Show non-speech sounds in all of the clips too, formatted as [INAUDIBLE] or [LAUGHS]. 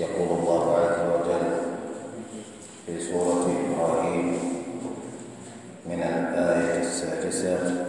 يقول الله عز وجل في سورة إبراهيم من الآية السادسة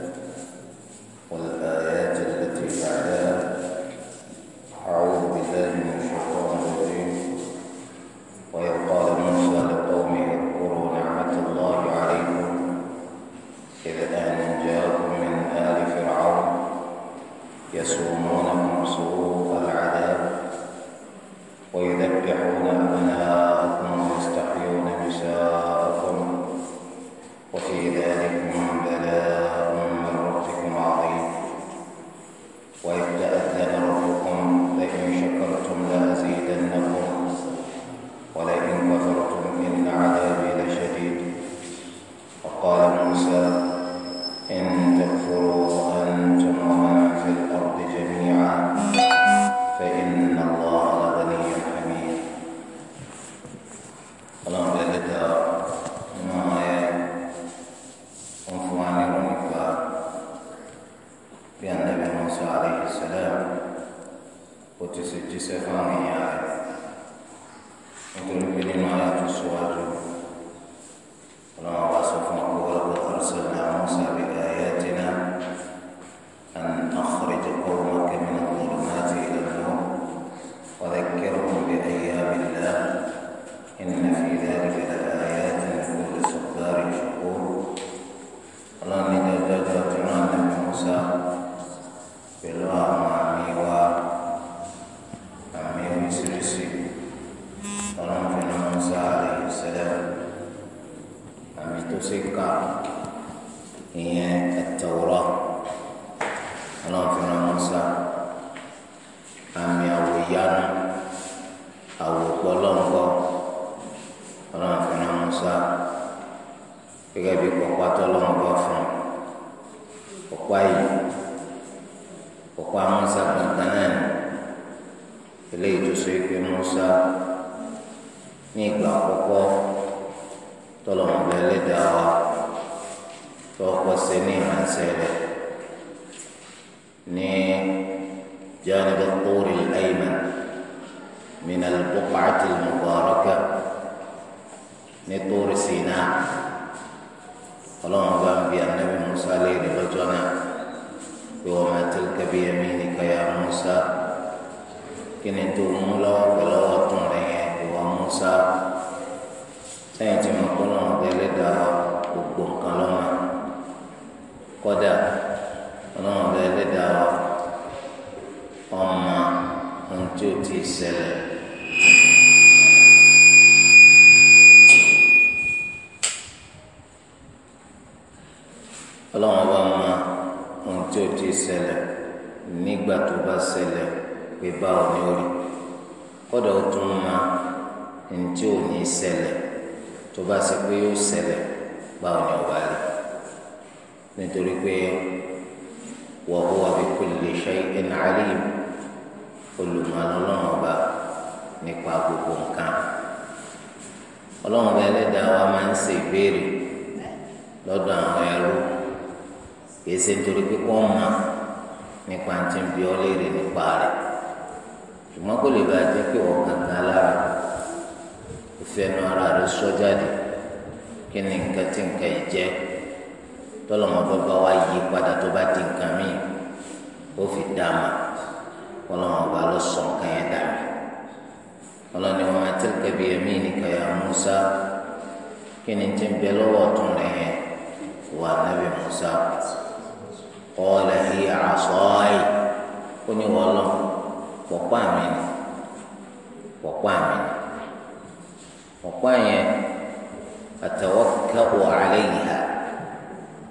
lọ́dọ̀ àwọn ẹrú kìí ṣe nítorí pé kó mọ̀ nípa ti ń bi ọ́ léèrè nípa rẹ̀ ṣùgbọ́n kó lè bá jẹ́ pé wọ́n kankan lára ìfẹ́nu ara rẹ̀ sọ jáde kí ni nǹkan tí nǹkan yìí jẹ́ tọ́lọ́mọ bàbá wa yí padà tó bá di nǹkan míì ó fi dá a kọ́lọ́mọ bá lọ sọ nǹkan yẹn dà mí ọlọ́ni wọn àti kẹbi nìkan yà Musa kí ni ti ń bẹ lọ́wọ́ ọ̀tún rẹ̀ yẹn wa nabi musa qala hiya asai ó ní wọ́n lọ pọ̀pá mi ni pọ̀pá mi ni pọ̀pá yẹn atawakka'u alayha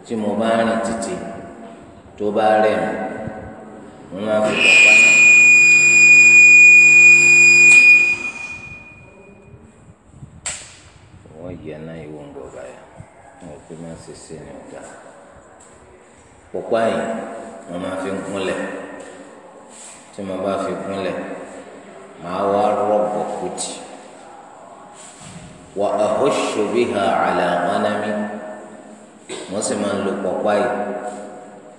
tí mo bá rìn títí tó bá rẹ̀ mi mo máa fi òpá yìí mo máa fi gúnlẹ̀ tí mo bá fi gúnlẹ̀ màá wá rọ̀gbọ̀ kùtì wà ahosho biha ala ghanami mo sì máa ń lo pọ̀pá yìí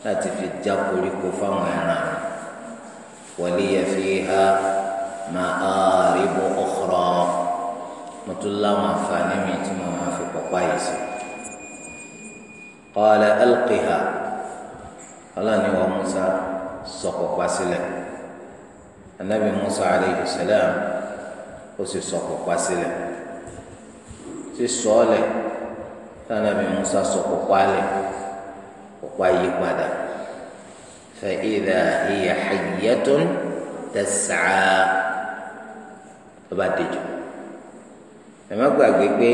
láti fi já koríko fáwọn ẹran mi waliya fiha ma'aribu ukhra mo tún láwọn àǹfààní mi tí mo máa fi pọ̀pá yìí sí. qala alqiha. ọlọ́ọ̀ni wa musa sọ̀kọ̀pá sílẹ̀ anabi musa aleyhi salam ó sì sọ̀kọ̀pá sílẹ̀ sọ́ọ̀lẹ̀ musa sọ̀kọ̀pá lẹ̀ kọ̀pá yí padà fa idha hiya hayyatun tas'a ọba dejò ẹ gbàgbé pé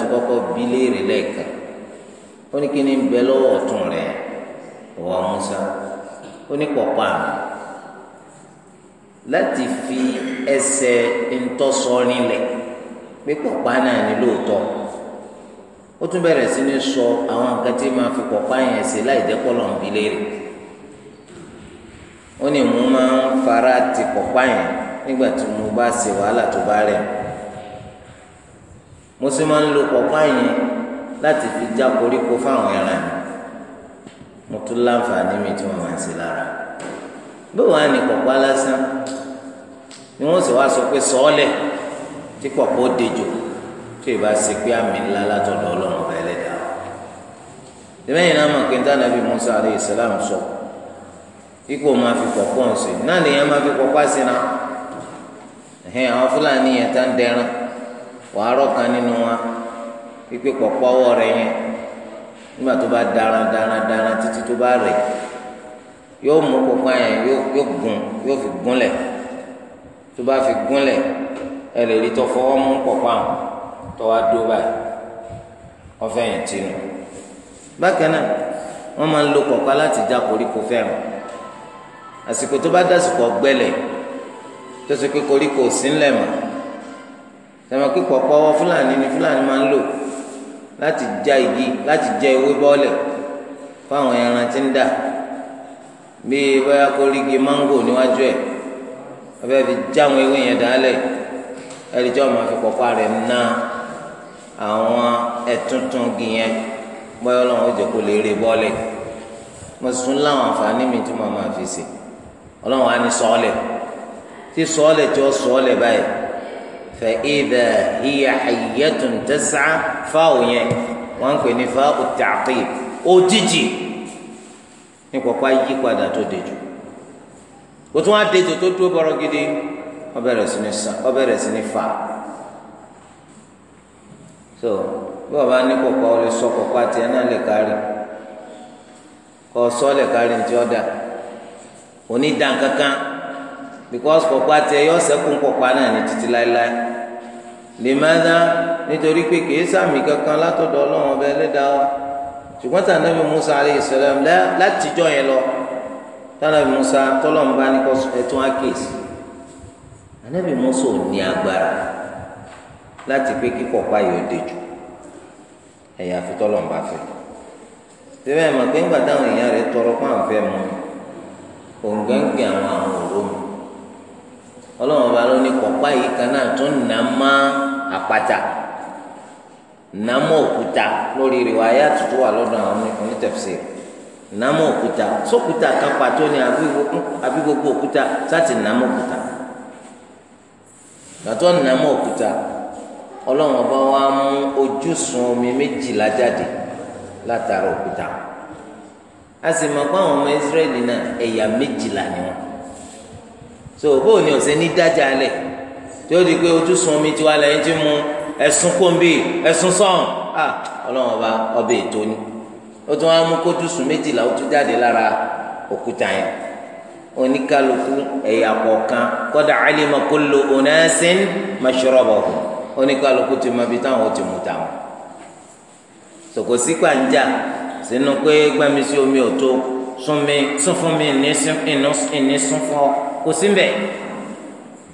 ti kọ́kọ́ bí léèrè lẹ́ẹ̀kan ó ní kí ni lọ́wọ́ ìwọ Musa ó ní pọ̀pá láti fi ẹsẹ̀ ntọ́sọ nílẹ̀ pé pọ̀pá náà ní lóòótọ́ ó tún bẹ̀rẹ̀ sí ní sọ àwọn nǹkan tí máa fi pọ̀pá yẹn ṣe láì jẹ́ kọ́lọ̀ ń bi léèrè ó ní mo máa ń fara ti pọ̀pá yẹn nígbà tí mo bá ṣe wàhálà tó bá rẹ̀ mo sì máa ń lo pọ̀pá yẹn láti fi já koríko fáwọn ẹran mi mo tún láǹfààní mi tí wọ́n máa ń ṣe lára bí wọ́n á ní pọ̀pá lásán ni wọ́n sì wá sọ pé sọ́ọ́lẹ̀ tí pọ̀pọ́ dejò tí ì bá ṣe pé àmì ńlá látọ̀dọ̀ ọlọ́run ọba ẹlẹ́dàá lẹ́yìn náà mọ̀ pé ní tànàbí Musa aleyhi salam sọ ipò máa fi pọ̀pọ́ ń sè náà nìyẹn máa fi pọ̀pá sí náà ẹ̀hìn àwọn fúlàní yẹn tá ń dẹran wàá kan nínú wa pípé pọ̀pọ́ ọwọ́ rẹ̀ yẹn nígbà tó bá daran daran daran títí tó bá rẹ̀ yóò mú kókó yẹn yóò gùn yóò fi gúnlẹ̀ tó bá fi gúnlẹ̀ ẹ lè rí tó fọwọ́ mú kókó àwọn tó wá dó báyìí ọfẹ yẹn ti nù bákan náà wọ́n máa ń lo kókó láti já koríko fẹ́ràn àsìkò tó bá dásìkò ọ̀gbẹlẹ̀ tó ṣe pé koríko sí ńlẹ̀ mọ́ sẹ́mi pé kókó ọwọ́ fúlàní ni fúlàní máa ń lò láti já igi láti já ewé bọ́ọ̀lẹ̀ fáwọn ẹran tí ń dà bíi bóyá kó rí igi máńgò níwájú ẹ̀ abẹ́ fi já àwọn ewé yẹn dálẹ̀ ẹ̀rí tí wọ́n máa fi pọ̀pá rẹ̀ ná àwọn ẹ̀túntún igi yẹn bóyá ọlọ́run ó jẹ́ kó lè rí bọ́ọ̀lẹ̀ mo sún láwọn àǹfààní mi tí mo máa fi sè ọlọ́run á ní sọ́ọ̀lẹ̀ tí sọ́ọ̀lẹ̀ tí ó sọ́ọ̀lẹ̀ báyìí فإذا هي حية تسعى فاو يẹn wọ́n pè ní fáwọ́ tààkì òjijì ní kọ̀kọ́ ayípadà tó dejò o tún á dejò tó dúró bọ́rọ̀ gidi ó bẹ̀rẹ̀ so bí wọ́n ti kankan because lèmádá nítorí pé kìí sàmì kankan látọ̀dọ̀ ọlọ́run ọba ẹlẹ́dàá wa ṣùgbọ́n tà nàbì musa alayhi salam látijọ́ yẹn lọ tà nàbì musa tọ́lọ́mùbá ní kọ́ ẹ̀tún àkèsì ànàbì musa ò ní agbára láti pé kíkọ̀ páyọ̀ dejò ẹ̀yà fi tọ́lọ́mùbá fẹ́ síbẹ̀ mọ̀ pé ńgbà táwọn èèyàn rẹ̀ tọrọ pé àwọn fẹ́ mọ òǹgàǹgì àwọn àwọn òrómi ọlọ́run ọba ló ní kọ̀ páyì kan náà tó nà máa àpáta nàmọ òkúta lórí rìwáyà tuntun wà lọ́dọ̀ àwọn onítẹfsir nàmọ òkúta sókúta kan pàtó ni àbí gbogbo òkúta sáti nàmọ òkúta gbàtọ nàmọ òkúta Ọlọ́run ọba wa mú ojúsùn omi méjìlá jáde látara òkúta a sì mọ̀ pé àwọn ọmọ Israẹli náà ẹ̀yà méjìlá ni wọn so bóun ni ọ̀sẹ̀ ní dájà lẹ̀ tí ó di pé ojú sun omi tiwa lẹ́yìn tí mu ẹ̀sùn kòmbi ẹ̀sùn sọ̀n à ọlọ́run ọba ọbẹ̀ ètò ni ó tún wá mú kótó sùn méjìlá ó tún jáde lára òkúta yẹn oníkálukú ẹ̀yà kọ̀ọ̀kan kọ́dà alima kullu unasin mashrabahum oníkálukú ti mọ ibi táwọn ti mú táwọn sòkò sí gbàǹjà sínú pé gbàmí sí omi ọ̀tọ̀ sún mi sún fún mi ìní sún fún ọ kò sí mbẹ́.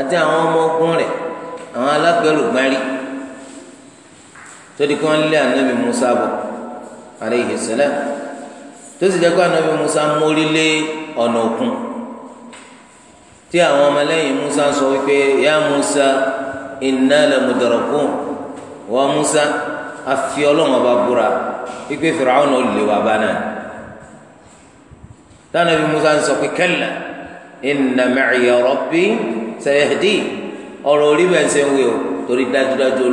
àti àwọn ọmọ ogun rẹ̀ àwọn alágbẹrùgbárí tó di kí wọ́n lé anabi musa bọ̀ aleyhi salam tó sì jẹ́ pé anabi musa mórí lé ọ̀nà òkun tí àwọn ọmọlẹ́yìn musa sọ wípé ya musa inna lamudrakun wa musa afi ọlọ́run ọba búra wípé fìràwọn náà lè wà bá náà tánàbí musa sọ pé kalla inna ma'iya rabbi. sẹyẹdì ọ̀rọ̀ orí bẹ́ẹ̀ ṣe ń wí o torí dájúdájú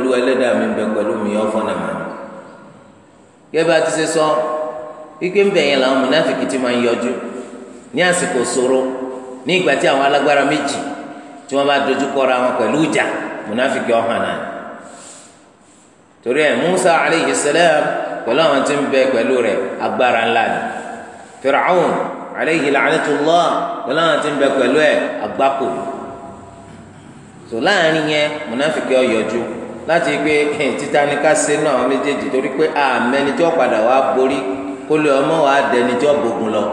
mi bẹ pẹ̀lú mi yọ fọnà ti ṣe sọ wípé ńbẹ yẹn làwọn ti máa ń yọjú ní àsìkò ṣòro ní ìgbà tí àwọn alágbára méjì tí wọn bá dojú wọn pẹ̀lú ìjà Musa aleyhi salam pẹ̀lú àwọn tí ń bẹ pẹ̀lú agbára ńlá ni tó láàrin yẹn múnáfìkì ọ̀yọ́jú láti gbé títa ní ká ṣe nú àwọn méjèèjì torí pé àmẹni tí wọ́n padà wá borí kó lè ọmọ wa dẹni tí wọ́n bògùn lọ.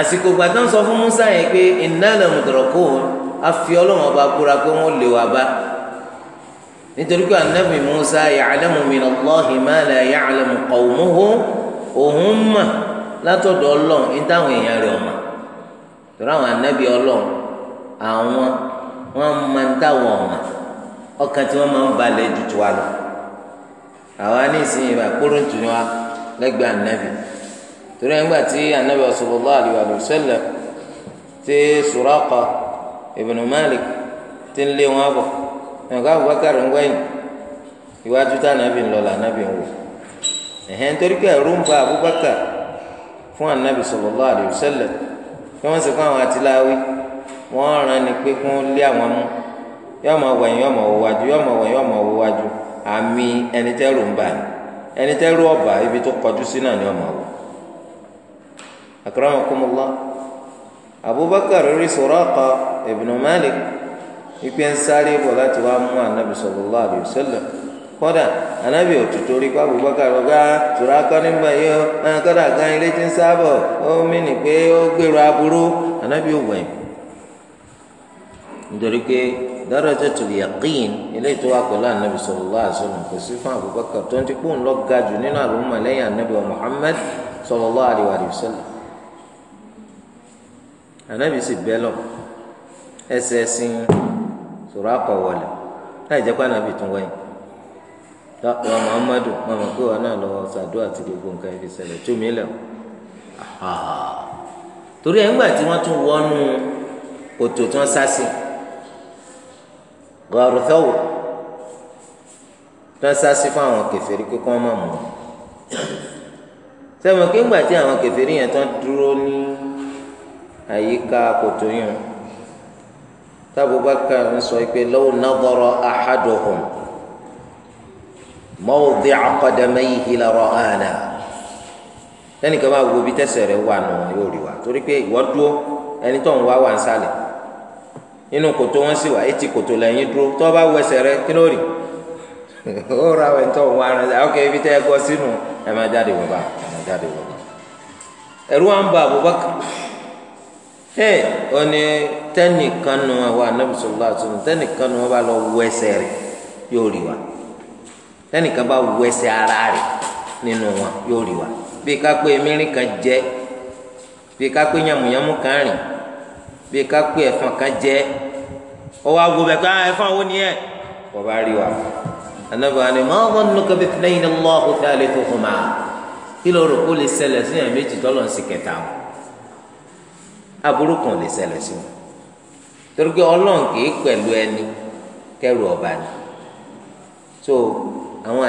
àsìkò gbàdán sọ fún Musa yẹn pé iná lẹ́nu dọ̀rọ̀ kó o afi ọlọ́run ọba kúra pé wọ́n lè wá bá nítorí pé anabi Musa ya'lamu min Allahi ma la ya'lamu qawmuhu òun mà látọ̀dọ̀ ọlọ́run ní táwọn èèyàn rẹ̀ ọ̀mà tó ráwọn anabi ọlọ́run àwọn wọn máa ń táwọn ọmọ ọkàn tí wọn máa ń balẹ̀ ju tiwa lọ àwa ní ìsinyìí bá kúrúntù ni wa torí tí ànábì sallallahu alaihi wa sallam tí Suraqa Malik ti ń lé wọn bọ̀ ẹnìkan Abubakar ń wẹ̀yìn iwájú tá ànábì ń lọ là ń wò torí pé ń ba fún kí wọ́n ràn ní pé kún lé àwọn mú yóò máa wọ ẹ̀yìn yóò máa wọ yóò máa wọ yóò máa wọ àmì ẹni tẹ́rù ń bà ní ẹni tẹ́rù ọba ibi tó kọjú sí náà ni Akara máa abubakar rí Suraqa ibn Malik ipe ń sáré láti anabi sallallahu anabi abubakar ọgá nígbà yìí gan ilé ti ń anabi ò nítorí pé darajatul yaqin eléyìí tó wà pẹ̀lú anabi sallallahu alaihi wasallam kò sí fún Abubakar tó ń ti kún lọ ga jù nínú àlùmọ lẹ́yìn anabi wa Muhammad sallallahu alaihi wasallam anabi sì bẹ lọ ẹsẹ ẹsìn sọ̀rọ̀ akọwọlẹ láì jẹ pé anabi tún wẹ̀yìn wa Muhammadu wọn mọ pé wọn náà lọ sàdúrà àti gbogbo nǹkan ibi ṣẹlẹ̀ tó mi lẹ torí ẹ ńgbà tí wọn tún wọnú òtò tí wọn sá sí gọ̀ọ̀rù tọ́wò tó ń sásí fún àwọn kẹfẹ́rí pé kọ́ máa mú un sẹ́wọ̀n kí ńgbà tí àwọn kẹfẹ́rí yẹn tán dúró ní àyíká kòtò yẹn tábùbákàr ń sọ pé lọ́wọ́ nàbọ̀rọ̀ àhádọ́hùn mọ́wùdí àkọ́dàmẹ́yìí lọ́rọ̀ àná lẹ́nìkan bá wo bí tẹ̀sẹ̀ rẹ̀ wà nù yóò rí wa torí pé ìwọ́dúró ẹni tó ń wá wà ń sálẹ̀ inú kòtò wọn sì wà etí kòtò lẹ́yìn dúró tó o bá wọ ẹsẹ̀ rẹ kí ló rí [LAUGHS] ó ra ẹ̀ tó wọn ara ẹ̀ ok ibi tẹ́ ẹ gbọ́ sínú ẹ máa jáde wọ̀ bá ẹ máa jáde wọ̀ bá ẹ̀rú wa ń ba Abubakar ẹ ọ ní tẹ́nìkan nu àwọn anábìsọ̀lá àtúnú tẹ́nìkan nu wọn bá lọ wọ ẹsẹ̀ rẹ yóò rí wa tẹ́nìkan bá wọ ẹsẹ̀ ara rẹ nínú wọn yóò rí wa bí ká mìíràn kan jẹ bí ká yàmùyàmù kan rìn. bí ká pé ẹ̀fọn kan jẹ ọwọ́ àgbo bẹ̀ ká ah, ẹ̀fọn wo ni ẹ̀ wọ́n bá rí wa anábàá ni mọ́ wọn nù kọ́ bí fúnẹ́yìn lọ́ ọ̀tá lè tó kùn máa kí ló rò kó lè sí ẹ̀ méjì tọ́lọ̀ ń sì kẹta wọn aburú lè ṣẹlẹ̀ sí torí pé ọlọ́run pẹ̀lú ẹni kẹrù ọba ni so àwọn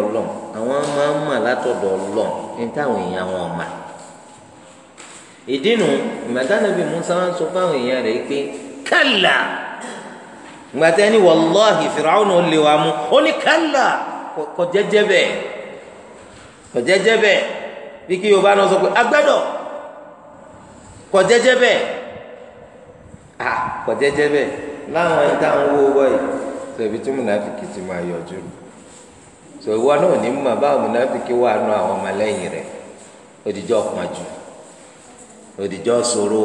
ọlọ́run àwọn máa ń ìdínú ìmọ̀tánàbí musa wọn sọ fáwọn èèyàn rẹ̀ pé kálá ìgbàtà ẹni wàláhì fìràwọn ò lè wà mú ó ní kálá kò jẹjẹ bẹ́ẹ̀ kò jẹjẹ bẹ́ẹ̀ bí kí yorùbá náà sọ pé agbẹ́dọ̀ kò jẹjẹ bẹ́ẹ̀ à kò jẹjẹ bẹ́ẹ̀ láwọn ẹni tá à ń wó owó yìí sọ tí múnafìkì ti máa yọjú sọ náà ní mọ báwo múnafìkì wà nù àwọn ọmọlẹ́yìn rẹ̀ òdìjọ́ kan jù òdìjọ́ sòro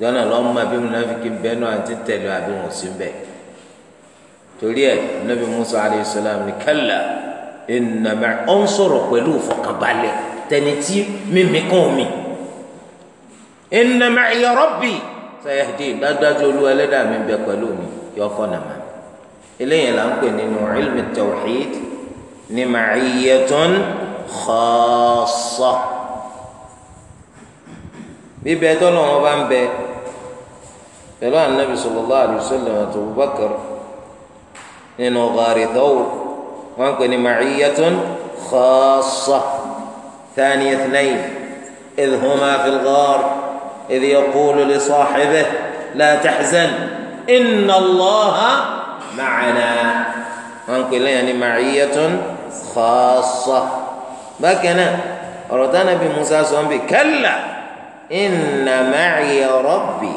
jọ́nà lọ́mọ bí múnafíkì bẹ́ẹ̀ náà ti tẹ̀lé àbí wọn sí bẹ́ẹ̀ torí ẹ̀ nabi musa alayhi salam ní kálá ìnàmẹ́ ọ̀ ń sọ̀rọ̀ pẹ̀lú ìfọkànbalẹ̀ tẹni tí mímí kàn mí ìnàmẹ́ ya rabbi sayahdi dájúdájú olú ẹlẹ́dàá mi bẹ pẹ̀lú mi yọ ọkọ nàmà eléyìí là ń pè nínú ilmi tawhid ní màáyé tó xọ́ọ́sọ́. bíbẹ tọ́lọ̀ wọn bá ń bẹ pẹ̀lú anabi sallallahu alaihi wasallam àti Abubakar nínú ọgáàrí tọwọ wọn pè ní ma'iyyatun khassa thani ithnayn idh huma fil ghar idh yaqulu li sahibihi la tahzan inna Allaha ma'ana wọn pè lẹ́yìn ní ma'iyyatun khassa bákan náà ọ̀rọ̀ tánàbí Musa sọ̀ ń bì kalla. inna ma'i rabbi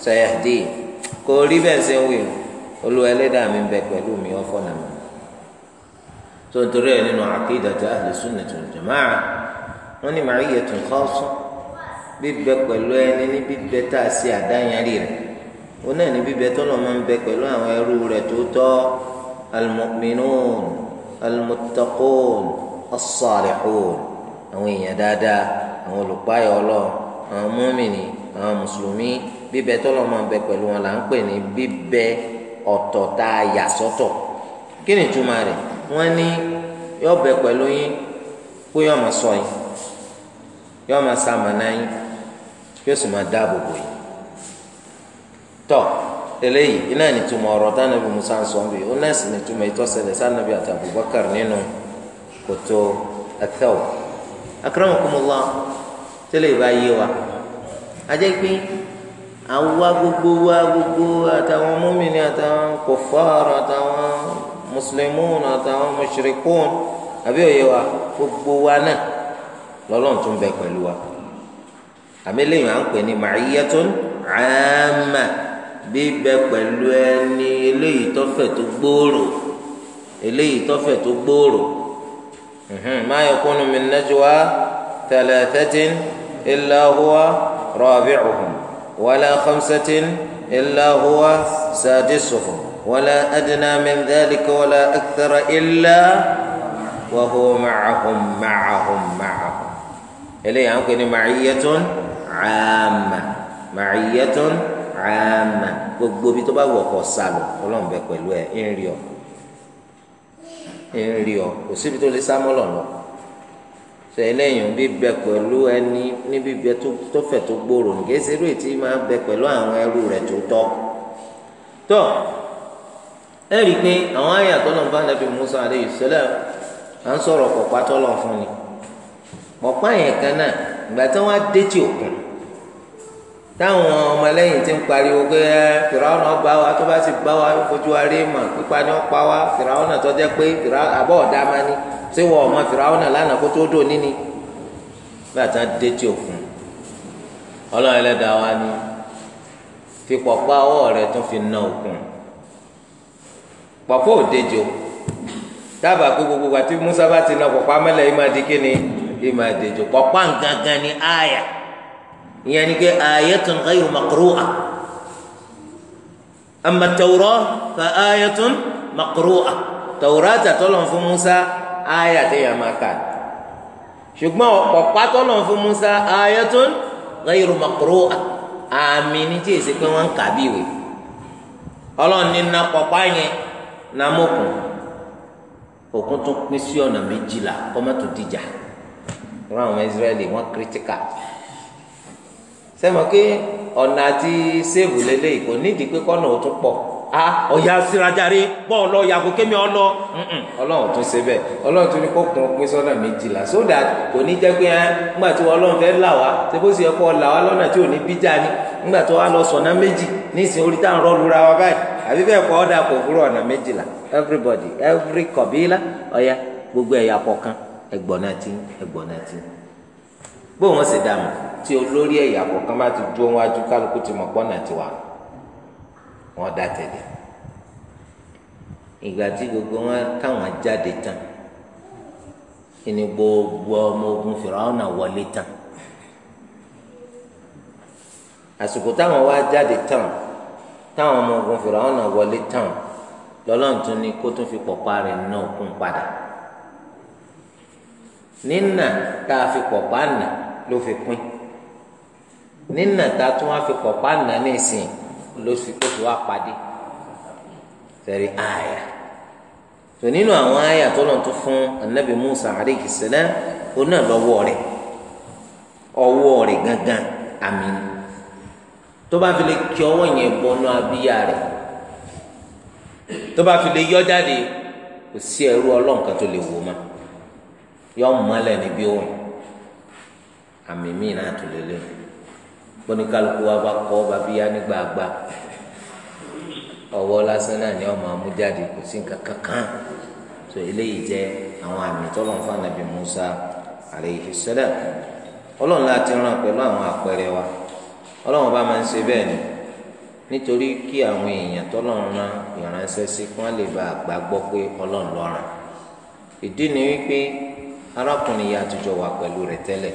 sayahdi kò rí bẹ́ẹ̀ ṣe ń wí olúwa ẹlẹ́dàá mi bẹ pẹ̀lú mi ọ̀fọ̀ nà mí. tó ń torí ẹ̀ nínú aqidati ahli sunnati wal jama'a wọ́n ní ma'iyyatun khassa bíbẹ pẹ̀lú ẹni ní bíbẹ tá a ṣe àdáyanrí rẹ̀ wọn náà ní bíbẹ tó lọ́ọ́ máa ń bẹ pẹ̀lú àwọn ẹrú rẹ̀ tó tọ́ àwọn èèyàn dáadáa àwọn olùpáyọ̀ ọlọ́run àwọn mọ́mìnì àwọn mùsùlùmí bíbẹ tọ́lọ́ máa bẹ pẹ̀lú wọn là ń pè ní bíbẹ ọ̀tọ̀ tá a yà sọ́tọ̀ kí ni ìtumọ̀ rẹ̀ wọ́n ní yọ bẹ pẹ̀lú yín pé yọ máa ṣọ́ yín yọ máa ṣamọ̀nà yín yóò sì máa dáàbò bò yín tọ́ eléyìí iná ìtumọ̀ ọ̀rọ̀ tánàbí Musa ń sọ bí koto ìsìn ìtumọ̀ ìtọ́sẹ̀lẹ̀ sànàbí tẹ́lẹ̀ ìbá yé wa ajẹ́ pé àwa gbogbo wa gbogbo àtàwọn mọ́mìnì àtàwọn kòfàrà àtàwọn mùsùlùmùn àtàwọn mùsùlùkùn àbí òye wa gbogbo wa náà lọ́lọ́run tún bẹ pẹ̀lú wa àmì lẹ́yìn à ń pè ní màáyẹ́tún àmà bíbẹ pẹ̀lú ẹni eléyìí tọ́fẹ̀ tó gbòòrò eléyìí tọ́fẹ̀ tó gbòòrò ma yakunu min najwa. ثلاثة إلا هو رابعهم ولا خمسة إلا هو سادسهم ولا أدنى من ذلك ولا أكثر إلا وهو معهم معهم معهم إليه يمكن يعني معية عامة معية عامة gbogbo bi tó bá wọ̀ kọ́ sálọ ọlọ́run bẹ pẹ̀lú ẹ̀ ń rí ọ ń rí ọ kò síbi tó lè sá mọ́ sẹlẹyìn bẹ pẹ̀lú ẹni níbi bíbẹ tó fẹ̀ tó gbòòrò nìkẹ́ sẹ́rù ètí máa bẹ pẹ̀lú àwọn ẹrú rẹ̀ tó tọ́ tọ́ ẹ pé àwọn àyà tó lọ́n bá nàbí Musa alayhi salam à ń ni yẹn kan náà ìgbà tí táwọn ọmọlẹ́yìn ti ń pariwo pé ẹ fìràwọn náà bá wa tó bá sì bá wa fojú wa rí pípa ni pé àbọ̀ ní wọ ọmọ fìràwọn lánàá kó tó dò níní bàtà tí ọlọ́run ẹlẹ́dàá wa ni fi pọ̀pọ̀ ọwọ́ rẹ̀ gbogbo àti Musa bá ti na pọ̀pọ̀ amẹ́lẹ̀ yìí máa di ìyẹn ni pé ayatun ghayru maqru'a amma tawrah fa ayatun maqru'a tawrah tàtọ́lọ̀ fún Musa aya tẹ̀yà máa kà ṣùgbọ́n ọ̀pá tọ́lọ̀ fún Musa ayatun ghayru maqru'a àmì ní tí èsì pé wọ́n ń kà bí ìwé ọlọ́run ní na pọ̀pá yẹn na mọ̀kùn òkun tún pín sí ọ̀nà méjìlá kọ́mọ́tò dìjà ìran àwọn Israẹli wọ́n kírítíkà. sẹ́mi pé ọ̀nà àti sèvù lélẹ́yìí kò nídìí pé kọ́nà ò tún pọ̀ a ọ̀yà sirajare bọ́ yàgò kémi ọlọ́run tún ṣe bẹ́ẹ̀ ọlọ́run tún ní kó kún pín sọ́nà méjìlá so that kò ní jẹ́ pé ẹ́ ńgbà tí ọlọ́run fẹ́ là wá bó yẹ kó là wá lọ́nà tí ò ní bíjà ni ńgbà gbogbo ẹ̀yà kọ̀ọ̀kan ẹ̀gbọ́n tí olórí ẹ̀yà kọ̀ọ̀kan bá ti dúró wájú kálukú ti mọ̀ pọ́nà tiwa wọ́n dá tẹ̀lé ìgbà tí gbogbo wọn táwọn jáde tán ìní gbogbo ọmọ ogun Fìráúnà wọlé tán àsìkò táwọn wá jáde tán táwọn ọmọ ogun Fìráúnà wọlé tán lọ́lọ́run tún kó tún fi pọ̀pá rẹ̀ ná òkun padà nínà tá a fi pọ̀pá nà ló fi pín nínà tá a tún wá fi pọ̀pá nà ní ìsìn ló fi kó fi wá pàdé tẹ̀rí àyà tó nínú àwọn àyà tó lọ́n tó fún anabi Musa alayhi salam ó náà lọ́wọ́ rẹ̀ ọwọ́ rẹ̀ gangan àmì tó bá fi lè kí ọwọ́ yẹn bọnú abíyá rẹ̀ tó bá fi lè yọ jáde kò sí ẹrú ọlọ́run kan tó lè wò ma yọ mọ́lẹ̀ níbí òun àmì míì náà tó lè lẹ́nu. oníkálukú wa bá babi ya yá ní ọwọ́ lásán náà ni ọmọ amújáde kò sí nǹkan kankan so eléyìí jẹ́ àwọn àmì tọ́lọ̀ ń Musa alayhi ọlọ́run láti ràn pẹ̀lú àwọn àpẹẹrẹ wa ọlọ́run bá máa ń ṣe bẹ́ẹ̀ ni nítorí kí àwọn èèyàn rán ìránṣẹ́ sí kí wọ́n lè pé ọlọ́run ìdí ni wípé arákùnrin yìí àtijọ́ wà pẹ̀lú rẹ̀ tẹ́lẹ̀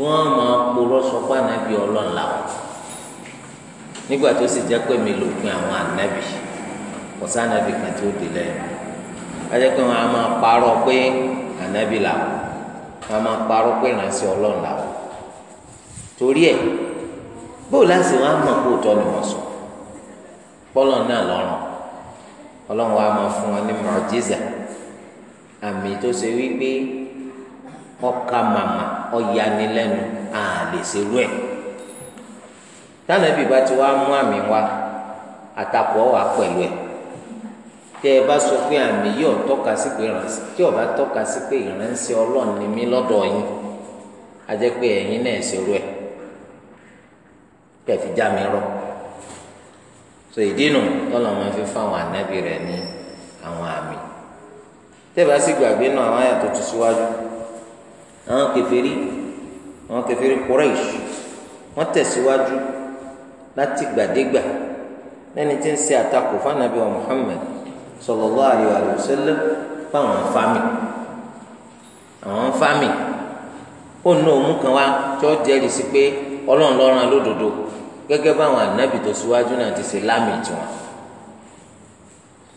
tí wọ́n máa kporọ́ sọ́kọ́ ànábì ọlọ́ọ̀la wọn nígbà tó sì jẹ́ pé mi lòpin àwọn ànábì kò sí ànábì kan tí ó di lẹ́yìn ajẹ́ pé wọ́n á máa parọ́ pé ànábì làwọn wọ́n á máa parọ́ pé ìránṣẹ́ ọlọ́ọ̀la wọn torí ẹ̀ bóò láti wọn á mọ̀ kó tọ́ ni wọ́n sọ pọ́lọ́ náà lọ́rùn ọlọ́run wa máa fún wọn ní mọ̀ọ́jísà àmì tó ṣe wípé ọkà màmá. ọ̀yanilẹ́nu àlèṣerú ẹ̀ tánàbí bá ti wá mú àmì wá àtakò wà pẹ̀lú ẹ̀ tẹ́ ẹ bá sọ pé àmì yìí tọ́ka sí pé ìrànṣẹ́ tí ò bá sí pé ni mí yín a pé náà ẹ̀ kẹfì mi rọ so ìdínú máa fi fáwọn ànábì ní àwọn àmì bá sì gbàgbé náà àwọn àwọn kèfèrí àwọn kèfèrí Quraysh wọ́n tẹ̀síwájú láti gbàdégbà lẹ́ni tí ń ṣe àtakò fanabi wa Muhammad sallallahu alayhi wa sallam fáwọn fámì àwọn fámì ó ná òun kan wá tí ó jẹ́rìí sí pé Ọlọ́run ló rán lódodo gẹ́gẹ́ báwọn ànábì tó síwájú náà ti ṣe lámì tiwọn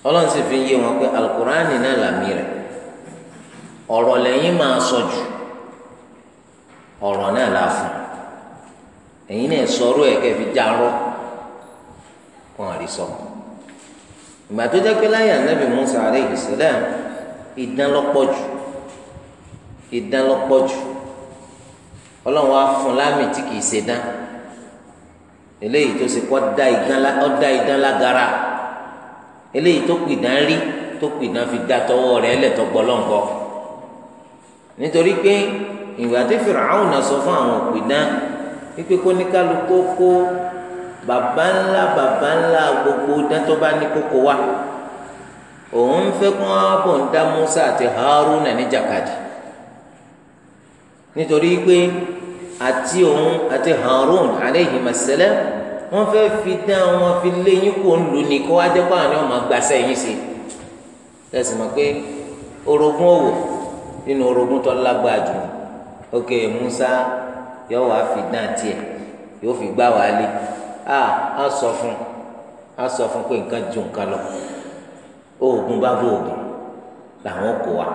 Ọlọ́run sì fi yé wọn pé alukurani náà làmì rẹ̀ ọ̀rọ̀ lẹ́yìn máa sọ jù. ọ̀rọ̀ náà la fún ẹ̀yin náà sọ̀rọ̀ ẹ̀ kẹfì jarọ́ wọn rí sọ ìgbà tó jẹ́ pé láyé ànábì Musa alayhi salam idán jù idán jù ọlọ́run fún lámì tí kìí ṣe dán eléyìí tó ṣe kọ́ da eléyìí tó rí tó fi dá tọwọ́ rẹ̀ nítorí pé ìgbà tí fìràwọn náà sọ fún àwọn òpìdán wípé kó ní kálukú kó bàbá ńlá bàbá ńlá gbogbo dátọ́ bá ní kókó wa òun ń fẹ́ kó wọn bọ̀ ń dá Musa àti Haruna ní jàkadì nítorí pé àti òun àti Harun aleyhi masalẹ wọn fẹ́ fi dán wọn fi léyìn kó ń lù ní kó wá jẹ́ kó àwọn ọmọ gbàsẹ́ yìí sí tẹ̀sí mọ̀ pé orogún òwò nínú orogún tó lágbára jù ok Musa yóò wá fi dán tiẹ̀ yóò fi gbá wàá lé a a sọ fún a sọ fún pé nǹkan ju nǹkan lọ oògùn bá bó oògùn làwọn kò wá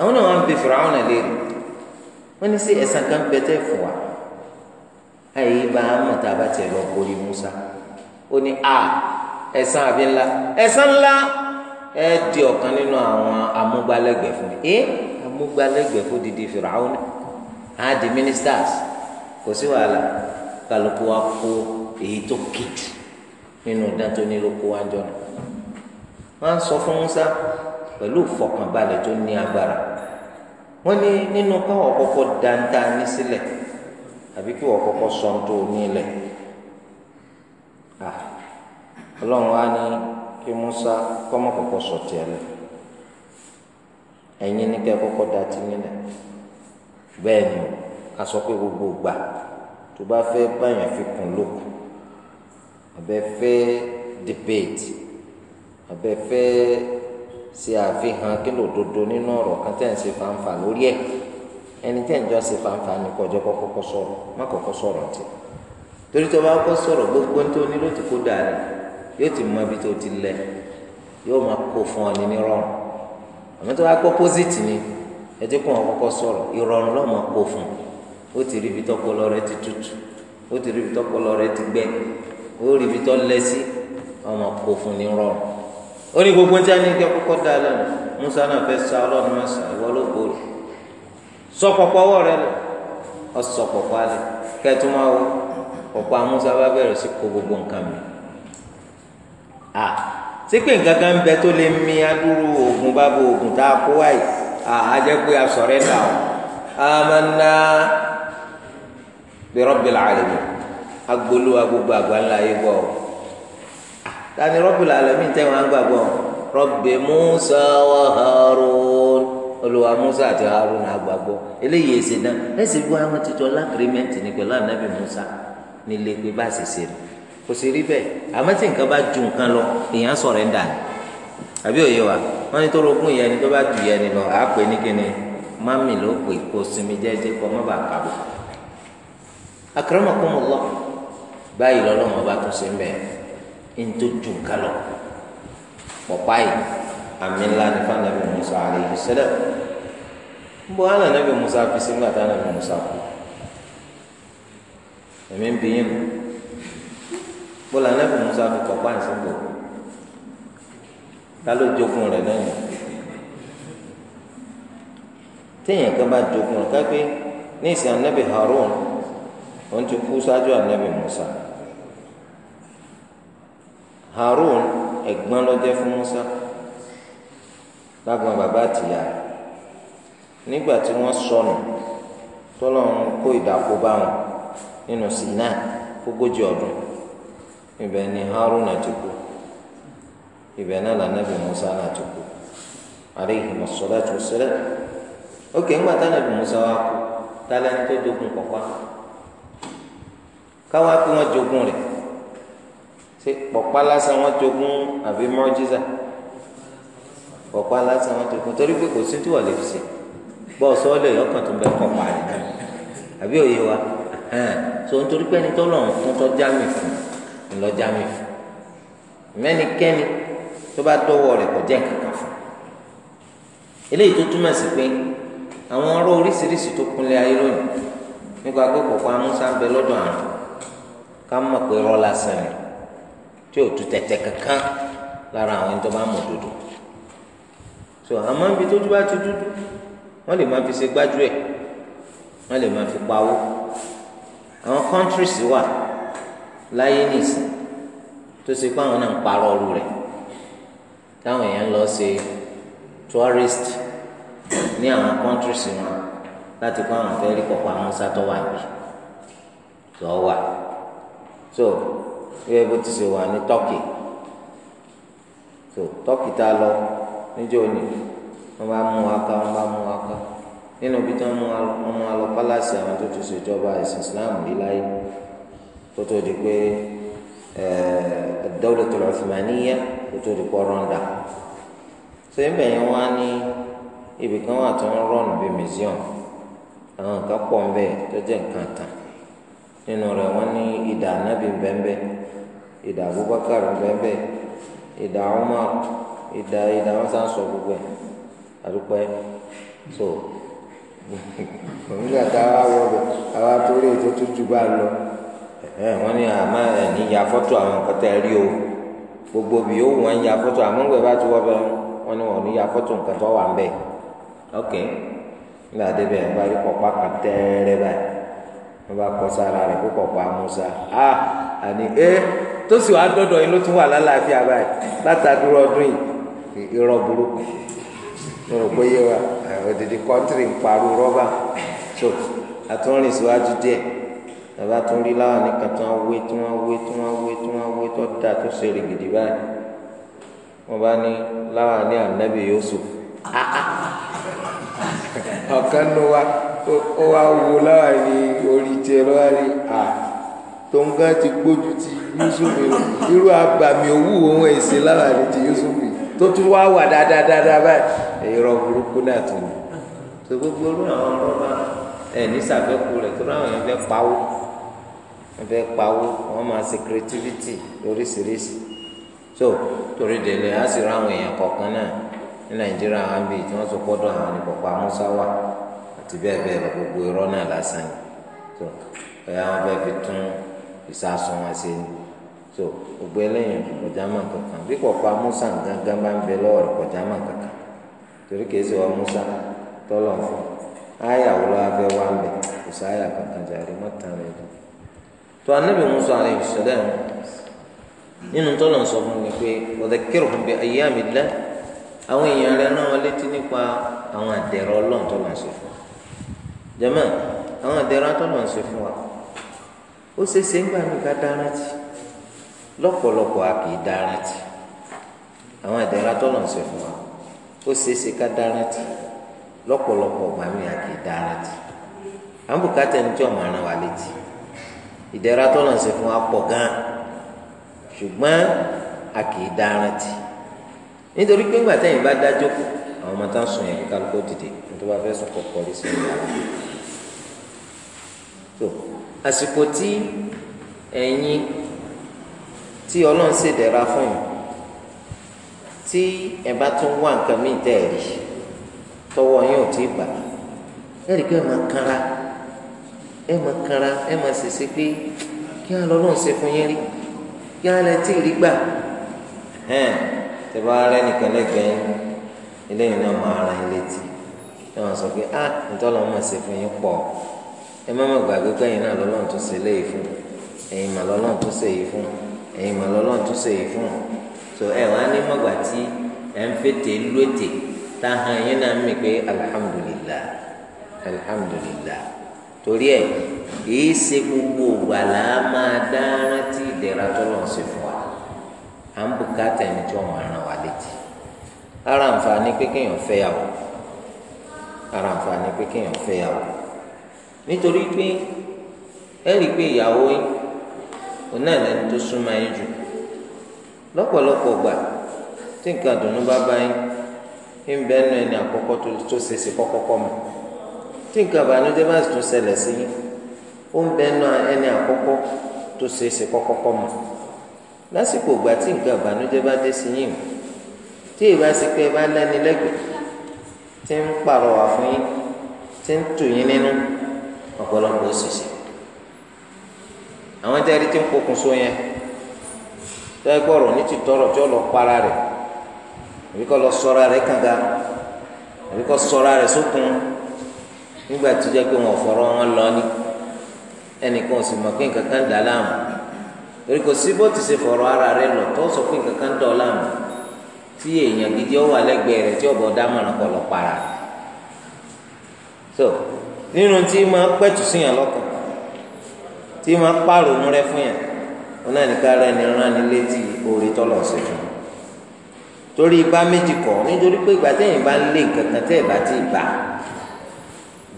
àwọn náà wọn ń bi Fìràwọn náà léèrè wọn ní sí ẹ̀san kan bẹtẹ fún wa àyè bá a mọ tá a bá tiẹ̀ lọ borí Musa ó ní a ẹ̀san àbí ńlá ẹ̀san ńlá ẹ di ọ̀kan nínú àwọn amúgbálẹ́gbẹ̀ẹ́ fún mi mo gba lẹ́gbẹ̀ẹ́ fún didi fìràwọn á di ministers kò sí wàhálà kálukú wa kó èyí tó kéjù nínú ìdá tó ní lóko wa jọ wọn á sọ fún Musa pẹ̀lú ìfọkànbalẹ̀ tó ní agbára wọn ní nínú káwọn kọ́kọ́ dáńtá ní sílẹ̀ àbí kí wọn kọ́kọ́ sọ ohun tó ní ilẹ̀ Ọlọ́run wa ní kí Musa kọmọkọkọ sọ tiẹ̀ ẹ̀yin ní kẹ́ kọ́kọ́ da ti a sọ pé gbogbo gbà tó bá fẹ́ báyàn fi kùn lókù abe fẹ́ debate abẹ́ fẹ́ ṣe àfihàn kílò dodo nínú kan ṣe fanfa lórí ẹ ẹni tẹ̀ jọ ṣe fanfa ní kọjọ́ kọ́kọ́ sọ̀rọ̀ má kọ́kọ́ torí tó bá gbogbo tó ní ló ti kó dà yóò ti mọ ibi tó ti àmọ́ tó bá kọ́ pósìtì ni ẹ jẹ́ kó wọn kọ́kọ́ sọ̀rọ̀ ìrọ̀rùn lọ́mọ kó fún ó ti rí ibi tọ́pọlọ rẹ ti tutù ó ti rí ibi tọ́pọlọ rẹ ti gbẹ ó rí ibi tọ́ lẹ́sí ọmọ kó fún ní rọrùn ó ní gbogbo tí a ní kí ọkọ̀ dá lẹ́nu Musa náà fẹ́ sa ọlọ́run máa sa ìwọ ló gbòòrò sọ pọ̀pọ̀ ọwọ́ rẹ lọ ọsọ pọ̀pọ̀ alẹ̀ kẹ́tù máa wọ pọ̀pọ̀ amúsá bá bẹ̀rẹ̀ sí kó gbogbo nǹkan mi ṣé pé nǹkan kan ń bẹ tó lè mi adúrú oògùn bábo oògùn tá a kó wáyé àjẹ́ pé a sọ̀rẹ́ dà ọ́ amanna bi rabbil alamin agboluwa gbogbo àgbáńlá yìí bọ̀ tani rabbil alamin tẹ́wọ̀n agbàgbọ́ rabbi Musa wa Harun olùwà Musa àti Harun agbàgbọ́ eléyìí èsì náà ẹ̀sìn gbọ́ àwọn títọ́ lágrímẹ́ǹtì ní pẹ̀lú ànábì Musa nílé pé bá a ṣe ṣe nù kò sì rí bẹ́ẹ̀ àmọ́ tí nǹkan bá ju nǹkan lọ èèyàn sọ̀rẹ́ńdà ni àbí òye wa wọ́n ní tó rogún ìyẹn ni tó bá ju ìyẹn ni lọ àá pè ní kíni mami ló pè kó sinmi jẹ́jẹ́ kó má bàa kàwé. akramakumullah báyìí lọ́lọ́mọ bá tún sí mbẹ́ ń tó ju nǹkan lọ pọ̀pá yìí ní fanabi Musa alayhi salam ń bọ́ ànànàbì Musa fi sí ńgbà tá Musa kú ẹ̀mí ń bí lọ bọ́lá anábì musa fi kọ̀ páǹsì ń bọ̀ ta ló jogún rẹ̀ lẹ́yìn téèyàn kan bá jogún rẹ̀ kápé ní ìsìn anábì harun òun ti kú ṣáájú anábì musa harun ẹ̀gbọ́n ló jẹ́ fún musa lágbọn bàbá àtìyá nígbà tí wọ́n sọnù tọ́lọ́run kó ìdàpọ̀ bá wọn nínú sinai fógójì ọdún. ibe ni haruna na kú ibe náà là musa náà chukwu kú masalatu wassalam oke ńgbà tá musa wa kú tálẹ̀ ń tó dogun pọ̀pá káwá pé wọ́n jogún rẹ̀ ṣé pọ̀pá lásán wọ́n jogún àbí mọ́jísà pọ̀pá fi so ńlọjà mi fún mẹ́nikẹ́ni tó bá dọ́wọ́ rẹ̀ kò jẹ́ nǹkan fún eléyìí tó túmọ̀ sí pé àwọn ọ̀rọ̀ oríṣiríṣi tó kúnlẹ̀ ayé lónìí nípa pé kòkó amúsá ń bẹ lọ́dọ̀ àrùn ká mọ̀ pé irọ́ lásán ni tí ò tu tẹ̀tẹ̀ kankan lára àwọn ẹni tó bá mọ̀ dúdú so àmọ́ ibi tójú bá ti dúdú wọ́n lè máa fi ṣe gbájú ẹ̀ wọ́n lè máa fi pawó àwọn countries wà láyé nìsín tó ṣe pé àwọn náà ń parọ́ ọrú rẹ̀ táwọn èèyàn lọ ṣe tourist ní àwọn countries wọn láti kó àwọn fẹ́ẹ́ rí pọ̀pọ̀ àwọn sátọ́ wà bí tó wà so gẹ́gẹ́ bó ti ṣe wà ní Turkey so Turkey tá a lọ níjọ́ òní wọ́n bá mú wa ká wọ́n bá mú wa ká nínú ibi tí wọ́n mú wa pálásì àwọn tó ti ṣèjọba ẹ̀sìn Islam rí láyé kó tó di pé ad-dawlatul Uthmaniyya kó tó di pé rọ́ńdà tó ń bẹ̀yẹn wá ní ibì kan wà tó ń rọ́ọ̀nù bíi museum àwọn nǹkan pọ̀ ń bẹ̀ tó jẹ́ nǹkan tàn nínú rẹ̀ wọ́n ní idà anábì bẹ́ẹ̀ idà Abubakar bẹ́ẹ̀ idà Umar idà idà wọn sá ń sọ gbogbo ẹ̀ àdúpẹ́ so [LAUGHS] nígbà tá a wá wọ bẹ̀ àwa torí ètò tó bá lọ. ẹ wọn ní àmọ́ ya fọ́tò àwọn nǹkan tẹ o gbogbo bí yóò wọn ya fọ́tò àmọ́ bá ti wọ bẹ wọn ní wọn ya nǹkan tó wà ń ok nígbà débẹ̀ ẹ bá rí ka kan tẹẹrẹ báyìí wọn bá kọ sára rẹ̀ kó a àní ẹ tó sì dọdọ yín ló tún wà lálàáfíà báyìí ọdún yìí burúkú mo rò pé yé wa òdìdí ń bàbá tó ń rí láwọn nìkan tí wọ́n wé tí wọ́n wé tí wọ́n wé tí wọ́n wé tó dà tó ṣe rè gidi báyìí wọ́n bá ní láwọn ní ànábì Yusuf [LAUGHS] ọ̀kan ló wá ó wá wo láwọn ní orí tiẹ̀ lọ́wọ́ ní à tóun gan ti gbójú ti Yusuf irú abàmì owó òun èsì láwọn ní ti Yusuf tó tún wá wà dáadáa báyìí èrò burúkú náà tó ní. tó gbogbo olú àwọn ọ̀rọ̀ bá ẹ̀ ní sàfẹ́kù rẹ̀ tó náà yẹn fẹ́ pawó. wọ́n fẹ́ pawó wọ́n máa ṣe creativity lóríṣiríṣi so torí délé á sì ráwọn èèyàn kọ̀ọ̀kan náà ní nàìjíríà wọn bíi tí wọ́n sọ gbọ́dọ̀ àwọn ní pọ̀pọ̀ amúsáwá àti bẹ́ẹ̀ bẹ́ẹ̀ lọ gbogbo irọ́ náà lásán so ẹ̀yà wọn bẹ́ẹ̀ fi tún ìsásùn wọn ṣe ni so kankan bí gángan bá ń bẹ kankan torí kìí ṣe wọn fún ń kò sáyà tó anabi musa mi pé àwọn èèyàn náà nípa àwọn ọlọ́run tọ́lọ̀ sọ fún àwọn tọ́lọ̀ sọ fún wa ó ṣeéṣe ń gbà mí ká dára tì a kì í dára tì àwọn àdẹ̀rọ tọ́lọ̀ sọ fún wa ó ṣeéṣe ká dára tì lọ́pọ̀lọpọ̀ gbà a kì í dára tì àwọn bùkátà ẹni ìdẹ̀ra tọ́lọ̀ ń ṣe fún wa pọ̀ gan-an ṣùgbọ́n a kì í dára tì nítorí pé ńgbà tẹ́yìn bá dájọ́ kù àwọn ọmọ tá ń sùn yẹn kíkà lóko dìde nítorí wàá fẹ́ sùn kọ̀ọ̀kọ̀ rí sí ìyá rẹ̀ àsìkò tí ẹ̀yin tí ọlọ́run sì dẹ̀ra fún yín tí ẹ bá tún wá nǹkan míì tẹ́ ẹ̀ rí tọwọ́ yín ò tí ì gbà ẹ̀ rí pé ẹ máa kanra. ẹ mọ kara ẹ mọ sèse pé kí á lọ lọ́n ṣe fún yín rí kí á lẹ tí ì rí gbà hẹ́n tẹ̀bá rẹ nìkan lẹ́gbẹ̀ẹ́ eléyìí náà máa ra ilé tì ẹ wọn sọ pé á ntọ́lọ́ mọ̀ ṣe fún yín pọ̀ ẹ má mọ̀ gbàgbé kẹ́yìn náà lọ́lọ́n tún ṣe so ẹ wá ní mọ̀gbà tí ẹ ń fètè lóde táhàn yín náà pé alihamudulilayi alihamudulilayi. torí ẹ èyí ṣe gbogbo ògbà là á máa dá rántí ìdẹ̀ra tó lọ sí fún wa à ń bùkátà ẹni tí máa ràn ara àǹfààní pé kéèyàn fẹ́yàwó ara àǹfààní pé kéèyàn fẹ́yàwó nítorí pé ẹ rí i pé ìyàwó yín òun náà lẹni tó súnmọ́ yín jù lọ́pọ̀lọpọ̀ gbà tí nǹkan dùnú tí nǹkan àbànújẹ́ bá sì tún ṣẹlẹ̀ sí yín ó ń bẹ náà ẹni àkọ́kọ́ tó ṣe é ṣe kọ́kọ́kọ́ mọ̀ lásìkò ìgbà tí nǹkan àbànújẹ́ bá dé sí yín tí ìbá sí pé bá lẹ́ni lẹ́gbẹ̀ẹ́ tí ń pàrọwà fún yín tí ń tù yín nínú ọ̀pọ̀lọpọ̀ òṣìṣẹ́ àwọn jẹ́rìí tí ń pokùnso yẹn tẹ́gbọ́rọ̀ ní ti tọrọ tí ó lọ para rẹ̀ àbíkọ́ lọ sọ́ra rẹ̀ kànga àbíkọ́ sọ́ra rẹ̀ sókun. So nígbà tó jẹ́ pé wọn ò fọ̀rọ̀ wọn lọ ní ẹnìkan ò sì mọ̀ pé nǹkan kan dà láàmú torí kò sí bó ti ṣe fọ̀rọ̀ ara rẹ lọ tó sọ pé nǹkan kan dọ̀ láàmú tí èèyàn gidi ó wà lẹ́gbẹ̀ẹ́ rẹ̀ tí ọ̀bọ̀ dámọ̀ràn kọ lọ para so nínú tí máa pẹ̀tù síyàn lọ́kàn tí máa pààrọ̀ òun rẹ fún yàn wọn náà nìkan rẹ ni rán ni létí orí tọ́lọ̀ ṣe fún un torí ibà méjì kọ́ nítorí pé ìgbà téèyàn bá ń lé nǹkan kan tẹ́ ẹ̀ bá ti bà á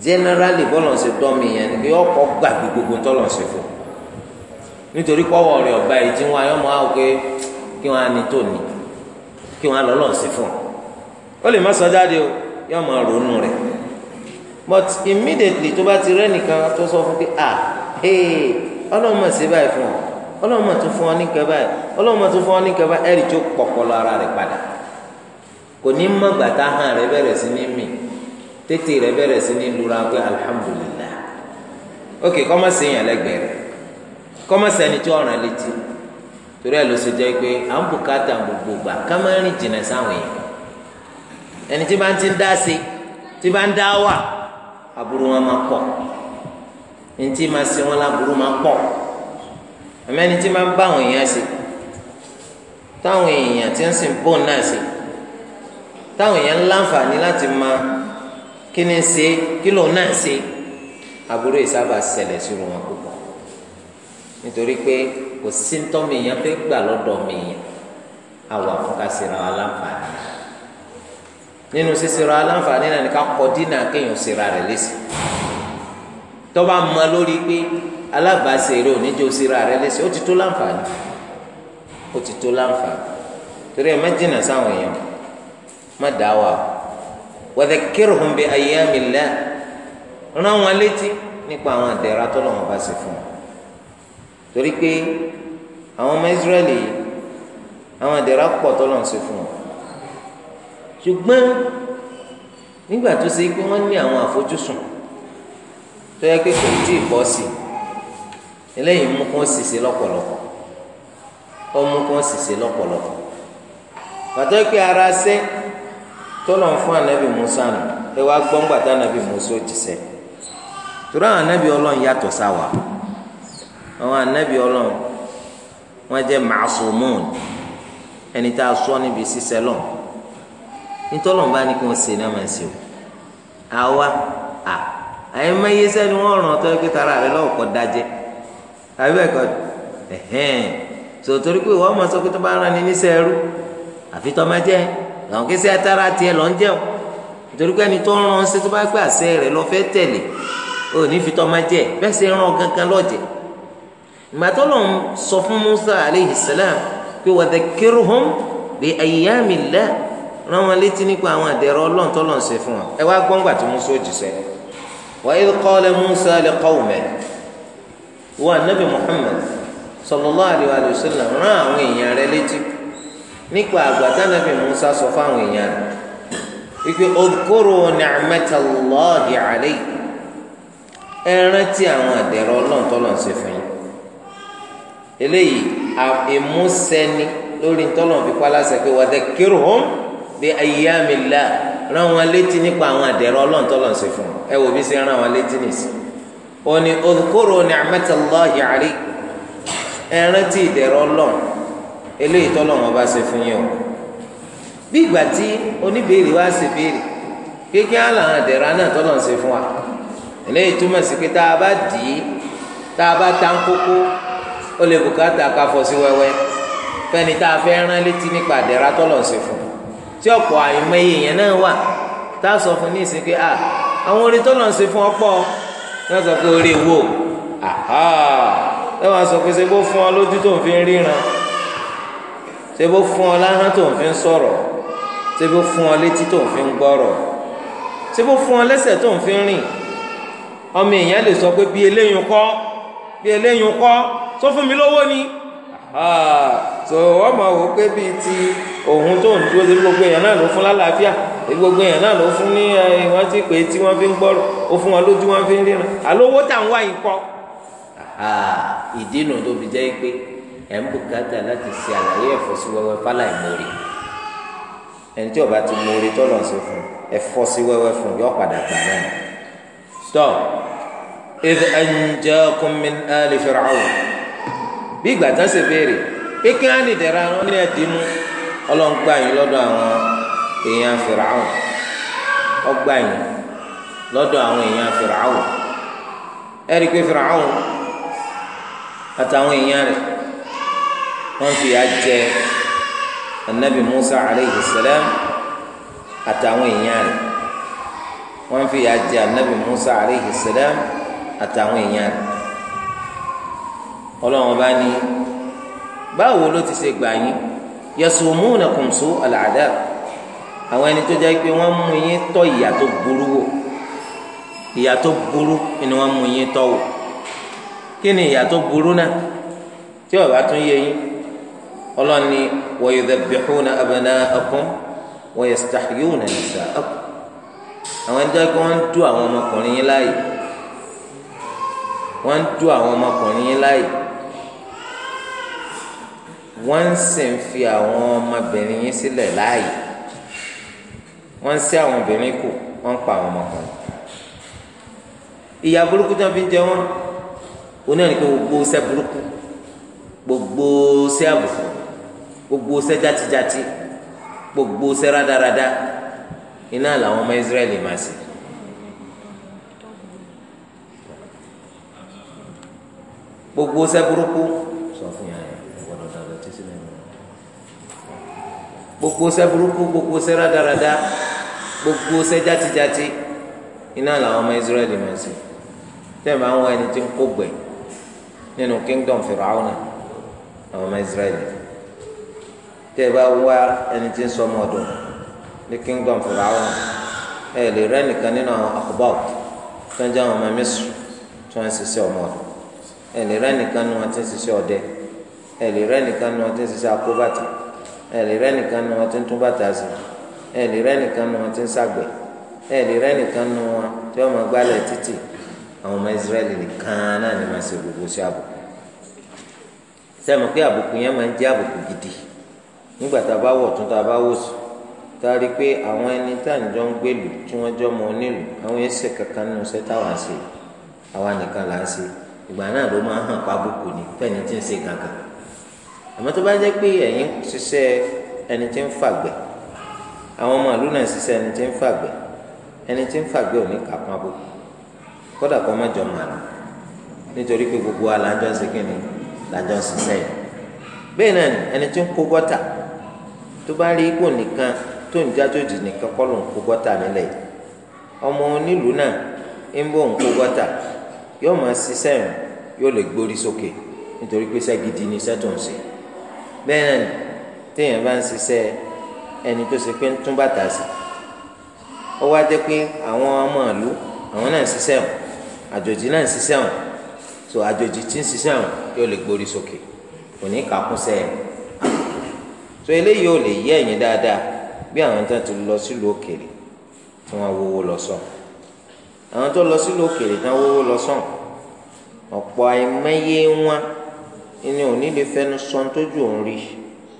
generally bọ́lọ̀ ṣe dọ́mi yẹn ni pé ọkọ̀ gbàgbé gbogbo tọ́lọ̀ ṣe fún nítorí pọ́wọ́ rẹ̀ ọ̀gbá yìí tí wọ́n ayọ́mọ́ á pé kí wọ́n á ní tòní kí wọ́n á lọ́lọ́ ṣe fún ó lè má sọ jáde o yóò máa ronú rẹ̀ but immediately tó bá ti rẹ́ nìkan tó sọ fún pé ah hey ọlọ́mọ ṣe báyìí fún ọ ọlọ́mọ tó fún ọ ní kẹba ẹ ọlọ́mọ tó fún ọ ní kẹba ẹ rí tó pọ̀pọ̀ lọ ara rẹ̀ padà kò ní mọ̀gbà tá a hàn rẹ̀ bẹ̀rẹ̀ sí ní mìíràn tètè rẹ̀ bẹ̀rẹ̀ sí ní lura pé alihamudulila ok kọ́mọ̀sì yẹn lẹ́gbẹ̀ẹ́ rẹ̀ kọ́mọ̀sì tí ọ̀ràn létí torí ẹ̀ ló ṣe jẹ́ pé à ń bùkátà gbogbo gbà ká má rìn jìnnà sáwọn ẹni tí bá ń ti dá sí tí bá ń dá wà aburú wọn máa pọ̀ ẹni tí máa ṣe wọn láburú máa pọ̀ ẹni tí máa ń bá àwọn èèyàn kí ni ṣe kí lòun náà ṣe aburú ìsábà ṣẹlẹ̀ sí wọn púpọ̀ nítorí pé kò sí ntọ́mi èèyàn fẹ́ gbà lọ́dọ̀ mi èèyàn àwọn àfúnkàsíra aláǹfààní nínú sísèrò aláǹfààní náà ni ká kọ dínà kéèyàn síra rẹ̀ lẹ́sìn tọ́ba mọ lórí pé alábàáṣe oníjó síra rẹ̀ lẹ́sìn ó ti tó láǹfààní ó ti tó láǹfààní torí ẹ má jìnnà sáwọn èèyàn má dá wà o wadhakkirhum bi ayyamillah rán wọn létí nípa àwọn àdẹ̀rà tó lọ́wọ́ bá ṣe fún wọn torí pé àwọn ọmọ Israẹli yìí àwọn àdẹ̀rà pọ̀ tó lọ́wọ́ ṣe fún wọn ṣùgbọ́n nígbà tó ṣe pé wọ́n ní àwọn àfojúsùn tó yẹ pé kò tí ì bọ́ sí i eléyìí mú kó sì ṣe lọ́pọ̀lọpọ̀ ó mú kó sì ṣe lọ́pọ̀lọpọ̀ pàtó pé ara ṣe tọ́lọ̀ ń fún anabi musa nù ẹ wá gbọ́ ńgbà anabi musa ó jíṣẹ́ torí àwọn anabi ọlọ́run yàtọ̀ wa àwọn anabi ọlọ́run wọ́n jẹ́ màásùmùn ẹni tá a sọ níbi ṣíṣẹ́ lọ nítọ́lọ̀ ń bá ní kí wọ́n ṣe náà máa ṣe o àwa à àyè mẹ́yẹ sẹ́ni wọ́n ràn ọ́ tọ́ pé tara rẹ dájẹ́ àbí bẹ́ẹ̀ kọ́ ẹ̀hẹ́n sọ pé tó bá rán ni jẹ́ ẹ́ àwọn kẹsẹ atara tiẹ lọ ń jẹun nítorí pé ẹni tó ń ran ṣe tó bá gbà ṣe rẹ lọ fẹ́ tẹ̀lé ò ní fi tọmọ jẹ bẹ́ẹ̀ ṣe ràn gangan lọjẹ ìgbà tó lọ ń sọ fún Musa aleyhi salam pé wa dhakkirhum bi ayyamillah rán wọn létí nípa àwọn àdẹ̀rọ ọlọ́run lọ́n ṣe fún wọn ẹ wá gbọ́ngbà tó Musa ó jìṣẹ́ wa idh qala Musa li qawmihi wa nabi Muhammad sallallahu alayhi wa sallam àwọn èèyàn rẹ létí nípa àgbàtà nàbì Musa sọ fáwọn èèyàn wípé odkoro ni'matallahi alaykum ẹ rántí àwọn àdẹ̀rọ Ọlọ́run tọ́lọ̀ ń ṣe fún yín eléyìí ìmúsẹni lórí tọ́lọ̀ fi pálásẹ pé wa dhakkirhum bi ayyamillah rán wọn létí nípa àwọn àdẹ̀rọ Ọlọ́run tọ́lọ̀ ń ṣe fún ẹ wò bí ṣe rán wọn létí nìsí òní odkoro ni'matallahi alaykum ẹ rántí ìdẹ̀rọ Ọlọ́run eléyìí tọ́lọ̀ wọn bá ṣe fún yín o bí ìgbà tí oníbèrè wá ṣe béèrè kékeré àlà àwọn àdẹ̀rà náà tọ́lọ̀ ń ṣe fún wa eléyìí túmọ̀ sí pé tá a bá dì í tá a bá ta ń kókó ó lè bùkátà ká fọ́ sí wẹ́wẹ́ fẹ́ni tá a fẹ́ rán létí nípa àdẹ̀rà tọ́lọ̀ ń ṣe fún tí ọ̀pọ̀ àìmọye yẹn náà wà tá a sọ fún ní ìsìn pé à àwọn orin tọ́lọ̀ ń ṣe fún ọ̀pọ̀ náà sọ pé orí wo àhá ẹ wàá sọ pé ṣe bó fún ọ lójú tó ń fi ríran ṣé bó fún ọ láhán tó ń fi sọ̀rọ̀ ṣé bó fún ọ létí tó ń fi gbọ́rọ̀ ṣé bó fún ọ lẹ́sẹ̀ tó ń fi rìn ọmọ èèyàn lè sọ pé bí eléyìí kọ́ bí eléyìí kọ́ sọ fún mi lówó ni so wọ́n mọ̀ wò pé bíi ti òun tó ń dúró sí gbogbo èèyàn náà ló fún lálàáfíà gbogbo èèyàn náà ló fún ní wọ́n ti pè é tí wọ́n fi ń gbọ́rọ̀ ó fún wọn lójú wọn fi ń ríran àlówó tà ń wá yìí kọ́ ìdí nù tó fi jẹ́ pé ẹ̀ ń bùkátà láti ṣe àlàyé ẹ̀fọ́ sí wẹ́wẹ́ fálà ìmòrè ẹni tí ọba ti mòrè tó lọ́n ṣe fún ẹ̀fọ́ sí wẹ́wẹ́ fún yọ padà gbà náà. tọ́ idh anjaakum min ali fir'aun bí ìgbà tán ṣe béèrè pé kí á nìdẹ̀ra wọn ní ẹ̀dínmú ọlọ́ngbà yín lọ́dọ̀ àwọn èèyàn fir'aun ọgbà yín lọ́dọ̀ àwọn èèyàn fir'aun ẹ̀rí pé fir'aun àtàwọn èèyàn rẹ̀ wọ́n fi àjẹ anabi musa aleyhi salam àtàwọn èèyàn rẹ̀ wọ́n fi àjẹ anabi musa aleyhi salam àtàwọn èèyàn rẹ̀ ọlọ́wọ́n bá ní báwo ló ti ṣe gbà yín yasumunakum su al-adab àwọn ẹni tó jẹ́ pé wọ́n mú yín tọ́ ìyà tó burú wò ìyà tó burú ni wọ́n mú yín tọ́ wò kí ni ìyà tó burú náà tí ó tún yé yín ọlọ́ni wa yudhabbihuna abna'akum wa yastahyuna nisa'akum àwọn ẹni tó kí wọ́n ń tú àwọn ọmọkùnrin yín láàyè wọ́n ń tú àwọn ọmọkùnrin yín láàyè wọ́n ń sì fi àwọn ọmọbìnrin yín sílẹ̀ láàyè wọ́n ń sí àwọn obìnrin kù wọ́n ń pa àwọn ọmọkùnrin ìyá burúkú tí wọ́n fi jẹ wọ́n oní gbogbo sẹ́ burúkú gbogbo sẹ́ àbùkù gbogbo ṣẹ́ játijáti gbogbo ṣẹ́ rádaràda iná làwọn ọmọ Israẹli máa ṣe. gbogbo ṣẹ́ burúkú sọ fún yàrá ìwọ́dọ̀ dàgbà tí sílẹ̀ nù. gbogbo ṣẹ́ burúkú gbogbo ṣẹ́ rádaràda gbogbo ṣẹ́ játijáti iná làwọn ọmọ Israẹli máa ṣe. tẹ́ẹ̀ máa ń wá ẹni tí ń kó gbẹ̀ nínú kingdom Firaona àwọn ọmọ Israẹli tẹ́ ẹ bá wá ẹni tí ń sọ ọmọ ọ̀dọ̀ ní kingdom fúnra wọn ẹ lè rẹ́ nìkan nínú àwọn àkùbọ̀ tó ń jẹ́ àwọn ọmọ mísírì tí wọ́n ń ṣiṣẹ́ ọmọ ọ̀dọ̀ ẹ lè rẹ́ nìkan nínú wọn tí ń ṣiṣẹ́ ọdẹ ẹ lè rẹ́ nìkan nínú wọn tí ń ṣiṣẹ́ akóbàtà ẹ lè rẹ́ nìkan nínú wọn tí ń tún bàtà sí ẹ lè rẹ́ nìkan nínú wọn tí ń ṣàgbẹ̀ ẹ lè rẹ́ nìkan nínú wọn tí wọ́n máa gbálẹ̀ títì àwọn ọmọ Israẹli nìkan náà ni máa ṣe gbogbo sí àbùkù sẹ́mi pé àbùkù yẹn máa ń jẹ́ àbùkù gidi nígbà tá a bá wọ̀ tún tá a bá wò sùn tá a rí i pé àwọn ẹni tá à ń jọ ń gbèlú tí wọ́n jọ mọ onílù àwọn ẹsẹ̀ kankan nínú iṣẹ́ táwa ṣe àwa nìkan là ń ṣe ìgbà náà ló máa hàn pàbùkù ní fẹ́ni tí ń ṣe kankan àmọ́ tó bá jẹ́ pé ẹ̀yin ṣiṣẹ́ ẹni tí ń fàgbẹ́ àwọn ọmọ àlú ṣiṣẹ́ ẹni tí ń fàgbẹ́ ẹni tí ń fàgbẹ́ ò ní kápá kódà kó má jọ nítorí pé gbogbo alájọ ṣe kí ni ṣiṣẹ́ yìí bẹ́ẹ̀ náà ẹni tí ń kó gọ́tà tó bá rí ipò nìkan tó ń jájòjì nìkan kọ́ ló ń kó gọ́tà nílẹ̀ yìí ọmọ onílùú náà ń bọ̀ ń kó gọ́tà yóò máa ṣiṣẹ́ rìn yóò lè gbórí sókè nítorí pé iṣẹ́ gidi ni iṣẹ́ tó ń ṣe bẹ́ẹ̀ náà téèyàn bá ń ṣiṣẹ́ ẹni tó ṣe pé ń tún bàtà sí ó wá jẹ́ pé àwọn ọmọ ìlú àwọn náà ń ṣiṣẹ́ hàn àjòjì náà ń ṣiṣẹ́ hàn so àjòjì tí ń ṣiṣẹ́ hàn yóò lè gbórí sókè kò ní kàkúnṣẹ́ ẹ̀ so eléyìí ò lè yé ẹ̀yin dáadáa bí àwọn tó ti lọ sílùú òkèèrè tí wọ́n wówó lọ sàn àwọn tó lọ sílùú òkèèrè tí wọ́n wówó lọ sàn ọ̀pọ̀ àìmọye wọn ni òní lè fẹnu sọ tójú òun rí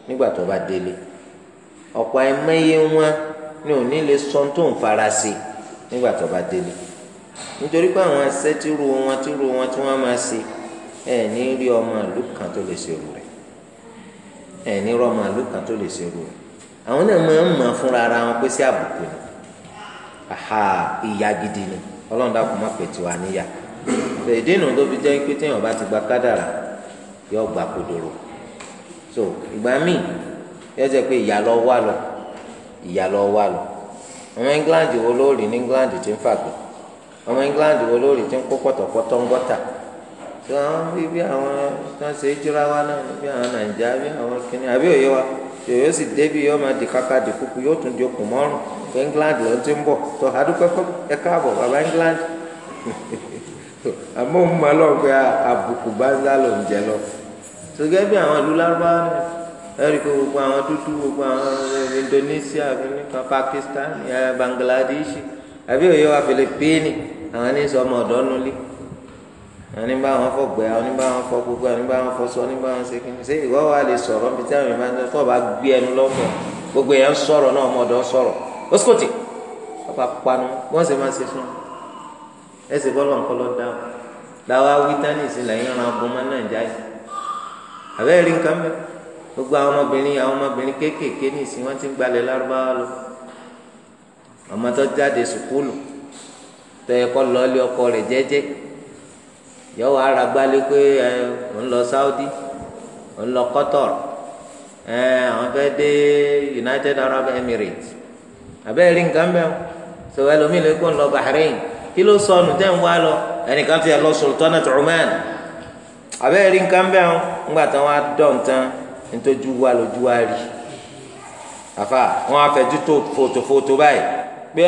nígbà tó bá délé ọ̀pọ̀ àìmọye wọn ni òní lè sọ tó ń farasí nígbà tó bá délé nítorí pé àwọn asẹ́tìrú wọn tìrú wọn tí wọ́n máa ṣe ẹ̀ ní rí ọmọ ìlú kan tó lè ṣe rò ẹ ní rọmọ àlù kan tó lè ṣerú ẹ àwọn náà máa ń mọ fúnra ara wọn pé sí àbùkù ni àhà gidi ni ọlọ́run ma má pè tiwa níyà èdè nù tó fi jẹ́ pé téèyàn bá ti gba kádàrà yóò kodoro so ìgbà míì yóò pé ìyá lọ wà lọ ìyá lọ wà England wo lóòrì ní England ń England wo lóòrì ń kó tó àwọn bíbí àwọn tán ṣe jura wa náà bí àwọn nàìjíríà bí àwọn kìnnì àbí òye wa yóò sì débi yóò máa di kaka di kúkú yóò tún di okùn mọ́rùn pé England ló ti ń bọ̀ tó adúpẹ́kọ́ ẹ káàbọ̀ bàbá England [LAUGHS] àmọ́ òun máa lọ pé àbùkù bá ń dá lò ń jẹ lọ gẹ́gẹ́ bí àwọn ìlú lárúbáwá náà ẹ̀rí pé gbogbo àwọn dúdú gbogbo àwọn Indonesia nìkan Pakistan Bangladesh àbí òye wa Philippines àwọn ní sọ ọmọ ọ̀dọ́ nulí àwọn nígbà wọn fọ gbẹ àwọn nígbà wọn fọ gbogbo àwọn nígbà wọn fọ sọ nígbà wọn ṣe kíni ṣé ìwọ wa lè sọ̀rọ̀ níbi tí àwọn ìbá ń tọ́ bá gbé ẹnu lọ́fọ̀ gbogbo èèyàn sọ̀rọ̀ náà ọmọdé sọ̀rọ̀ lọ́sọ̀tì ọba panu wọ́n sì máa ṣe fún un ẹsẹ̀ bọ́lọ̀ nǹkan lọ dá o làwa wí tání ìsìnlẹ̀ yín ran agun mọ́ náà jáde àbẹ́rẹ́ rí nǹkan mẹ́ gbogbo àwọn ọmọbìnrin àwọn ọmọbìnrin kéékèèké ní ìsìn wọn ti ń gbalẹ̀ lárúbáwá lọ ọmọ tó jáde sùkúlù tó yẹ kó lọ́ọ́ ọkọ rẹ̀ jẹ́jẹ́ yọ wàá ra gbálé pé ẹ ń lọ Saudi ń lọ Qatar ẹ àwọn fẹ́ dé United Arab Emirates àbẹ́rẹ́ rí nǹkan bẹ́ẹ̀ sọ ẹlòmíì lè kó ń lọ Bahrain kí ló sọ ọ̀nù tẹ́ ń wá lọ ẹnìkan fi lọ Sultanate Oman àbẹ́rẹ́ rí nǹkan bẹ́ẹ̀ ńgbà tán wá dọ̀ tán nítorí wà lójú wa rí àfà wọn afẹjú tó fòtòfòtò báyìí pé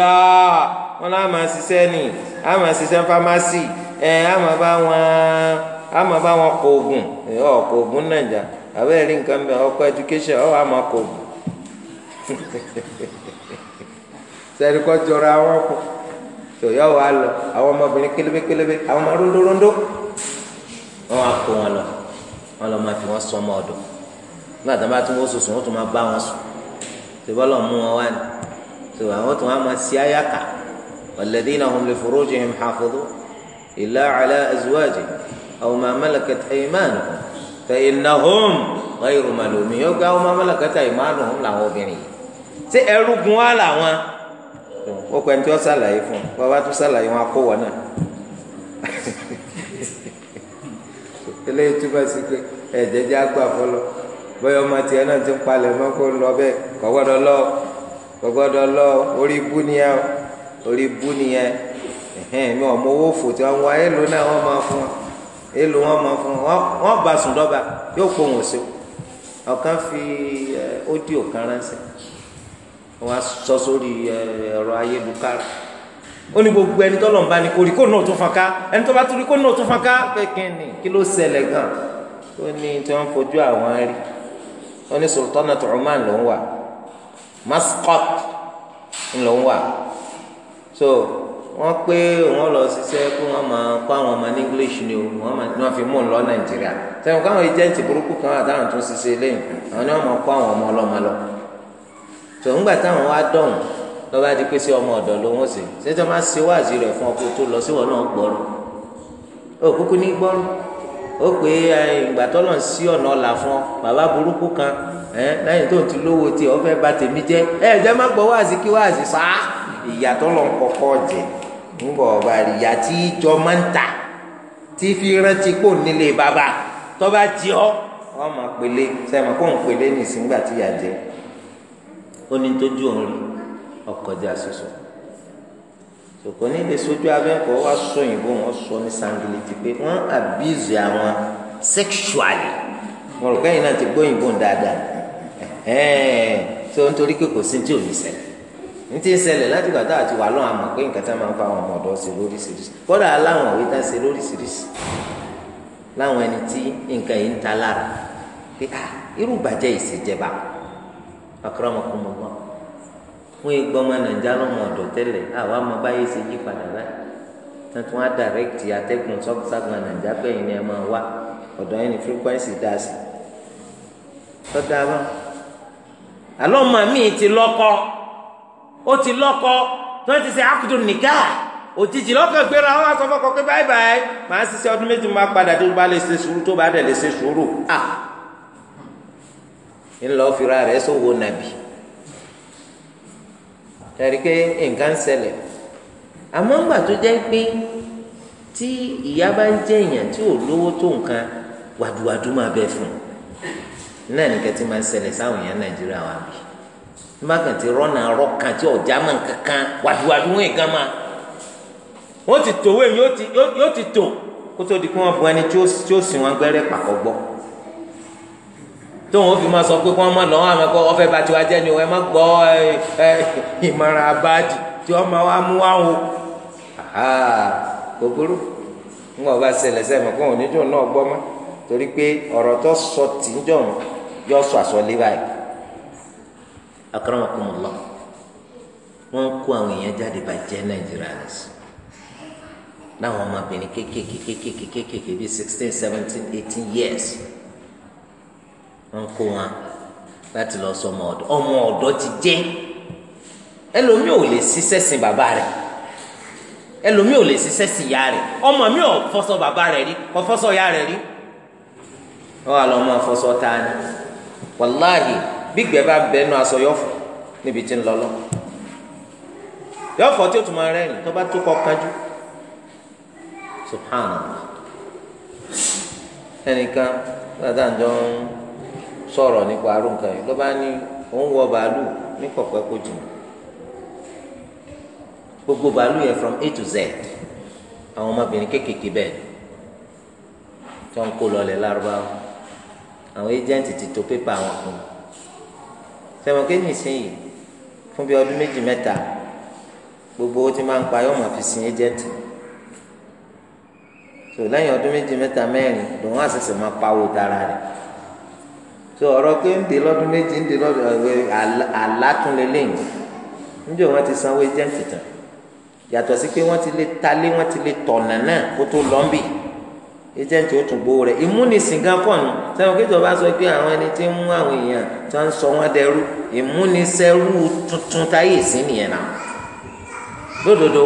wọn náà máa ṣiṣẹ́ ní a máa ṣiṣẹ́ fámásì Ee ama bá wọn àmà bá wọn kọ ọkọ education ọ àmà kọ oògùn sẹ́ni [LAUGHS] kọ́ jọra wọn kù tòyọ́ wa lọ àwọn ọmọbìnrin àwọn ọmọ rondo rondo wọn kó wọn lọ wọn lọ máa fi wọn sọ ọmọ ọ̀dọ̀ nígbà tí wọn bá tún wọn sọsọ wọn tún máa bá wọn tìbọn lọ mú wọn wá ní àwọn tún إلا على أزواجهم أو ما ملكت أيمانهم فإنهم غير ملومين yóò ما ملكت أيمانهم làwọn obìnrin yìí ṣé ẹrúgun wa làwọn ó pẹ́ ní tí wọ́n ṣàlàyé fún un ṣàlàyé wọn kó náà eléyìí túbọ̀ sí pé ẹ̀jẹ̀ jẹ́ àgbà fọlọ́ ọmọ tiẹ̀ náà ti ń palẹ̀ mọ́ kó ń lọ bẹ́ẹ̀ kọ́gbọ́dọ̀ mi ò mọ owó fò tí wọn wá èlò náà wọn máa fún wọn èlò wọn máa fún wọn wọn bá sùn dọ́ba yóò pọ̀ wọn sí ọ̀kan fi ódìò kan ránṣẹ́ wọn sọ sórí ẹ̀rọ ayélujára ó ní gbogbo ẹni tọ́lọ̀ ń bá ní orí kó náà tún fọn ká ẹni tó bá tún rí kó náà tún fọn ká kékin ni kí ló ṣẹlẹ̀ gan ó ní tí wọ́n fojú àwọn rí ó ní Sultanate Oman ló ń wà Muscat ló ń wà so wọn pé wọ́n lọ ṣiṣẹ́ pé wọ́n máa kọ́ àwọn ọmọ ní english ni o wọ́n máa ní wọ́n fi mú un lọ nàìjíríà kan àtàwọn tó ń ṣiṣẹ́ àwọn ni wọ́n máa kọ́ àwọn ọmọ ọlọ́mọ lọ. tó ń gbà táwọn wá ọmọ ọ̀dọ̀ ló wọ́n ṣé máa ṣe wáàzì rẹ̀ fún tó lọ sí wọn náà gbọ́rọ̀ ó kúkú ní kan lẹ́yìn tó ń ti lówó tiẹ̀ fẹ́ tèmi jẹ́ jẹ́ má gbọ́ wáàzì kí wáàzì ńgbọ̀ ọba ìyá tí ìjọ máa ń tà tí fi rántí kò nílé bàbá tọ́ba tí ọ́ wọ́n máa pèlé sẹ́mi kó ń pèlé nìsín gbà tí ìyá jẹ ó ní tójú òun rí ọkọjà soso sòkò ní ilé sojú abẹ́kọ̀ wá sọ òyìnbó wọn sọ ní sangiliti pé wọ́n abuse àwọn sexually mo rò kẹ́yìn náà ti gbóyìnbó dáadáa ẹ̀ẹ́n tó ń torí pé kò sí tí ò ní ṣẹlẹ̀. ní ti ń ṣẹlẹ̀ láti gbàtà àti wà lọ́wọ́ àmọ̀ pé nǹkan máa ń fa àwọn ọmọ ọ̀dọ́ ṣe lóríṣiríṣi kódà láwọn òwe tá ṣe lóríṣiríṣi láwọn ẹni tí nǹkan yìí ń ta lára pé irú ìbàjẹ́ ìṣèjẹba akramakumullah fún ìgbọ́mọ nàìjíríà lọ́mọ ọ̀dọ̀ tẹ́lẹ̀ àwa ọmọ báyìí ṣe yí padà báyìí tuntun á dàrẹ́kìtì sọ́gbọ́n nàìjíríà ni ẹ máa ó ti lọ́kọ tó ti ṣe akudu nìkà òjijì lọ́kàn gbéra wọn sọ fọkọ pé báyìí báyìí màá ṣiṣẹ́ ọdún méjì máa padà tó bá lè ṣe sùúrù tó bá dẹ̀ lè ṣe sùúrù à ńlọ fira rẹ̀ sọ̀wọ́ nàbì tẹ̀rí pé nǹkan ń ṣẹlẹ̀ àmọ́ ńgbà tó jẹ́ pé tí ìyá bá ń jẹ́ èèyàn tí ò lówó tó nǹkan wàdùwàdù máa bẹ fún un náà nìkan tí máa ń ṣẹlẹ̀ sáwọn èèyàn Nàìjíríà wà bíi nígbàkan ti rọ́nà arọ́ kan tí ọ̀já mọ̀ kankan wàdùwàdù wọ́n ti tò wẹ́ẹ̀ yóò ti tò kó di kí bu ẹni tí ó sìn wọn gbẹ́rẹ́ pàkọ́ gbọ́ tóun ó fi sọ pé kí wọ́n má lọ́wọ́ àmọ́ kó ọ̀fẹ́ bá tiwa jẹ́ ni ẹ má gbọ́ [LAUGHS] ìmọ̀ràn abáàdì tí wọ́n máa wá mú wá wọn bá náà gbọ́ mọ́ torí pé ọ̀rọ̀ tó sọ tìǹjọ́ yọ akramakumullah wọn kó àwọn èèyàn jáde bàjẹ́ nigerians nìsí láwọn ọmọbìnrin kéékèèké kékèké kékèké bíi sixteen seventeen eighteen years wọn kó wọn láti lọ sọ ọmọ ọdọ ọmọ ọdọ ti jẹ ẹlòmíì ò lè ṣiṣẹ́ sin bàbá rẹ ẹlòmíì ò lè ṣiṣẹ́ sin ìyá ọmọ mi ò fọṣọ bàbá rẹ̀ rí kò fọṣọ ìyá rí wàláhì bí gbẹ bá bẹ nu aṣọ yọfọ níbi tí ń lọ lọ yọfọ tí o tún máa rẹ́rìn tó bá tó kọ kájú subhanallah ẹnìkan dáadáa ń jọ ń sọ̀rọ̀ nípa àrùn kan yìí ló bá ní òun wọ bàálù ní kọ̀pẹ́ kó jìnnà gbogbo bàálù yẹn from A to Z àwọn ọmọbìnrin kéékèèké bẹ́ẹ̀ tí wọ́n ń kó lọlẹ̀ lárúbáwá àwọn ẹjẹ́ǹtì ti to pépà wọn kùn sẹ́wọ̀n kí nìsín yìí fún bí ọdún méjì mẹ́ta gbogbo owó tí máa ń pa yóò máa fi sin ẹjẹǹtì tó lẹ́yìn ọdún méjì mẹ́ta mẹ́rin lòun àṣẹṣẹ máa pawó tara rẹ̀ tó ọ̀rọ̀ pé ń dè lọ́dún méjì ń dè lọ́dún àlátúnlélẹ́yìn níjọ́ wọn ti sanwó ẹjẹǹtì tán yàtọ̀ sí pé wọ́n ti lè talé wọ́n ti lè tọ̀nà náà kó tó lọ́ńbì agent ó tún gbowó rẹ̀ ìmúnisìn kọ̀ nù sẹ́wọ̀n kí ìjọba sọ pé àwọn ẹni tí ń mú àwọn èèyàn tí wọ́n ń sọ wọ́n dẹrú ìmúnisẹ́rú tuntun táyé ìsín nìyẹn náà lódodo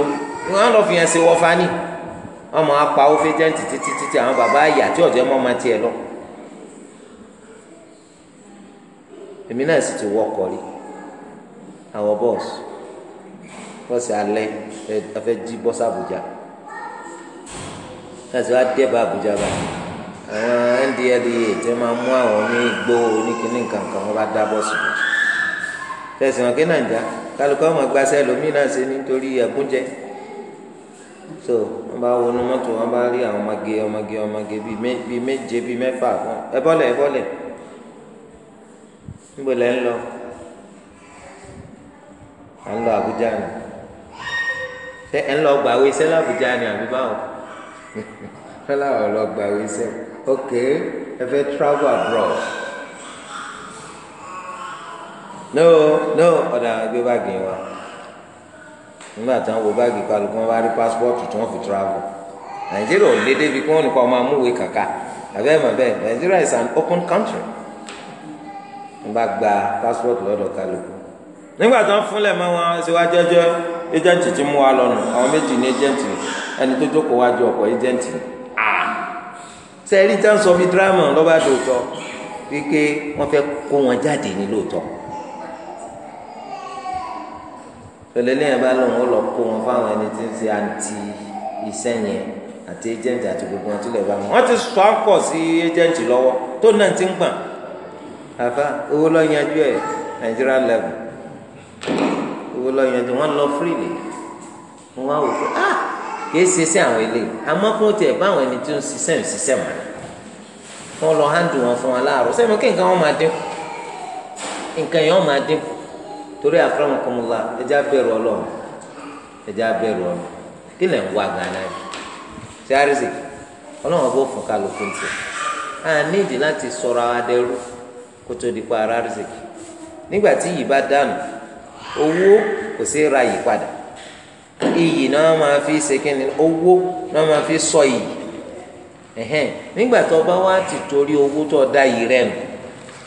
wọ́n lọ fi hàn sí wọ́fà ní ọmọ apáwó fẹ́jẹ̀ǹtì títí títí àwọn bàbá àyà tí ọ̀jẹ̀ mọ́ máa tiẹ̀ lọ. èmi náà sì ti wọ́kọ̀ rí àwọn bọ́ọ̀sì bọ́ọ̀sì alẹ́ afẹ́ jí bọ́ọ̀sì Àbújá láti wá dé bá Àbújá bá àwọn ndla tí wọn máa mú àwọn ní igbó oníkíní nǹkankan wọn bá dábọ sùn tẹsán kí nàìjà kálukọ ọmọ gbaṣẹ lómi náà ṣe nítorí ẹkúnjẹ so wọn bá wọnú mọ́tò wọn bá rí àwọn ọmọge ọmọge ọmọge bíi méje bíi mẹ́fà ẹ bọ́lẹ̀ ẹ bọ́lẹ̀ níbo lẹ ń lọ à ń lọ Àbújá ni ẹ ń lọ gbàwé sẹ́lá Àbújá ni àbí báwọn wọn làwọn lọ gba àwọn iṣẹ́ ok ẹ fẹ́ travel abroad no no ọ̀dà gbé báàgì wa. wá nígbà tí wọn wo báàgì kálukú wọn bá rí pásítọ̀tù tí wọn fi travel nàìjíríà ò lé débi kí wọn nìkan ọmọ amúwe kàkà àbẹ́ẹ̀ mọ̀ bẹ́ẹ̀ nàìjíríà is an open country wọn bá gba pásítọ̀tù lọ́dọ̀ kálukú nígbà tí wọn fúnlẹ̀ mọ́ wọn síwájú ẹjọ́ ẹjẹ́ǹtì ti mú wa lọ́nu àwọn méjì ní ẹjẹ́ǹtì ẹni tó jókòó wájú ọkọ̀ ẹjẹǹtì à sẹẹrí tá à ń sọ fi dírámà lọ́ba lóòótọ́ wípé wọ́n fẹ́ kó wọn jáde ní lóòótọ́ pẹ̀lẹ́lẹ́ yẹn bá lóun ó lọ kó wọn fáwọn ẹni tí ń ṣe àǹtí iṣẹ́ yẹn àti ẹjẹǹtì àti gbogbo wọn tilẹ̀ bá wọn wọ́n ti sọ àkọ́ sí ẹjẹǹtì lọ́wọ́ tó náà ti ń gbọ̀n àfa owó lọ yanjú ẹ Nigeria owó lọ wọn lọ freely wọn wá wò pé ah kìí ṣe sí àwọn ilé àmọ́ kó tiẹ̀ bá àwọn ẹni tí ó ń ṣiṣẹ́ ń ṣiṣẹ́ mọ́ wọn lọ hándù wọn fún wọn láàárọ̀ sẹ́mi kí nǹkan wọn máa dín nǹkan yẹn wọn máa dín torí àkàràmọ̀kọ́mọ́lá ẹja bẹ̀rù ọlọ́run ẹja bẹ̀rù ọlọ́run kí lẹ̀ ń wá gánà yìí ṣé àrísì ọlọ́run bó fún kálukú tiẹ̀ a nídìí láti sọ̀rọ̀ àwọn adẹ́rú kó tó di pa ara àrísì nígbà tí yìí bá dànù owó kò sí ra yìí padà iyì náà máa fi ṣe kíni owó náà máa fi sọ iyì ẹ̀hẹ́n nígbà tó bá wá ti torí owó tó da yìí rẹ̀ nù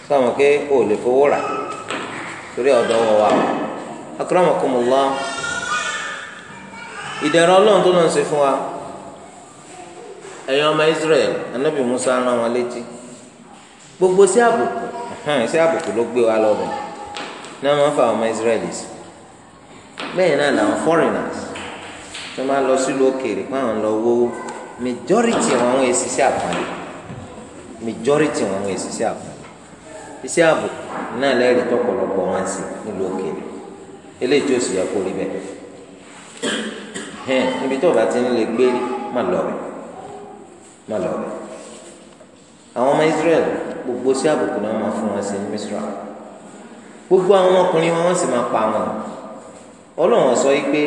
sọ̀rọ̀ pé o lè fowó rà torí ọ̀dọ́ wọ wa akramakumullah ìdẹ̀rọ̀ ọlọ́run tó lọ́n ṣe fún wa ẹ̀yin ọmọ Israel anabi Musa rán wọn létí gbogbo sí àbùkù sí àbùkù ló gbé wa lọ́bẹ̀ náà wọ́n fa ọmọ Israel sí bẹ́ẹ̀ náà làwọn foreigners tó máa lọ sílùú òkèèrè pé àwọn lọ wo majority wọn àwọn èsì sí àpàlẹ majority wọn àwọn èsì sí àpàlẹ iṣẹ́ ààbò náà lẹ́rìí tọ́pọ̀lọpọ̀ wọn sí nílùú òkèèrè eléyìí tí sì yẹ kó rí bẹ́ẹ̀ hẹ́n níbi tó o bá ti ń lè gbé má lọ rẹ̀ Israel gbogbo sí àbùkù náà máa fún wọn sí ní gbogbo àwọn ọkùnrin wọn wọ́n sì máa pa wọn. ọlọ́run sọ yìí pé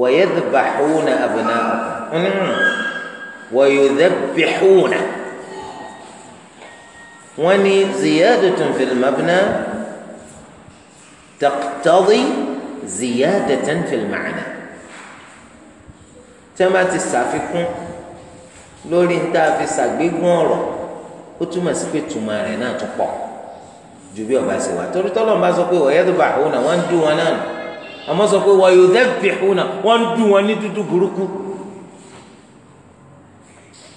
wayadhbahuna abna'akum hmm. wayudhabbihuna wọ́n ní ziyadatun fil mabna taqtadi ziyadatan fil ma'na tẹ́lẹ̀ ti ṣàfikún lórí níta fi ṣàgbégbọ́n ọ̀rọ̀ ó túmọ̀ sí pé tùmọ̀ rẹ̀ náà tún pọ̀ ju bí ọba ṣe wà torítọ́lọ́mùbá sọ pé wayadhbahuna wọ́n ń dún wọn náà nù àmọ́ sọ pé wọ́n yóò dẹ́bì hùnà wọ́n ń dùn wọn ní dúdú burúkú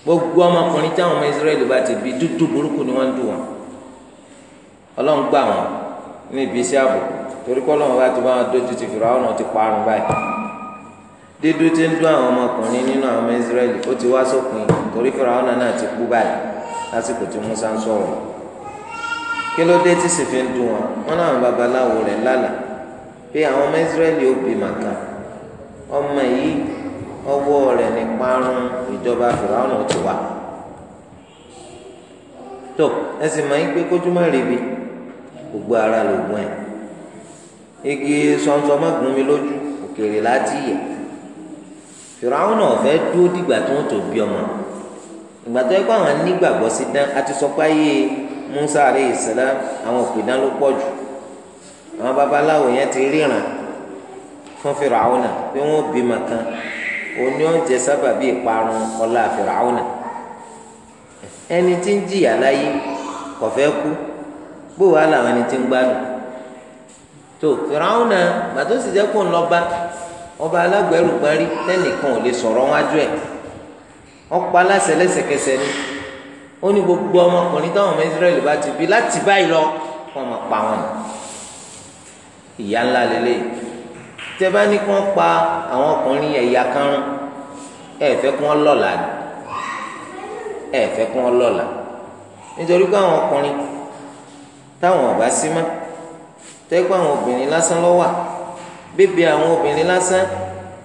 gbogbo ọmọkùnrin táwọn ọmọ Israẹli bá ti bí dúdú burúkú ni wọ́n ń dùn wọn Ọlọ́run gbà wọn ní ibi iṣẹ́ ààbò torí kọ́ lọ́wọ́ bá ti bá wọn dójú ti fìrà ọ̀nà ti parun báyìí dídú ti ń dún àwọn ọmọkùnrin nínú àwọn ọmọ Israẹli ó ti wá sópin torí fìrà ọ̀nà náà ti kú báyìí lásìkò tí Musa ń sọ̀rọ̀ kí ló dé tí sì fi ń dùn wọn wọn náà babaláwo rẹ̀ lálàá pé àwọn ọmọ Ísírẹ́lì ó bí màkà ọmọ yìí ọwọ́ rẹ̀ ní parun ìjọba fìràwọ̀n ti wà tó ẹ sì máa ń gbé kójúmọ́ ríbi gbogbo ara lògùn ẹ̀ igi sọ̀nsọ̀ má gún mi lójú òkèèrè láti yẹ fìràwọ̀n ọ̀fẹ́ dúró dìgbà tó ń tó bí ọmọ ìgbà tó yẹ kó àwọn nígbàgbọ́ sí dán àti sọ Musa alayhi salam àwọn òpè dán ló pọ̀ jù àwọn babaláwo yẹn ti ríran fún fìràwọnà pé wọn bímọ kan oní oúnjẹ sábà bíi ìparun ọlá fìràwọnà ẹni tí ń jìyà láyé kò fẹ́ kú bó wàá làwọn ẹni tí ń gbádùn tó fìràwọnà gbàtó sì jẹ́ kó ń lọ bá ọba alágbẹ̀rù parí tẹ́nìkan ò lè sọ̀rọ̀ wájú ẹ̀ ọ̀pá aláṣẹ lẹ́sẹ̀kẹsẹ̀ ni ó ní gbogbo ọmọkùnrin táwọn ọmọ Ísírẹ́lì bá ti bí láti báyìí lọ kó ọmọ pa wọn ni ìyá ńlá lélẹ̀ tẹ́bá ní kí wọ́n pa àwọn ọkùnrin ẹ̀yà kan rún ẹ̀ fẹ́ kí wọ́n lọ́la ni ẹ̀ fẹ́ kí wọ́n lọ́la nítorí pé àwọn ọkùnrin táwọn ọ̀bá sí mọ́ tẹ́gbọ́n àwọn obìnrin lásán ló wà bébè àwọn obìnrin lásán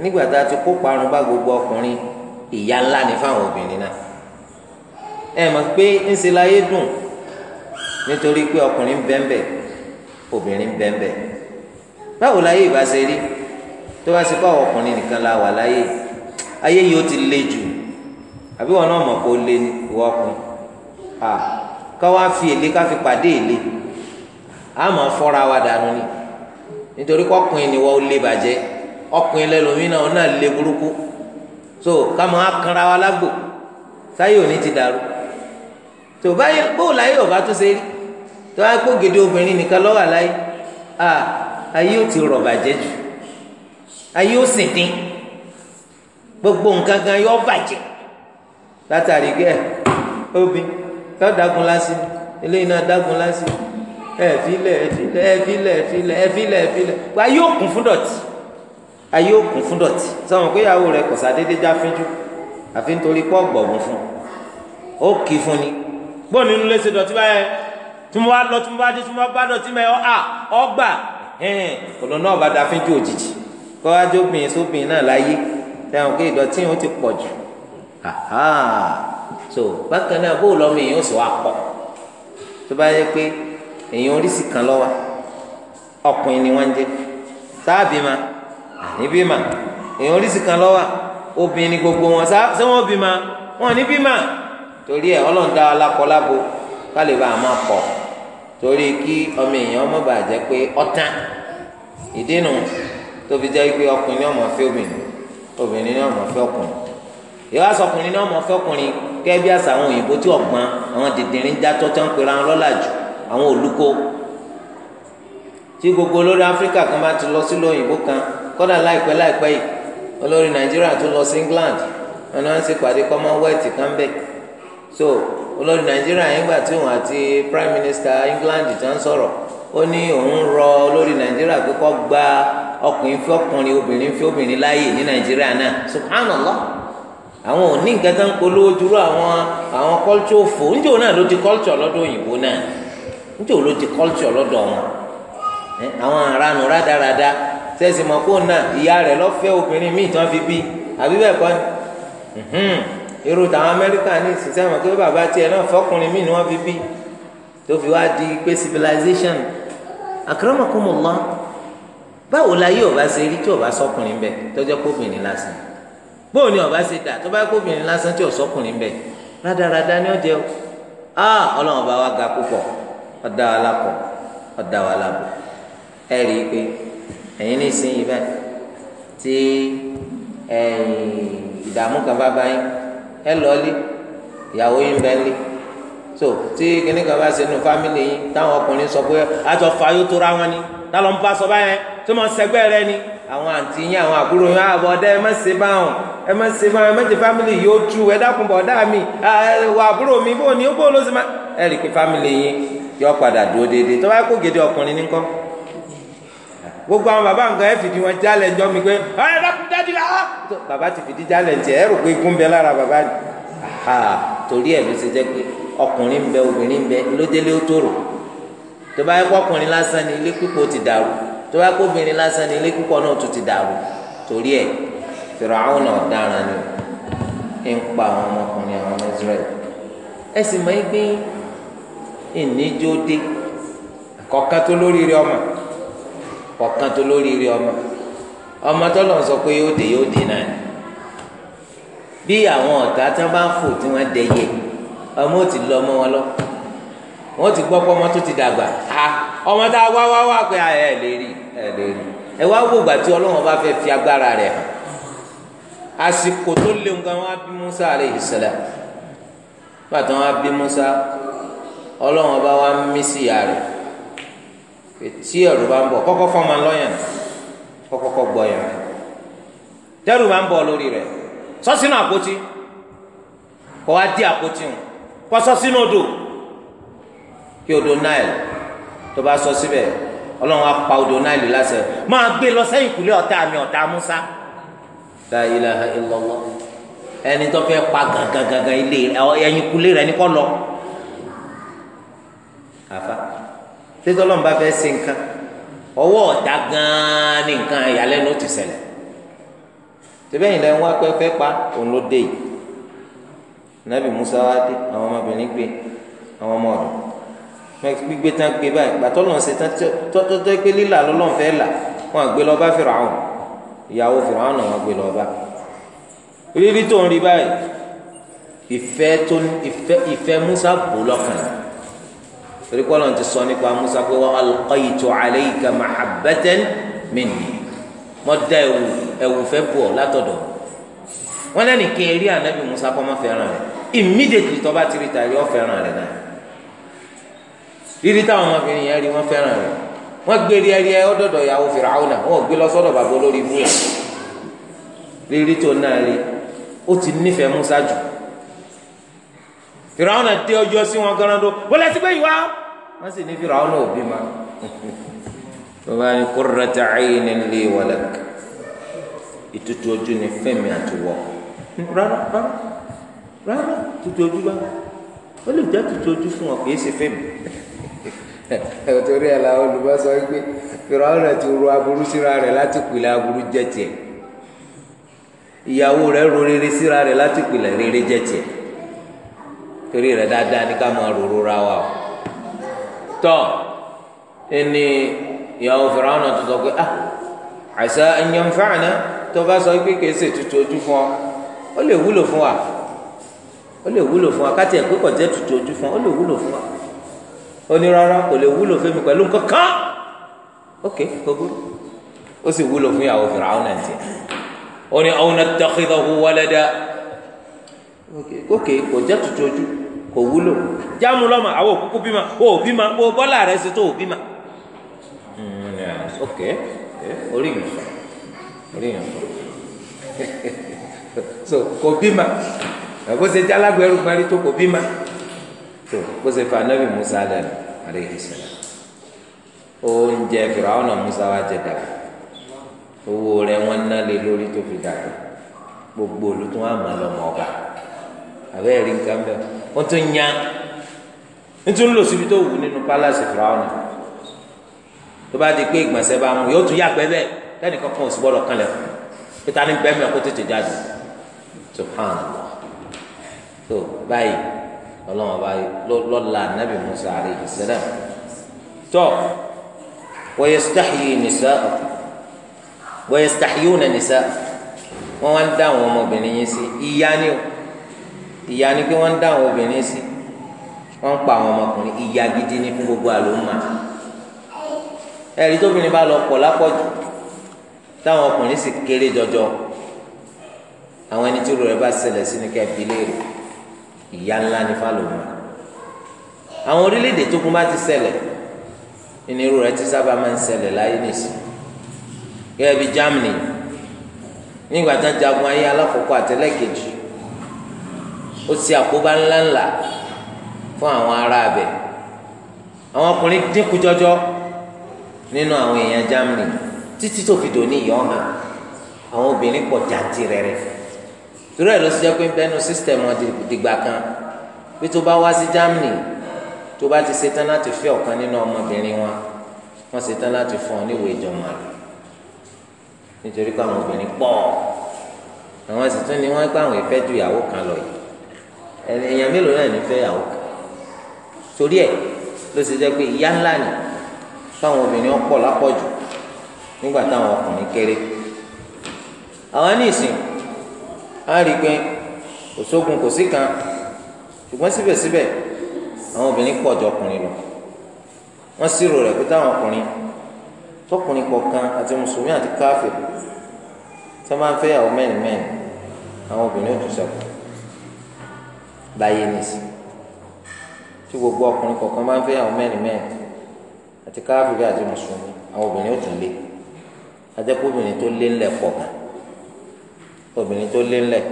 nígbà tá a ti kó parun bá gbogbo ọkùnrin ìyá ńlá ni fáwọn obìnrin náà ẹ mọ̀ pé ńṣe láyé dùn nítorí pé ọkùnrin bẹ́ẹ̀ bẹ́ẹ̀ obìnrin bẹ́ẹ̀ bẹ́ẹ̀ báwo láyé ìbá ṣe rí tó bá ṣe báwo ọkùnrin nìkan la wà láyé ayé yìí ó ti le jù àbí wọn náà mọ̀ pé lé ní ìwọ à ká wá fi èlé ká fi pàdé èlé a máa fọ́ra wa dànù ni nítorí kọkùnrin ni wọ́n ó lé bàjẹ́ ọkùnrin lẹ́lòmínà ọ̀nà lé burúkú so ká máa kanra wa lágbo sáyé òní ti dàrú tó báyìí bóòlù ayé ò bá tún ṣe rí tó bá kó gèdè obìnrin nìkan lọ́wọ́ àláyé à ayé ò ti rọ̀ bàjẹ́ jù ayé ò sì dín gbogbo nǹkan gan yọ bàjẹ́ látàrí gẹ́ obi yọ dagun lásì eléyìí náà dagun lásì ẹ̀fílẹ̀ ẹ̀fílẹ̀ ẹ̀fílẹ̀ ẹ̀fílẹ̀ ẹ̀fílẹ̀ ẹ̀fílẹ̀ ayé ò kún fún dọ̀tí ayé ò kún fún dọ̀tí sọ̀rọ̀ pé ìyàwó rẹ̀ kọ̀sá déédéé já fínjú àfi nítorí pọ̀ gbọ̀gbọ̀n fún ó kì í fún ni gbọ́n nínú lẹ́sẹ̀ dọ̀tí báyẹn tí mo bá lọ tí mo bá dé tí mo bá dọ̀tí mẹ́ ọ́ à ọ́ gbà ẹn òun náà bá dàfin ju òjijì kọ́ adé obìnrin sóbìnrin náà láyé tẹ̀wọ̀n kí ìdọ̀tí yẹn ó ti pọ̀ jù so bákan náà bó lọ́mọ èèyàn sọ àpọ̀ tó bá yẹ pé èèyàn oríṣi kan lọ́wọ́ ọkùnrin ni wọ́n jẹ́ sáàbì ma àníbì ma èèyàn oríṣi kan lọ́wọ́ obìnrin ni gbogbo wọn wọ́n ma wọ́n níbì ma torí ẹ̀ ọlọ́run dá ká lè bá a máa pọ̀. torí kí ọmọ èèyàn ọmọ bàá jẹ́ pé ọtán ìdínú tó fi jẹ́ pé ọkùnrin ní ọmọ fẹ́ obìnrin obìnrin ní ọmọ fẹ́ ọkùnrin ìwà sọkùnrin ní ọmọ fẹ́ ọkùnrin kẹ́ bí àṣà àwọn òyìnbó tí ọ̀gbọ́n àwọn dìndìnrín dátọ́ tó ń pera wọn lọ́làjù àwọn olùkọ́ tí gbogbo olórí áfíríkà kan bá ti lọ sílùú òyìnbó kan kọ́dà láìpẹ́ láìpẹ́ yìí olórí nàìjíríà tó lọ sí england wọn náà ń ṣèpàdé commonwealth kan bẹ́ẹ̀ so olórí nàìjíríà yẹn gbà tí òun àti prime minister england ti ń sọ̀rọ̀ ó ní òun rọ olórí nàìjíríà pé gba ọkùnrin fi ọkùnrin obìnrin fi obìnrin láàyè ní nàìjíríà náà subhanallah àwọn òní nǹkan tó ń polówó dúró àwọn àwọn culture òfò níjẹ́ òun náà ló di culture lọ́dọ̀ òyìnbó náà níjẹ́ aranu rádaràda sẹ́sìmọ̀ náà ìyá rẹ̀ lọ́fẹ́ obìnrin míì tán fi bí àbí bẹ́ẹ̀ kọ́ ni. irú tàwọn amẹ́ríkà ní ìsinsẹ́ àwọn pé bàbá tiẹ̀ náà fọkùnrin míì ni wọ́n fi bí tó fi wá di pé civilization akramakumullah báwo la yí ọba ṣe rí tí ọba sọkùnrin bẹ tọjọ kóbìnrin lásán bóun ni ọba ṣe dà tó bá kóbìnrin lásán tí ọsọkùnrin bẹ rádaràda ni ó jẹ o ah ọlọ́run ọba wa ga púpọ̀ ọdá wa lápọ ọdá wa lábọ ẹ rí i pé ẹ̀yin ní ìsinyìí tí ìdààmú kan bá báyìí ẹ lọlé ìyàwó yín bẹ lé so tí kíní kan bá ṣe nu fámìlì yín táwọn ọkùnrin sọ pé àjọ fàáyó tó ra wọn ni tá ló ń bá sọ báyẹn tó máa ń sẹgbẹ rẹ ni àwọn àǹtí yín àwọn àbúrò yín àbọ̀ ọ̀dẹ́ ẹ má ṣe báwọn ẹ má ṣe báwọn ẹ má ṣe fámìlì yìí ó tú ẹ dákun bọ̀ ọ̀dá mi wà àbúrò mi bó ni ó bó ló ṣe má ẹ rí i pé fámìlì yín yọ padà dúró déédéé tó bá kó gèdè ọkùnrin ní kọ́ gbogbo àwọn bàbá nǹkan ẹ fìdí wọn jálẹ̀ ńjọ́ mi pé ẹ dákun la bàbá ti fìdí jálẹ̀ ńjẹ́ ẹ rò pé gún bẹ lára bàbá ni torí ẹ̀ ló ṣe jẹ́ pé ọkùnrin bẹ obìnrin bẹ lódélé ó tòrò tó bá yẹ kó ọkùnrin ti dàrú tó bá yẹ kó obìnrin lásán ni ilé náà torí ni ń pa àwọn ọmọkùnrin àwọn Israel ẹ sì gbé tó ọ̀kan tó lóríire ọmọ ọmọ tó lọ sọ pé yóò dé yóò dé náà bí àwọn ọ̀tá tí wọ́n bá ń fò tí wọ́n dẹyẹ ọmọ ò ti lọ ọmọ wọn lọ wọ́n ti gbọ́ pé ọmọ tó ti dàgbà ha ọmọ tá a wá wá wá pé ah, ẹ lè rí ẹ lè rí ẹ wá wò gbà tí ọlọ́wọ́n bá fẹ́ fi agbára rẹ̀ hàn àsìkò tó léwu gan wọn á bí Musa alayhi salam bàtà wọn á bí Musa ọlọ́wọ́n bá wá mí sí ìyá rẹ̀. tí ẹrù bá ń fọm kọ́kọ́ fọmọ lọyàn kọkọkọ gbọyàn rẹ tẹrù bá ń lórí rẹ sọ àpótí kọ wá dí àpótí wọn kọ odò kí odò Nile tó bá sọ odò Nile láṣẹ máa gbé lọ sẹ́yìn mi Musa ẹni tó fẹ́ lọ títí ọlọ́run bá fẹ́ ṣe nǹkan ọwọ́ ọ̀tá gan-an ní nǹkan ìyàlẹ́nu ti ṣẹlẹ̀ tẹ́bẹ́yìn lẹ́yìn wá pé fẹ́ pa òun ló dé yìí nàbì Musa wá dé àwọn ọmọbìnrin gbé àwọn ọmọ ọ̀dọ̀ gbígbé tán gbé báyìí gbàtọ́ lọ́n ṣe tán tọ́tọ́tọ́ pé lílà lọ́lọ́n fẹ́ là wọn àgbé lọ bá Fìràwọn ìyàwó Fìràwọn náà wọn gbé lọ bá rírí tó ń rí báyìí ìfẹ́ tó ìfẹ́ ìfẹ́ Musa bò lọ́kàn yìí torí kọ́lọ̀ ti sọ nípa Musa pé wa alqaytu alayka mahabbatan minni mo da ẹ̀wù ẹ̀wù fẹ́ bù ọ́ látọ̀dọ̀ wọn lẹ́nu kí n rí anabi Musa kọ́ mọ́ fẹ́ràn rẹ̀ immediately tó bá ti rí tàrí ọ́ fẹ́ràn rẹ̀ náà rírí táwọn ọmọbìnrin yẹn rí wọ́n fẹ́ràn rẹ̀ wọ́n gbé rí ẹrí ẹ ọ́dọ̀dọ̀ ìyàwó Fir'auna wọ́n gbé lọ sọ́dọ̀ bàbá olórí ibú yẹn rírí tó náà rí ó ti nífẹ̀ẹ́ Musa jù fìràwọn àti ọjọ́ sí wọn gánadó wọlé sí pé ìwà wọn sì ní fìràwọn náà òbí ma bàbá ni qurrata aynin li wa lak ìtutù ojú ni fẹmi àtiwọ rárá rárá rárá tutù ojú bá ó lè jẹ tutù ojú fún ọ kì í ṣe fẹmi [LAUGHS] torí ẹ la olùbọ́sọ gbé fìràwọn rẹ ti aburú síra rẹ láti pìlẹ̀ aburú jẹ tiẹ̀ ìyàwó rẹ ro rere síra rẹ láti pìlẹ̀ rere jẹ tiẹ̀ torí rẹ̀ dáadáa ní ká máa rorò ra wa o tọ́ ẹni ìyàwó fìràwọn náà tó sọ pé ah àṣà ẹ̀yàn fáànà tó bá sọ pé kìí ṣe tutù ojú fún ọ ó lè wúlò fún wa ó lè wúlò fún wa káti ẹ̀ pé kò jẹ́ tutù ojú fún ọ ó lè wúlò fún wa ó rárá kò lè wúlò fún mi pẹ̀lú nǹkan kan ok gbogbo ó sì wúlò fún ìyàwó fìràwọn náà tiẹ̀ ó ní àwọn ọ̀nà tàkìdá wọlé dá ok kò jẹ́ tutù ojú kò wúlò jáàmù lọ́mọ àwọn òkúkú bímọ o ò bímọ o bọ́là rẹ ṣe tó o bímọ. Mm, ok eh, orí yẹn sọ orí yẹn sọ [LAUGHS] so kò bímọ kò ṣe jálágbé ẹrú parí tó kò bímọ so kò ṣe fa anabi musa dànù aleyhi sàlám oúnjẹ fìràwọn musa wa jẹ dàgbà owó rẹ wọn ná lé lórí tó fi dàgbà gbogbo olùtún àmọ́ ọba àbẹ́ẹ̀rí nǹkan bẹ́ẹ̀ ó tún nya nítorí lò síbi tó wù nínú palace fúláwọnì tó bá di pé ìgbọ̀nsẹ̀ bá mú yóò tún yàgbẹ́ bẹ́ẹ̀ lẹ́nu kankan ò sì gbọ́dọ̀ kan lẹ̀ pété ní bẹ́ẹ̀ mìíràn kó tètè jáde subhanallah tó báyìí ọlọ́wọ́n báyìí lọ́la nàbì Musa alayhi salam tó wa yastahyi nisa'akum wa yastahyuna nisa'akum wọ́n wá ń dá àwọn ọmọbìnrin yẹn sí ìyá ni o ìyá ni pé wọ́n ń dá àwọn obìnrin sí wọ́n ń pa àwọn ọmọkùnrin ìyá gidi ní fún gbogbo àlòmà ẹ̀rí tóbìnrin bá lọ pọ̀ lápọ̀jù táwọn ọkùnrin sì kéré jọjọ àwọn ẹni tí rò rẹ bá ṣẹlẹ̀ sí ni kẹ́ẹ̀ bilé rè ìyá ńlá ní fálòmà àwọn orílẹ̀-èdè tó kún bá ti ṣẹlẹ̀ nínú irú rẹ ti sábà máa ń ṣẹlẹ̀ láyé nìsín gẹ́gẹ́ bí Germany nígbà tán jagun ayé alákọ̀ọ́kọ́ àtẹlẹ́kejì ó ṣe àkóbá ńláńlá fún àwọn ará abẹ àwọn ọkùnrin dínkù jọjọ nínú àwọn èèyàn Germany títí tó fi dòní ìyọ́ hàn àwọn obìnrin pọ̀ jáde rẹ̀rẹ̀ torí ẹ̀ ló ṣe jẹ́ pé bẹ́nu system wọn dìgbà kan bí tó bá wá sí Germany tó bá ti ṣetán láti fẹ́ ọ̀kan nínú ọmọbìnrin wọn wọ́n ṣetán láti fún ọ níwèé ìjọba rẹ̀ nítorí pé àwọn obìnrin pọ̀ àwọn sì tún ni wọ́n gbà àwọn ìfẹ́ ju ìyàwó kan lọ yìí èèyàn mélòó náà ní fẹ́ yàwó torí ẹ̀ ló ṣe jẹ́ pé ìyá ńlá ni fáwọn obìnrin ọ̀pọ̀ lápọ̀jù nígbà táwọn ọkùnrin kéré àwọn ní ìsìn á rí i pé kò sógun kò sí kan ṣùgbọ́n síbẹ̀síbẹ̀ àwọn obìnrin pọ̀ jọ ọkùnrin lọ wọ́n sírò rẹ̀ pé táwọn ọkùnrin tọkùnrin kọ̀ọ̀kan àti mùsùlùmí àti káfíìn tí wọ́n máa ń fẹ́ yàwó mẹ́rin mẹ́rin àwọn obìnrin ò tún ṣẹ́kù láyé nìsí tí gbogbo ọkùnrin kọ̀ọ̀kan máa ń fẹ́ àwọn mẹ́rin mẹ́rin àti káfíńsì àti mùsùlùmí àwọn obìnrin ó tún lé adẹ́kọ̀ obìnrin tó lé ńlẹ̀ pọ̀ gan obìnrin tó lé ńlẹ̀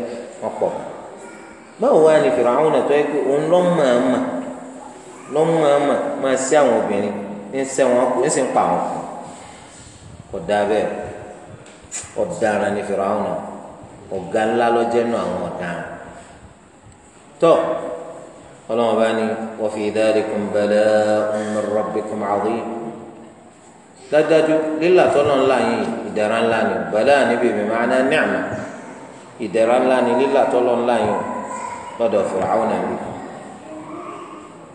wọ́n pọ̀ gan báwo wá ní fìrà àwọn ẹ̀tọ́ yẹ pé òun lọ́mọ̀ọ́mà lọ́mọ̀ọ́mà máa sí àwọn obìnrin ń sẹ́ wọn ń sì ń pa àwọn kan kò dáa bẹ́ẹ̀ ọ̀daràn ní fìrà àwọn ọ̀gá ńlá lọ́jẹ́ nù àwọn ọ̀daràn tọ́ ọlọ́wọ́n bá ní wa fi dhalikum bala'un min rabbikum 'azim dájájú lílà tọ́lọ́ ńlá yìí ìdára ńlá ni bàlá níbi bima'na ni'ma ìdára ńlá ni lílà tọ́lọ́ ńlá yìí lọ́dọ̀ Fir'aun nàbí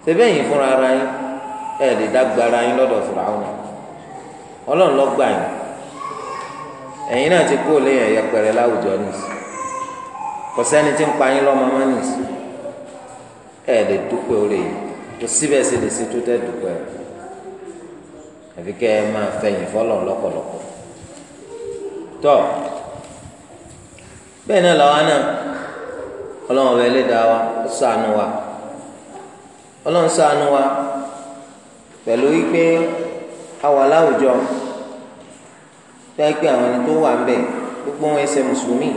sẹ́bẹ̀yìn fúnra ara yín ẹ̀ lè dágbára yín lọ́dọ̀ Fir'aun ọlọ́run lọ́gbà yín ẹ̀yin náà ti kó lẹ́yìn ẹ̀yẹ pẹ̀rẹ̀ láwùjọ nìyí kò sẹ́ni tí ń pa yín lọ́mọ mọ́ nìyí ẹ lè dúpẹ́ orí yìí kò síbẹ̀ sí lè ṣe tó tẹ́ dúpẹ́ àfi kẹ́ ẹ máa fẹ̀yìn fọlọ́ lọ́pọ̀lọpọ̀ tọ́ bẹ́ẹ̀ náà làwọn náà ọlọ́run ọba ẹlẹ́dàá wa ó ṣàánú wa ọlọ́run ṣàánú wa pẹ̀lú wípé a wà láwùjọ pé àwọn ẹni tó wà ń bẹ̀ gbogbo wọn ẹsẹ̀ mùsùlùmí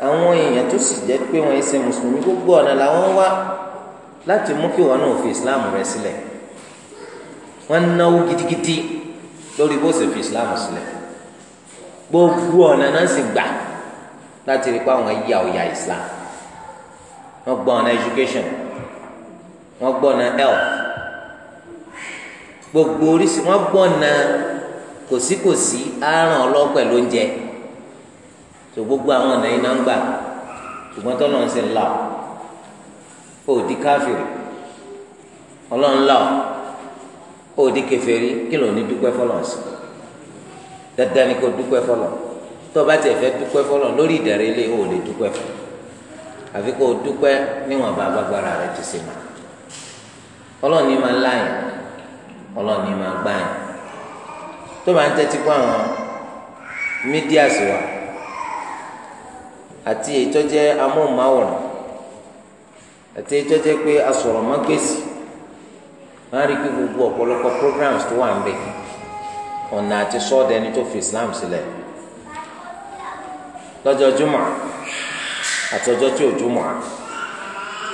àwọn èèyàn tó sì jẹ́ pé wọ́n ẹsẹ̀ mùsùlùmí gbogbo ọ̀nà làwọn wá láti mú kí wọn náà fi islam rẹ sílẹ̀ wọ́n náwó gidigidi lórí bó ṣe fi islam sílẹ̀ gbogbo ọ̀nà náà sì gbà láti rí i pé àwọn yà ọ̀yà islam wọ́n gbọ́ ọ̀nà education wọ́n gbọ́ ọ̀nà health gbogbo oríṣi wọ́n gbọ́ ọ̀nà kòsíkòsí àárọ̀ ọlọ́ pẹ̀lú oúnjẹ so gbogbo àwọn ọ̀nà yìí náà ń gbà ṣùgbọ́n tọ́lọ̀ ń ṣe là ó di káfíìrì ọlọ́run là ó di kèfèrí kí ló ní dúpẹ́ fọlọ́ sí dandan ni kò dúpẹ́ fọlọ́ tó o bá tiẹ̀ fẹ́ dúpẹ́ fọlọ́ lórí ìdẹ̀rẹ̀ ilé ò lè dúpẹ́ fún àfi kó o dúpẹ́ níwọ̀n bá agbára rẹ ti ṣe mọ́ ọlọ́run máa láyìn ọlọ́run máa gbáyìn tó máa ń tẹ́tí kó àwọn mídíà wa àti ìtọ́jẹ́ amóhùnmáwòrán àti ìtọ́jẹ́ pé asọ̀rọ̀mágbèsì máa rí pé gbogbo ọ̀pọ̀lọpọ̀ programs tó wà ń bẹ̀ ọ̀nà àti sọ́ọ̀dẹ̀ ẹni tó fi Islam sílẹ̀ lọ́jọ́ jùmọ̀ àtọ́jọ́ tí ò jùmọ̀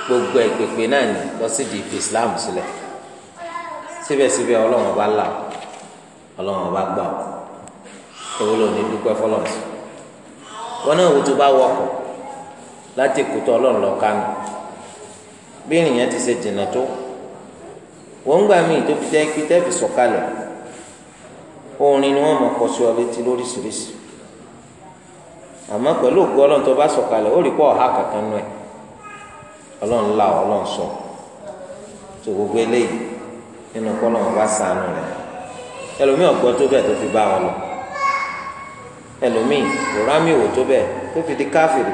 gbogbo ẹ̀pẹ̀pẹ̀ náà ni lọ sí di fi Islam sílẹ̀ síbẹ̀síbẹ̀ ọlọ́run ọba là ọlọ́run ọba gbà ó ewúlò ní dúpẹ́ fọlọ́sùn. wọn náà wò tó bá wọkọ̀ láti èkótọ́ ọlọ́run lọ kánú ti ṣe jìnnà tó wọ́n tobi gbà mí tó fi orin ni wọ́n mọ̀ kọ́ sí ọ létí lóríṣiríṣi àmọ́ pẹ̀lú òkú ọlọ́run tó bá sọ̀kalẹ̀ ó rí pọ̀ ọ̀há nù la sọ tó gbogbo eléyìí nínú sànù tó tó ẹlòmíì kò rámì òwò tó bẹ́ẹ̀ tó fi di káfìrì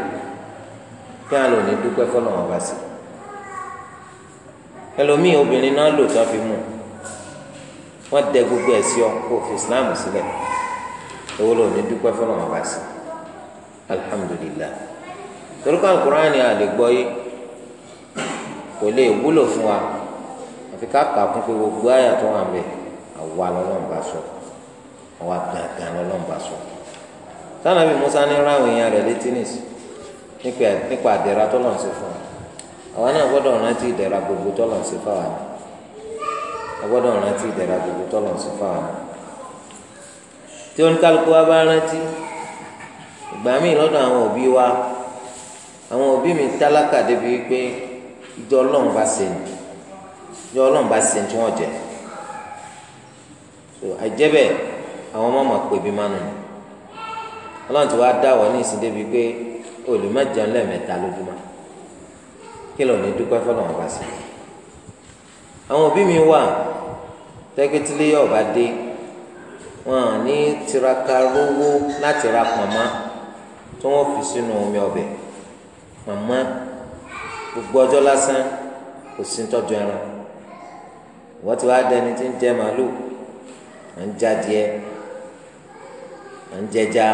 kí á lò ní dúpẹ́ fọlọ́ wọn bá sí ẹlòmíì obìnrin náà lò tán fi mú wọn dẹ gbogbo ẹ̀ sí ọ kó fi Islam sílẹ̀ owó lò ní dúpẹ́ fọlọ́ wọn bá sí alhamdulillah torí ká alukur'an ni a lè gbọ́ yìí kò lè wúlò fún wa àfi ká kà kún pé gbogbo àyà tó bẹ àwa lọ́nà bá sọ àwa gàgà lọ́nà bá sọ. tánàbí musa ní rán àwọn èèyàn rẹ̀ létí nìsí nípa àdẹ̀ra tó sí gbogbo tó sí ni a rántí ìdẹ̀ra gbogbo tó lọ́n sí fáwa ni tí oníkálukú wa bá rántí ìgbà mi tálákà débi wípé ìjọ base bá ṣe ní ìjọ ọlọ́run bá ṣe ní tí wọ́n ọlọ́run ti wá dá wọ ní ìsìn débi pé olùmọ̀jẹun lẹ́ẹ̀mẹ́ta lójúmọ́ kí ló ní dúpẹ́ fọlọ́run bá sí i àwọn òbí mi wà tẹ́kẹ́tílé ọ̀bá dé wọn à ní tiraka rówó láti ra pọ̀nmọ́ tí wọ́n fi sínú omi ọbẹ̀ pọ̀nmọ́ gbogbo ọjọ́ lásán kò sí tọ́jú ẹran wọ́n ti wá dẹni tí ń jẹ màálù à ń jadìẹ à ń jẹja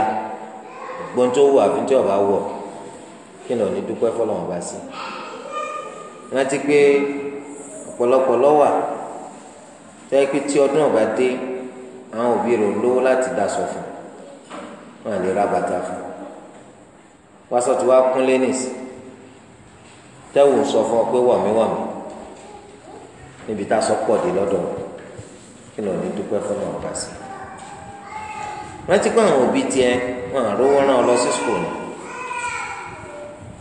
gbọ́n tó wù àfi tí ọba wọ̀ kí lọ́ọ́ ní dúpẹ́ fọlọ́wọ́n bá sí. rántí pé ọ̀pọ̀lọpọ̀ lọ́wà tẹ́ pé tí ọdún ọba dé àwọn òbí rẹ̀ lówó láti daṣọ fún wọn lè ra bàtà fún wàásù tí wàá kúnlé nìsí tẹ́wù sọ fún ọ pé wọ̀mí níbi tá a sọ pọ̀ dé lọ́dọ̀ kí lọ́ọ́ ní dúpẹ́ fọlọ́wọ́n bá sí. rántí pé àwọn òbí tiẹ̀ wọn àrówó rán ọ lọ sí skul ni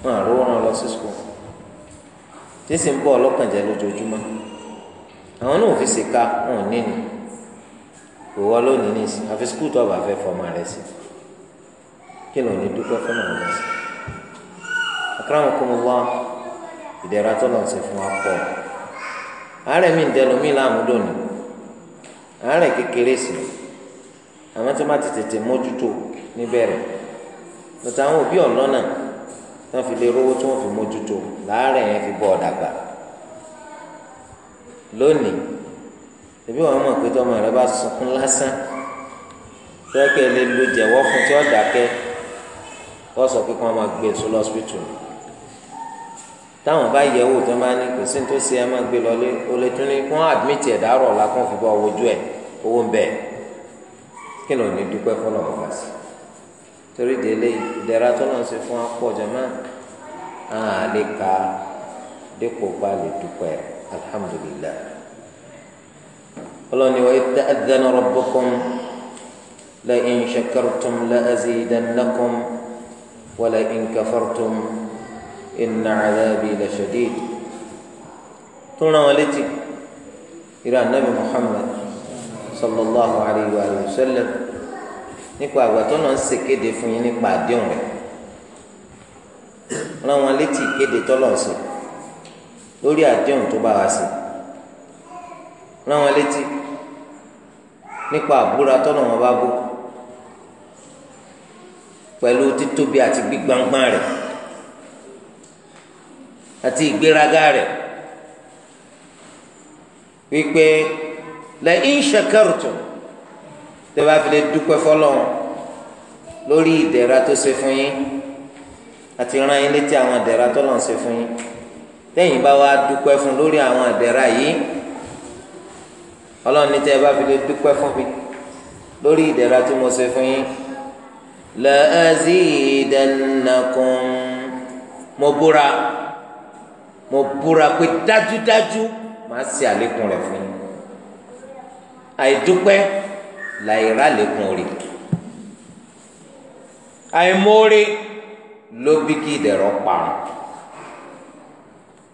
wọn àrówó rán ọ lọ sí skul tí sì ń bọ ọlọ́kàn jẹ lójoojúmọ́ àwọn náà fi ṣèkà wọn ò níní òwò lónìí ní ìsìn àfi skul tó ọba fẹ́ fọmọ rẹ sí kí ló ní dúpẹ́ fún àwọn ọmọ sí akramakumullah ìdẹ̀ra tó lọ́n ṣe fún wa pọ̀ àárẹ̀ mi ń dẹnu láàmú àárẹ̀ kékeré sí i. àmọ́ tí wọ́n bá ti tètè mójútó níbẹ̀rẹ̀ lọ́tà àwọn òbí ọ̀lọ́nà tí wọ́n fi lè rówó tí wọ́n fi mójútó láàárẹ̀ yẹn fi bọ́ ọ̀dàgbà lónìí ebi wọn mọ̀ pé tọ́mọ rẹ bá sunkún lásán tọ́kẹ́ lè lo jẹ̀wọ́ fún tí ọ̀dà kẹ́ wọ́n sọ pé kí wọ́n máa gbé e sọ lọ́sítù táwọn bá yẹ̀wò tó máa ní kò sí ní tó ṣe é máa gbé lọ lé o lè tún ní kí wọ́n admit ẹ̀dá rọ̀ la kó bọ́ wojú kí ló ní dúpẹ́ fọlọ ọba sí torí délé ìdẹ̀ra tó náà ṣe fún apọ̀jọ náà àá lè ka dípò bá lè dúpẹ́ alhamdulilayi ọlọ́ni wa ìdá àdánù rabbukum la in shakartum la azidannakum wa in kafartum inna cadabi la shadid tún náà wọn létí ìrà nàbì muhammad sallallahu alayhi wa sallam nípa àgbà tó náà ń ṣèkéde fún yín nípa àdéhùn rẹ̀ rán wọn létí ìkéde tọ́lọ̀ sí lórí àdéhùn tó bá wa sí rán wọn létí nípa àbúra tọ́lọ̀ wọn bá bú pẹ̀lú títóbi àti gbígbàngbàn rẹ̀ àti ìgbéraga rẹ̀ wípé la in shakartum tẹ́ bá fi lè dúpẹ́ fọ́lọ́run lórí ìdẹ̀ra tó ṣe fún yín àti rán yín létí àwọn ìdẹ̀ra tó lọ́n ṣe fún yín tẹ́yìn bá wá dúpẹ́ fún lórí àwọn ìdẹ̀ra yìí ọlọ́run ní tẹ́ bá fi lè dúpẹ́ fún mi lórí ìdẹ̀ra tí mo ṣe fún yín la azidannakum mo búra mo búra pé dájúdájú màá ṣe àlékún rẹ̀ fún yín àìdúpẹ́ làìrá lẹkùn rè àìmoore ló bí kí ìdẹ̀rọ̀ parun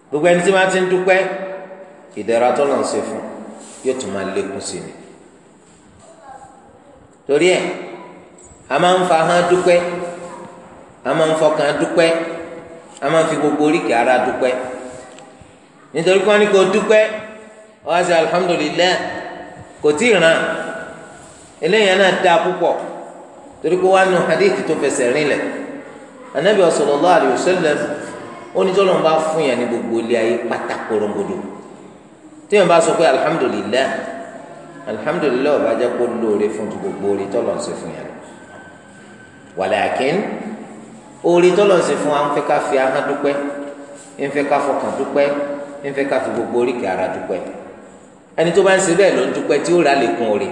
gbogbo ẹni tí wọ́n ti ń dúpẹ́ ìdẹ̀rọ̀ atọ́lọ̀ ń ṣe fún yóò tún máa lékún sí ni torí ẹ̀ a máa ń fa hàn dúpẹ́ a máa ń fọkàn dúpẹ́ a máa ń fi gbogbo oríkèé ara dúpẹ́ nítorí kí wọ́n ní kó dúpẹ́ wọ́n á sẹ alihamudulilayi kò tí ì ràn eléyìí náà dáa púpọ̀ torí pé wàá nu hadithi tó fẹsẹ̀ rinlẹ̀ anabi sallallahu alayhi wa sallam onítọ́lọ́ ń bá fún yàn ní gbogbo ilé ayé pátá korongodo tí yàn bá sọ pé alihamudulilayi alihamudulilayi ọba jẹ́ kó lóore fún gbogbo orí tọ́lọ̀ ń ṣe fún yàn wàlàkín orí tọ́lọ̀ ń ṣe fún wa ń fẹ́ ká fi ahọ́n dúpẹ́ ń fẹ́ ká fọkàn dúpẹ́ ń fẹ́ ká fi gbogbo oríkèé ara dúpẹ́ ẹni tó bá ń ṣe bẹ́ẹ̀ ló ń dúpẹ́ tí ó rà lẹ́kùn òrè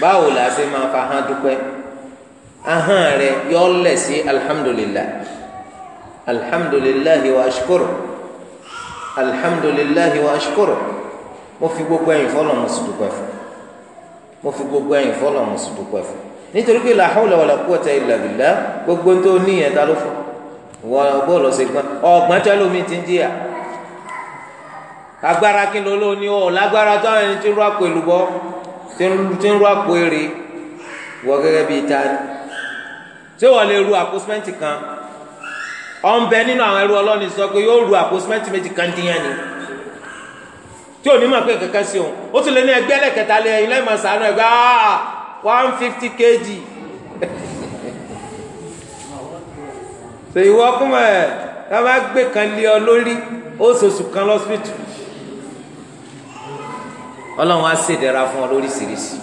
báwo la ṣe máa fa hàn dúpẹ́ ahọ́n rẹ yọ lẹ̀ sí alhamdulilah alhamdulilah wa ashukuru alhamdulilah wa ashukuru mo fi gbogbo ẹ̀yìn fọlọ́ mo sì dúpẹ́ fún mo fi gbogbo ẹ̀yìn fọlọ́ mo sì dúpẹ́ fún nítorí pé la hawla wala quwwata illa gbogbo tó níyẹn ta ló fún wọn bọ́ọ̀lù ọ̀sẹ̀ gbọ́n ọ̀gbọ́n tí wọ́n lómi ti ń jìyà agbára kí ló ló ní ọ lágbára táwọn ẹni tí ń rú àpò èlùbọ́ tí ń rú àpò èrè wọ gẹ́gẹ́ bíi ta ni ṣé wọ́n lè ru àpò sìmẹ́ǹtì kan ọ̀nbẹ nínú àwọn ẹrú ọlọ́ni sọ pé yóò ru àpò sìmẹ́ǹtì méjì kan dín yẹn ni tí ò ní mọ̀ pé kankan sí òun ó tún lé ní ẹgbẹ́ ẹlẹ́kẹta lé ẹyin lẹ́yìn màsánù ẹgbẹ́ one fifty kg [LAUGHS] ṣèyí wọ́n kún mọ́ ẹ̀ ká má gbé kan lé ọ lórí ó sòsù kan lọ́sibítù ọlọ́run á ṣèdẹ́ra fún ọ lóríṣiríṣi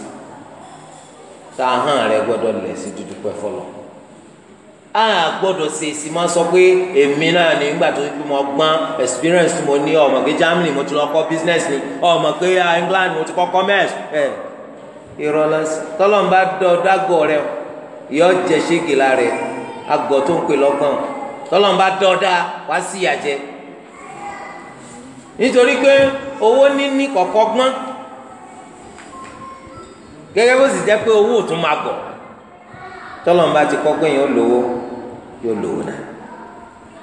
tá a hàn rẹ gbọ́dọ̀ lẹ̀ sí dúdú pẹ́ fọlọ́ a gbọ́dọ̀ ṣe èsì máa sọ pé èmi náà ní nígbà tó fi mọ gbọ́n experience mo ní ọmọ pé Germany mo ti lọ kọ́ business ni ọmọ pé England mo ti kọ́ commerce ẹ ìrọ̀lẹ́ tọ́lọ́n bá dọ́dọ́ àgọ́ rẹ yọ jẹ ṣége la rẹ àgọ́ tó ń pè lọ́gbọ́n tọ́lọ́n bá dọ́dọ́ wá sí ìyàjẹ́ nítorí pé owó níní kọ̀kọ́ gbọ́n gẹ́gẹ́ bó sì jẹ́ pé owó tún máa gọ̀ tọ́lọ̀ ń bá ti kọ́ pé yẹn ó lówó yóò lówó náà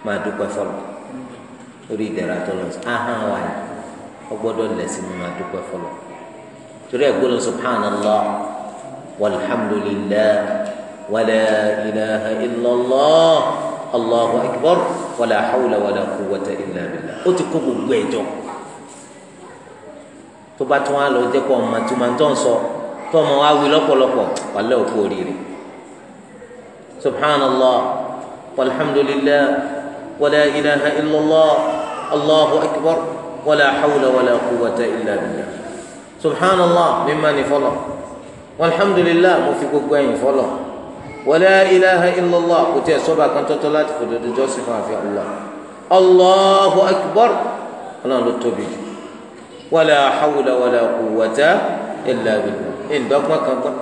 máa dúpẹ́ fọlọ́ lórí ìdẹ̀ra tọ́lọ̀ ahọ́n wa ni ó gbọ́dọ̀ lẹ̀sìn mi máa dúpẹ́ fọlọ́ torí ẹ̀ gbọ́dọ̀ subhanallah walhamdulillah wala ilaha illallah allahu akbar wala hawla wala quwwata illa billah ó ti kó gbogbo ẹ̀jọ̀ tó bá tún wá lọ jẹ́ kó ọmọ tó máa ń sọ. So tó ọmọ wa wí lọ́pọ̀lọpọ̀ wàlẹ́ òkú oríire subhanallah walhamdulillah wala ilaha illallah allahu akbar wala hawla wala quwwata illa billah subhanallah mímá ni fọlọ walhamdulillah mo fi gbogbo ẹ̀yìn fọlọ wala ilaha illallah kò tí ẹ sọba kan tọtọ láti fòdodo jọsìn fún àfi allah allahu akbar Ọlọ́run ló tóbi wala hawla wala quwwata illa billah. ìdọ́gbọ́n kan gbọ́n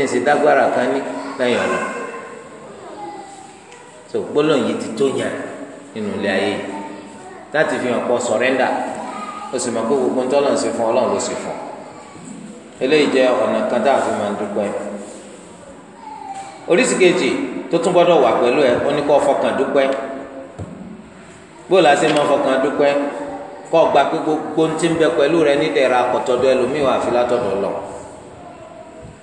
èsì dagbara kan ní lẹ́yìn ọla tó gbólóhùn yìí ti tó yàn nínú ilé ayé láti fi hàn pọ̀ sọ̀rẹ́ndà ó sì mọ̀ pé gbogbo ntọ́lọ̀ ń fọ fún ọlọ́run ló ṣe fún eléyìí jẹ́ ọ̀nà kan tá a fi máa dúpẹ́ oríṣi kejì tó tún gbọ́dọ̀ wà pẹ̀lú ẹ oníkọ́ fọkàn dúpẹ́ máa fọkàn dúpẹ́ kọ́ gba pé gbogbo ti ń bẹ pẹ̀lú rẹ nídẹ̀ẹ́ra àkọ́tọ́dọ̀ ẹlòmíì wà fìlátọ̀dọ̀ lọ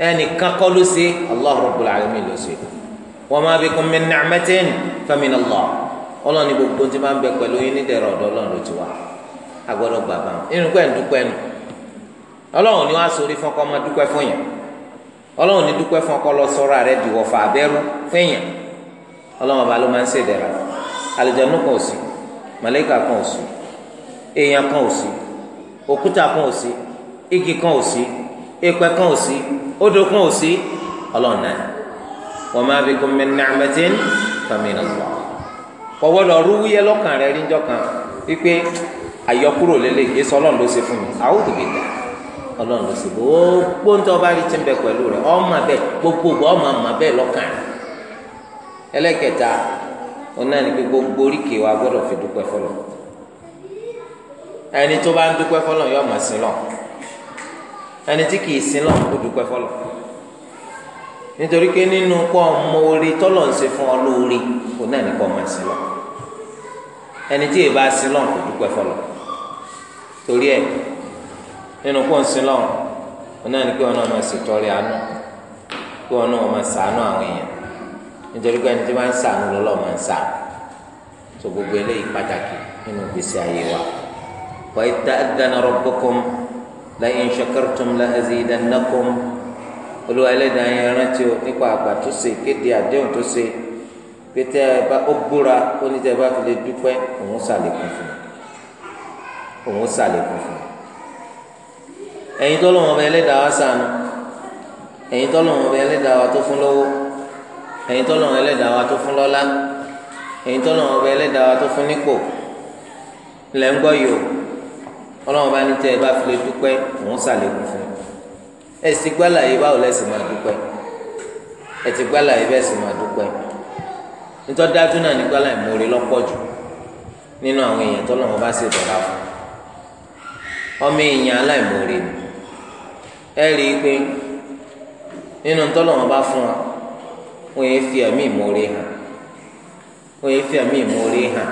ẹnìkan kọ́ ló ṣe Allah Rabbul ló ṣe wa ma bikum min ni'matin famin Allah ọlọ́ni gbogbo ti máa ń bẹ pẹ̀lú yín nídẹ̀ẹ́ra ọ̀dọ̀ ọlọ́run ló ti ni wọ́n èèyàn kan ò sí kan ò igi kan ò sí kan ò sí kan ò sí ọlọ́run náà wa ma bikum min ni'matin faminallah kọ̀wọ́ lọ rúwúyẹ lọ́kàn rẹ kan wípé àyọkúrò lélẹ̀ yìí ló ṣe fún mi a'udhu billah ọlọ́run ló ṣe gbogbo ń bá rí rẹ ọmọ ọmọ rẹ gbogbo oríkèé wa ẹni tó bá ń dúpẹ́ fọlọ́ yóò máa sin lọ ẹni tí kì í sin lọ kó dúpẹ́ fọlọ́ nítorí pé nínú kọ́ ọmọ orí tọ́lọ̀ ń ṣe fún ọ lóore kò náà ní kọ́ máa sin lọ ẹni tí èèbá sin lọ kó dúpẹ́ fọlọ́ torí ẹ nínú kọ́ ń sin lọ kò náà ní kí ọ náà máa ṣètọrẹ àánú kí ọ náà máa ṣàánú àwọn èèyàn nítorí pé ẹni tí wọ́n ń ṣàánú lọ́lọ́ máa ń ṣàánú tó gbogbo eléyìí pàtàkì nínú ìgbésí ayé wa. وإذ تأذن ربكم لئن شكرتم لأزيدنكم Olúwa Ẹlẹ́dàá yẹn rántí o nípa àgbà tó ṣe kéde àdéhùn tó ṣe pété ẹ bá ó búra ó ní tẹ bá fi lè dúpẹ́ òun ṣàlékún fún un òun ṣàlékún fún un. ẹ̀yin tọ́lọ́wọ́n ọba Ẹlẹ́dàá wa ṣàánú ẹ̀yin tọ́lọ́wọ́n ọba Ẹlẹ́dàá wa tó fún lọ́wọ́ ẹ̀yin tọ́lọ́wọ́n Ẹlẹ́dàá wa tó fún lọ́lá ẹ̀yin tọ́lọ́wọ́n ọba Ẹlẹ́dàá wa tó fún nípò lẹ́ńgbọ́ yìí o. ọlọ́run bá ní tẹ́ ẹ bá fi lè dúpẹ́ òun ṣàlékún fún un ẹ sì gbálàyé báwo lẹ́sìn máa dúpẹ́ ẹ ti gbálàyé bẹ́ẹ̀ sì máa dúpẹ́ nítorí dájú náà ní gbálàyé mórí lọ́pọ̀ jù nínú àwọn èèyàn tó lọ́wọ́ bá sì dọ̀la fún ọmọ èèyàn aláìmoore ni ẹ rí i pé nínú tó lọ́wọ́ bá fún yẹn fi ẹ̀mí ìmoore hàn yẹn fi ẹ̀mí ìmoore hàn.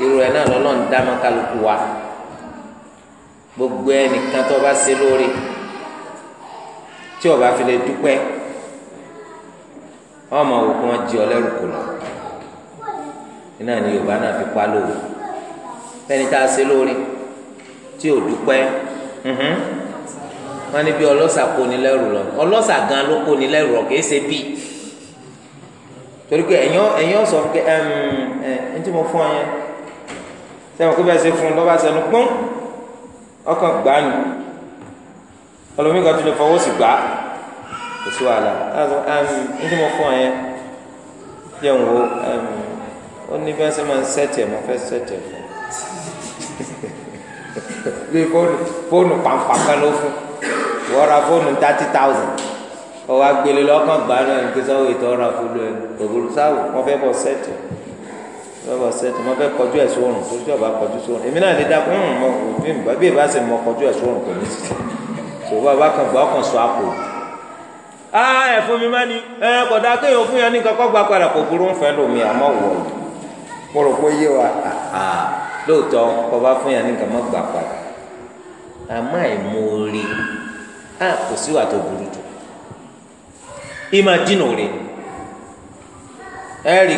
irú rẹ̀ náà lọ́lọ́run dá máa kálukú wa gbogbo ẹnìkan tó bá ṣe lórí tí o bá fi lè dúpẹ́ ọmọ òkú wọn jí kù lọ iná ni yorùbá náà fi pa lóru fẹ́ni tá a ṣe lórí tí ò dúpẹ́ wọn ní bí ọlọ́ṣà kó ni lẹ́rù lọ ọlọ́ṣà gan ló kó ni lẹ́rù lọ kìí ṣe bíi torí pé ẹ̀yin ọ̀sán ẹ̀ ẹ̀ ẹ̀ ń tí mo fún ọ yẹn sẹ́wọ̀n kó bẹ́ẹ̀ ṣe fún un lọ́ba sẹ́nu pọ́n ọkàn gbàánu ọlọ́mí kan tún lè fọwọ́ sí gbà kò sí wàhálà um, ní tí mo fún ọ yẹn jẹ́ ń wo um, ó ní bẹ́ẹ̀ sẹ́ máa ń sẹ́tì ẹ̀ mo fẹ́ sẹ́tì ẹ̀ fún [LAUGHS] bí fóònù fóònù pàǹpàǹpà ló fún wọ́ra fóònù thirty thousand ọwọ́ agbélé lọ́kàn gbàánu ẹ̀ ń sọ́wọ́ ètò ọ̀rọ̀ àfọlù ẹ̀ òbúrú sáwò wọ́n fẹ́ bọ̀ sẹ́tì ẹ̀ yọba sẹtù mo fẹ́ kọjú ẹsùn oorun tó tí ọba kọjú sí oorun èmi náà lè dákun ń hmm, mọ òbí mi bàbí ìbá sì mọ kọjú ẹsùn oorun kò ní sí tó bá bá kan gbọ ọkàn sọ àpò. a ẹ fún mi má ni ẹ kọ̀dá kéèyàn fún yẹn ní kankan gba padà kò burú ń fẹ́ lómi àmọ́ wọ̀ ọ́ mo rò pé yé wa lóòótọ́ kọ́ bá fún yẹn ní kankan gba padà àmọ́ àìmoore a kò síwà tó burú jù ìmọ̀ dínà é rí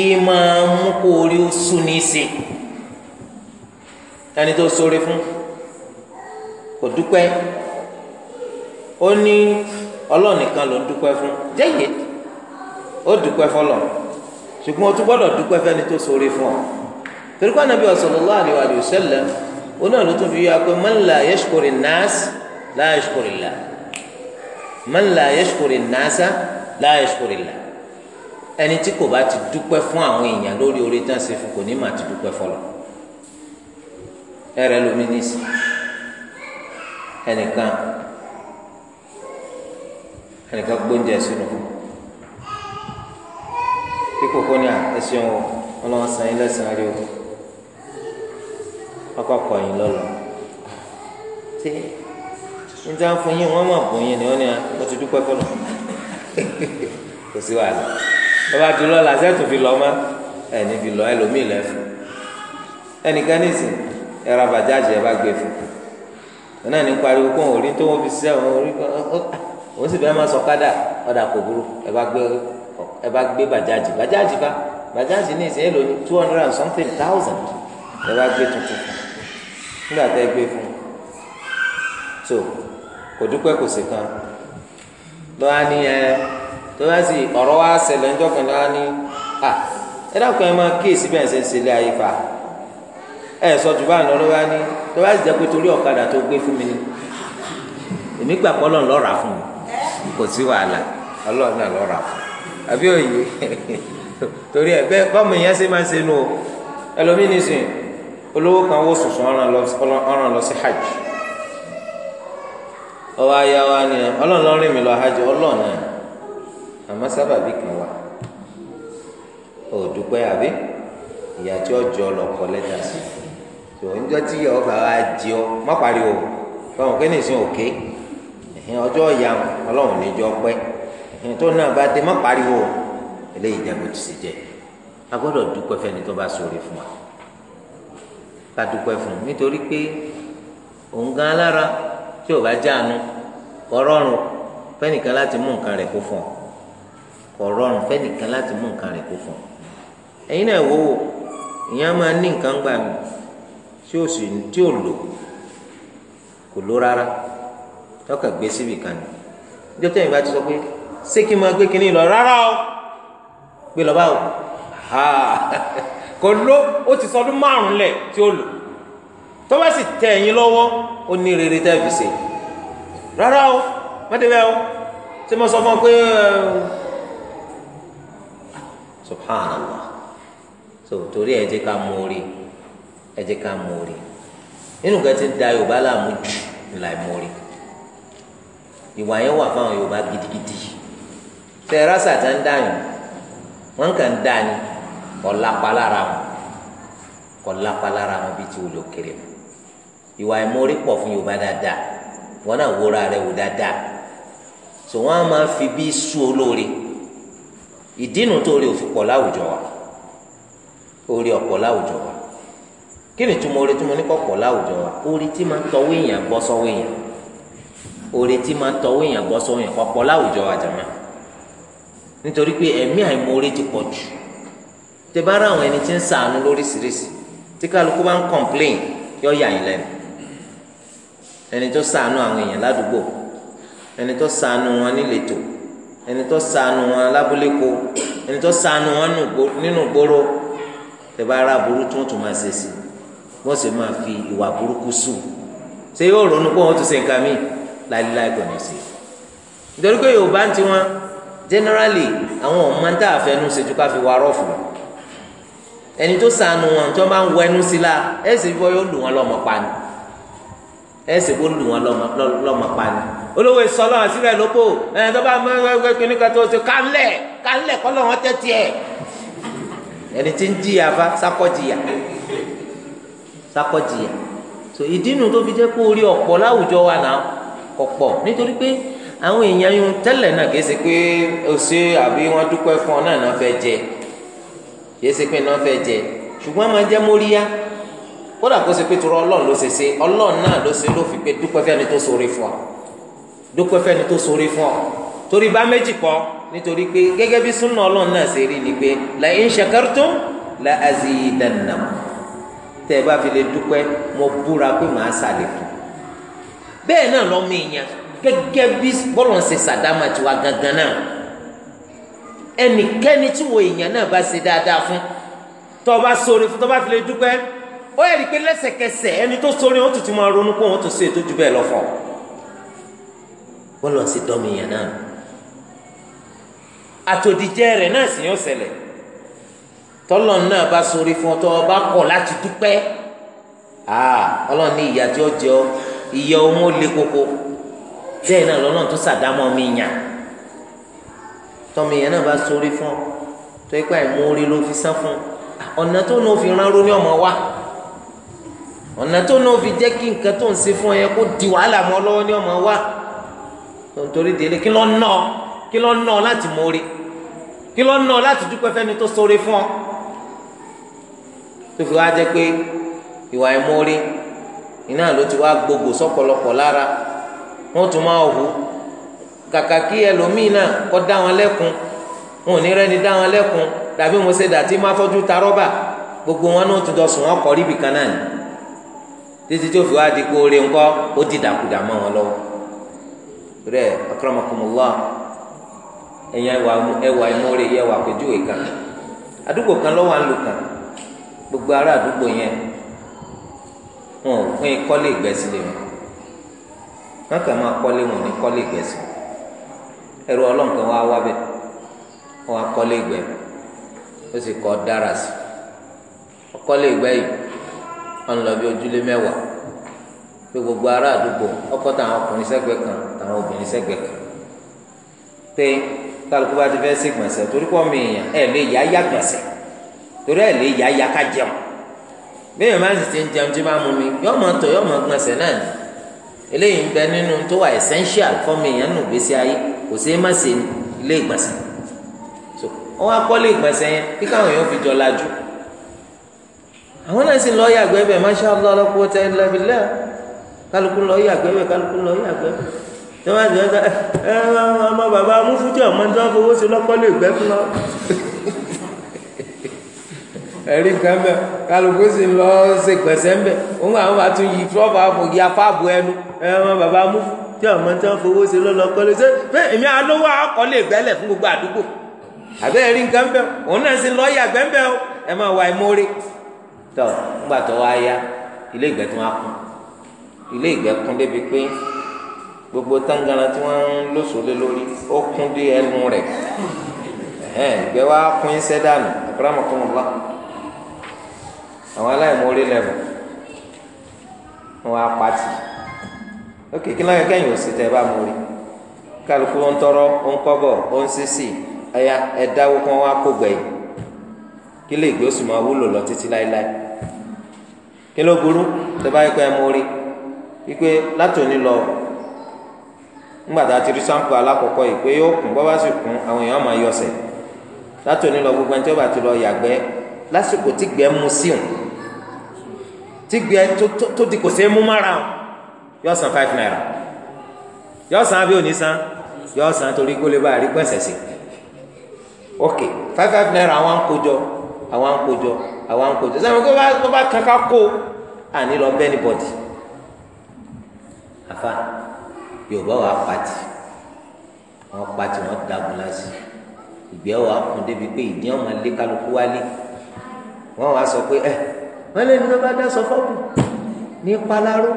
ìmọ̀ mú kó orí ó sùn ní í ṣe tani tó sóore fún kò dúpẹ́ ó ní ọlọ́run nìkan ló ń dúpẹ́ fún jẹ́yẹ ó dúpẹ́ fọlọ̀ ṣùgbọ́n o tún gbọ́dọ̀ dúpẹ́ fẹ́ni tó sóore fún ọ torí pé Ànábì sallallahu alaihi wa sallam oní ọ̀dọ́ tó fi yọ akpé man la yashkuri an-nas la yashkurillah man la yashkuri an-nasa ẹni tí kò bá ti dúpẹ́ fún àwọn èèyàn lórí orí tán ṣe fún kò ní mà ti dúpẹ́ fọlọ ẹrẹ lómi nísì ẹnìkan ẹnìkan gbóúnjẹ sínú ní àtẹsíọ́n o ọlọ́wọ́n san yín lẹ́sàn-án rí o ọkọ̀ kọ̀yìn tí fún yín a ah, ti [LAUGHS] lọ́ba tó lọ làṣẹ tó fi lọ ma ẹni fi lọ ẹlòmíì lẹ fún ẹnìkan nísìn ẹ̀rọ àbàjáde ẹ̀ bá gbé fún un náà ní pariwo kó òun rí tó wọ́n fi ṣiṣẹ́ òun rí òun sì fẹ́ máa sọ kádà ọ̀dà kò burú ẹ bá gbé ẹ bá gbé bàjáde bàjáde bá bàjáde ní ìsìn ẹlòmíì two hundred and something thousand ẹ bá gbé tuntun fún nígbà tẹ́ gbé fún un so kò dúpẹ́ kò sí kan lọ́wọ́ á ní ẹ. tó bá sì ọ̀rọ̀ wa ṣẹlẹ̀ ńjọ́ kan náà ni à ẹ dákun ẹ máa kíyèsí bẹ́ẹ̀ ṣe ń ṣe ilé ayé fa ẹ sọ jù bá ni tó bá jẹ́ pé torí ọ̀kadà tó gbé fún mi ni èmi gbà pọ́ lọ́n lọ́ra fún mi kò sí wàhálà ọlọ́run náà lọ́ra fún àbí òye [LAUGHS] torí ẹ bẹ́ẹ̀ ṣe máa ń ṣe nu o ẹlòmíì nìsín olówó kan wó sùsùn ọ̀ràn lọ sí hajj ọwọ́ ayáwa ni ọlọ́run lọ́rìn lọ hajj ọlọ́run náà àmọ́ sábàbí kan wà ó dúpẹ́ àbí ìyá tí ọjọ́ lọ kọ lẹ́tà sí tó ń jọ tí ọba wa jẹ ọ má pariwo fáwọn kí nìsín òkè ọjọ́ ìyá ọlọ́run níjọ pẹ́ tó náà bá dé má pariwo eléyìí ìjàgbọ́ ti sì jẹ a gbọ́dọ̀ dúpẹ́ fẹ́ni tó bá sọ̀rọ̀ fún wa ká dúpẹ́ fún un nítorí pé òun gan alára tí ò bá jáàánú ọ̀rọ̀rùn fẹ́nìkan láti mú nǹkan rẹ̀ kó fún ọ kò rọrùn fẹ́nìkan láti mú nǹkan rẹ̀ kó fún un ẹ̀yin náà wò ó ìyẹn máa ní nǹkan gbà mí tí ò sì tí ò lò kò lò rárá tọkà gbé síbi kan ní ọjọ́ tẹ̀yìn bá ti sọ pé ṣé kí n máa gbé kinní lọ rárá o gbé lọ báwo kò ló ó ti sọdún márùn lẹ tí ó lò tó sì tẹ ẹ̀yin lọ́wọ́ ó ní rere tẹ fi ṣe rárá o mọdébẹ o ṣé mo sọ fún ọ pé subhanallah so torí ẹ jẹ́ ká mú orí ẹ jẹ́ ká mú orí nínú kan ti ń da yorùbá láàmú jù ńlá ẹ mú orí ìwà yẹn wà fáwọn yorùbá gidigidi tẹ ẹ rásà tá ń dá yìí wọn kàn ń dá ni ọ̀làpá wọn kọ̀ lápá wọn bíi ti olókèrè mu ìwà ìmórí pọ̀ fún yorùbá dáadáa wọn náà wúra rẹ wò dáadáa so wọn a máa fi bí sú olóore ìdínú tó rí òfin pọ̀ láwùjọ wa orí ọ̀pọ̀ láwùjọ wa kí ni túmọ̀ orí tí mo ní kọ́ pọ̀ láwùjọ wa orí tí máa ń tọwọ́ èèyàn gbọ́ sọ́wọ́ èèyàn orí tí máa ń tọwọ́ èèyàn gbọ́ sọ́wọ́ èèyàn pọ̀ láwùjọ wa jàmá nítorí pé ẹ̀mí àìmoore ti pọ̀ jù tẹ bá rà àwọn ẹni tí ń sàánú lóríṣiríṣi tí kálukú bá ń kọ̀ǹpléìn yọ yà yín lẹ́nu ẹni tó sàánú àwọn èèyàn ládùúgbò ẹni tó sàánú wọn níletò ẹni tó ṣàánú wọn lábúlé ko ẹni tó ṣàánú wọn nínú gbòòrò tẹ bá ara burú tó tún máa ṣe sí wọn sì máa fi ìwà burúkú sùn ṣé yóò ronú pé wọn tún ṣe nǹkan míì láìláì kò ní sí nítorí pé Yorùbá ń tiwọn generally àwọn ọmọ ń tà àfẹnú ṣètú ká fi wà rọfù ẹni tó ṣàánú wọn tó máa ń wẹnu sí la ẹ sì fọ yóò lù wọn lọmọ pa ni. ese kó lù wọn lọmọ olówó sọlọ àsìrẹ lóko ẹ tó ṣe kálẹ kálẹ kọlọ wọn tẹtí ẹ ẹni tí ń jìyà bá sakọjìyà sakọjìyà so ìdínú tó fi jẹ kó láwùjọ wa náà nítorí pé àwọn èèyàn yun náà kìí ṣe pé o ṣe àbí wọn fún ọ náà náà jẹ kìí ṣe pé náà kódà kó ṣe pé torọ ọlọ́run ló ṣe ṣe ọlọ́run náà ló ṣe ló fi pé dúpẹ́ fẹ́ni tó ṣoore fún ọ dúpẹ́ fẹ́ni tó ṣoore fún ọ torí bá méjì pọ̀ nítorí pé gẹ́gẹ́ bí súnà ọlọ́run náà ṣe rí ni pé la in shakartum la azidannakum tẹ́ ẹ bá fi lè dúpẹ́ mo búra pé màá ṣàlékún bẹ́ẹ̀ náà lọ́mọ èèyàn gẹ́gẹ́ bí bọ́lọ̀ ń ṣe ṣàdámà tiwa gangan náà ẹnikẹ́ni tí wo èèyàn náà bá ṣe dáadáa fún tọ́ bá fún tọ́ fi lè dúpẹ́ ó yẹ pé lẹ́sẹ̀kẹsẹ̀ ẹni tó sori ó tutù máa ronú pé òun tó so ètò jù bẹ́ẹ̀ lọ fún ọ wọn lọ sí dọmi yẹn náà àtòdìjẹ rẹ náà sì yóò ṣẹlẹ̀ tọlọ náà bá sori fún ọ tọ ọ bá kọ láti dúpẹ́ aa Ọlọ́run ní ìyá tí ó jẹ ọ ìyẹ ọmọ lé koko bẹ́ẹ̀ náà lọ́lọ́run tó sàdámọ mi yàn tọmi yẹn náà bá sori fún ọ tó ipa ẹ mú orí ló fi sán fún ọ ọ̀nà tó náà fi rán ronú ọmọ wa ọ̀nà tó náà fi jẹ́ kí nǹkan tó ń ṣe fún ẹ kó di wàhálà mọ́ lọ́wọ́ ní ọmọ wa nítorí délé kí ló ná ọ kí ló ná ọ láti mórí kí ló ná ọ láti dúpẹ́ fẹ́ni tó ṣoore fún ọ tó fi wá jẹ́ pé ìwà ìmórí iná ló ti wá gbogbo sọ́pọ̀lọpọ̀ lára wọ́n tún máa hù kàkà kí ẹlòmíì náà kọ́ dá wọn lẹ́kun wọn ò ní rẹ́ni dá wọn lẹ́kun dàbí mo ṣe dàtí má fọ́jú ta rọ́bà gbogbo wọn náà tún jọ sùn wọn ríbi kan náà ni. títí tí ó fi wá di pé oore ńkọ́ ó di dàkudà mọ́ wọn lọ́wọ́ rẹ akramakumullah ẹ̀yin ẹwà ìmúre ẹwà àpèjúwe kan àdúgbò kan lọ́wọ́ àlù gbogbo ara àdúgbò yẹn wọn ò fún ikọ́lé le lé wọn wọn kàn máa kọ́lé wọn ní wá wá wọn ó sì wọn ojule bí ojúlé mẹ́wàá pé gbogbo ará àdúgbò ọkọ táwọn ọkùnrin sẹ́gbẹ̀ kan táwọn obìnrin sẹ́gbẹ̀ kan pé kálukú bá ti fẹ́ ṣègbọ̀nsẹ̀ torí pọ́ mi èèyàn ẹ̀ lè yá gbọ̀nsẹ̀ torí ẹ̀ lè yá ká jẹun bẹ́ẹ̀ máa sì ti ń jẹun tí máa mú mi yọ́ mọ̀ tọ̀ yọ́ mọ̀ gbọ̀nsẹ̀ náà ni eléyìí ń bẹ nínú tó wà essential nù gbèsè ayé kò sí má ilé àwọn náà sì lọ yàgbẹ́ bẹ̀ masha Allah la quwwata illa billah kálukú lọ yàgbẹ́ bẹ̀ kálukú lọ yàgbẹ́ bẹ̀ tẹ́wọ́n àti ọ̀sán ẹ eh, eh, eh, ọmọ bàbá amúfútì ọmọ tí wọ́n fowó sí lọ́kọ́ lè gbẹ́ fún lọ. [LAUGHS] ẹ̀rí kan bẹ́ẹ̀ kálukú sì lọ ṣe gbẹ̀sẹ̀ ń òun àwọn bá tún yí trọ́ọ̀bù àfọ̀gì afáàbò ẹnu ẹ ọmọ bàbá amúfútì ọmọ tí wọ́n fowó sí lọ́kọ́ lè ṣe pé èmi alówó akọ́ lè gbẹ́lẹ̀ fún gbogbo àdúgbò àbẹ́ẹ̀rí kan bẹ́ẹ̀ òun náà sì lọ́ọ́ yàgbẹ́ bẹ́ẹ̀ ẹ máa wà ìmọ̀ọ́rẹ́ tọ ńgbà tó wá yá ilé ìgbẹ́ tó wá kún ilé ìgbẹ́ kún débi pé gbogbo táǹgàrà tí wọ́n ń lóṣòlé lórí ó kún dé ẹnu rẹ̀ ìgbẹ́ wá kún iṣẹ́ dànù àkàràmọ̀kọ́mọ̀lá àwọn aláìmọ̀ọ́rí lẹ́wọ̀n wọn á pàtì ókè kí lóye kẹ́yìn òsì tẹ́ ẹ bá mú rí kálukú ń tọrọ ń kọ́bọ̀ ń sísì ẹ̀dáwó kan wá kó gbẹ̀yìn kí lè gbé oṣù máa wúlò lọ títí láéláé. kí ló burú tó bá rí lọ ti rí sampo alákọ̀ọ́kọ́ yìí pé yóò kún bọ́ sì kún àwọn èèyàn máa yọsẹ̀ látòní lọ gbogbo ẹni tí bá ti lọ yàgbẹ́ lásìkò tígbẹ́ mu mú mára yọ san five naira yọ san òní san yọ san torí kó lè bá sí ok five five naira àwọn àwọn àwa ń kojú sẹ́wọ̀n kó bá kó bá kankan kó àní lọ bẹ́ẹ̀ ní bọ́dì àfa yorùbá wà pàtì wọn pàtì wọn dàgùn lásì ìgbẹ́ wà kún débi pé ìdí ọmọ ilé kálukú wálé wọn wà sọ pé ẹ wọn lè ní ló bá dá sọ fọ́ọ̀mù ní paláró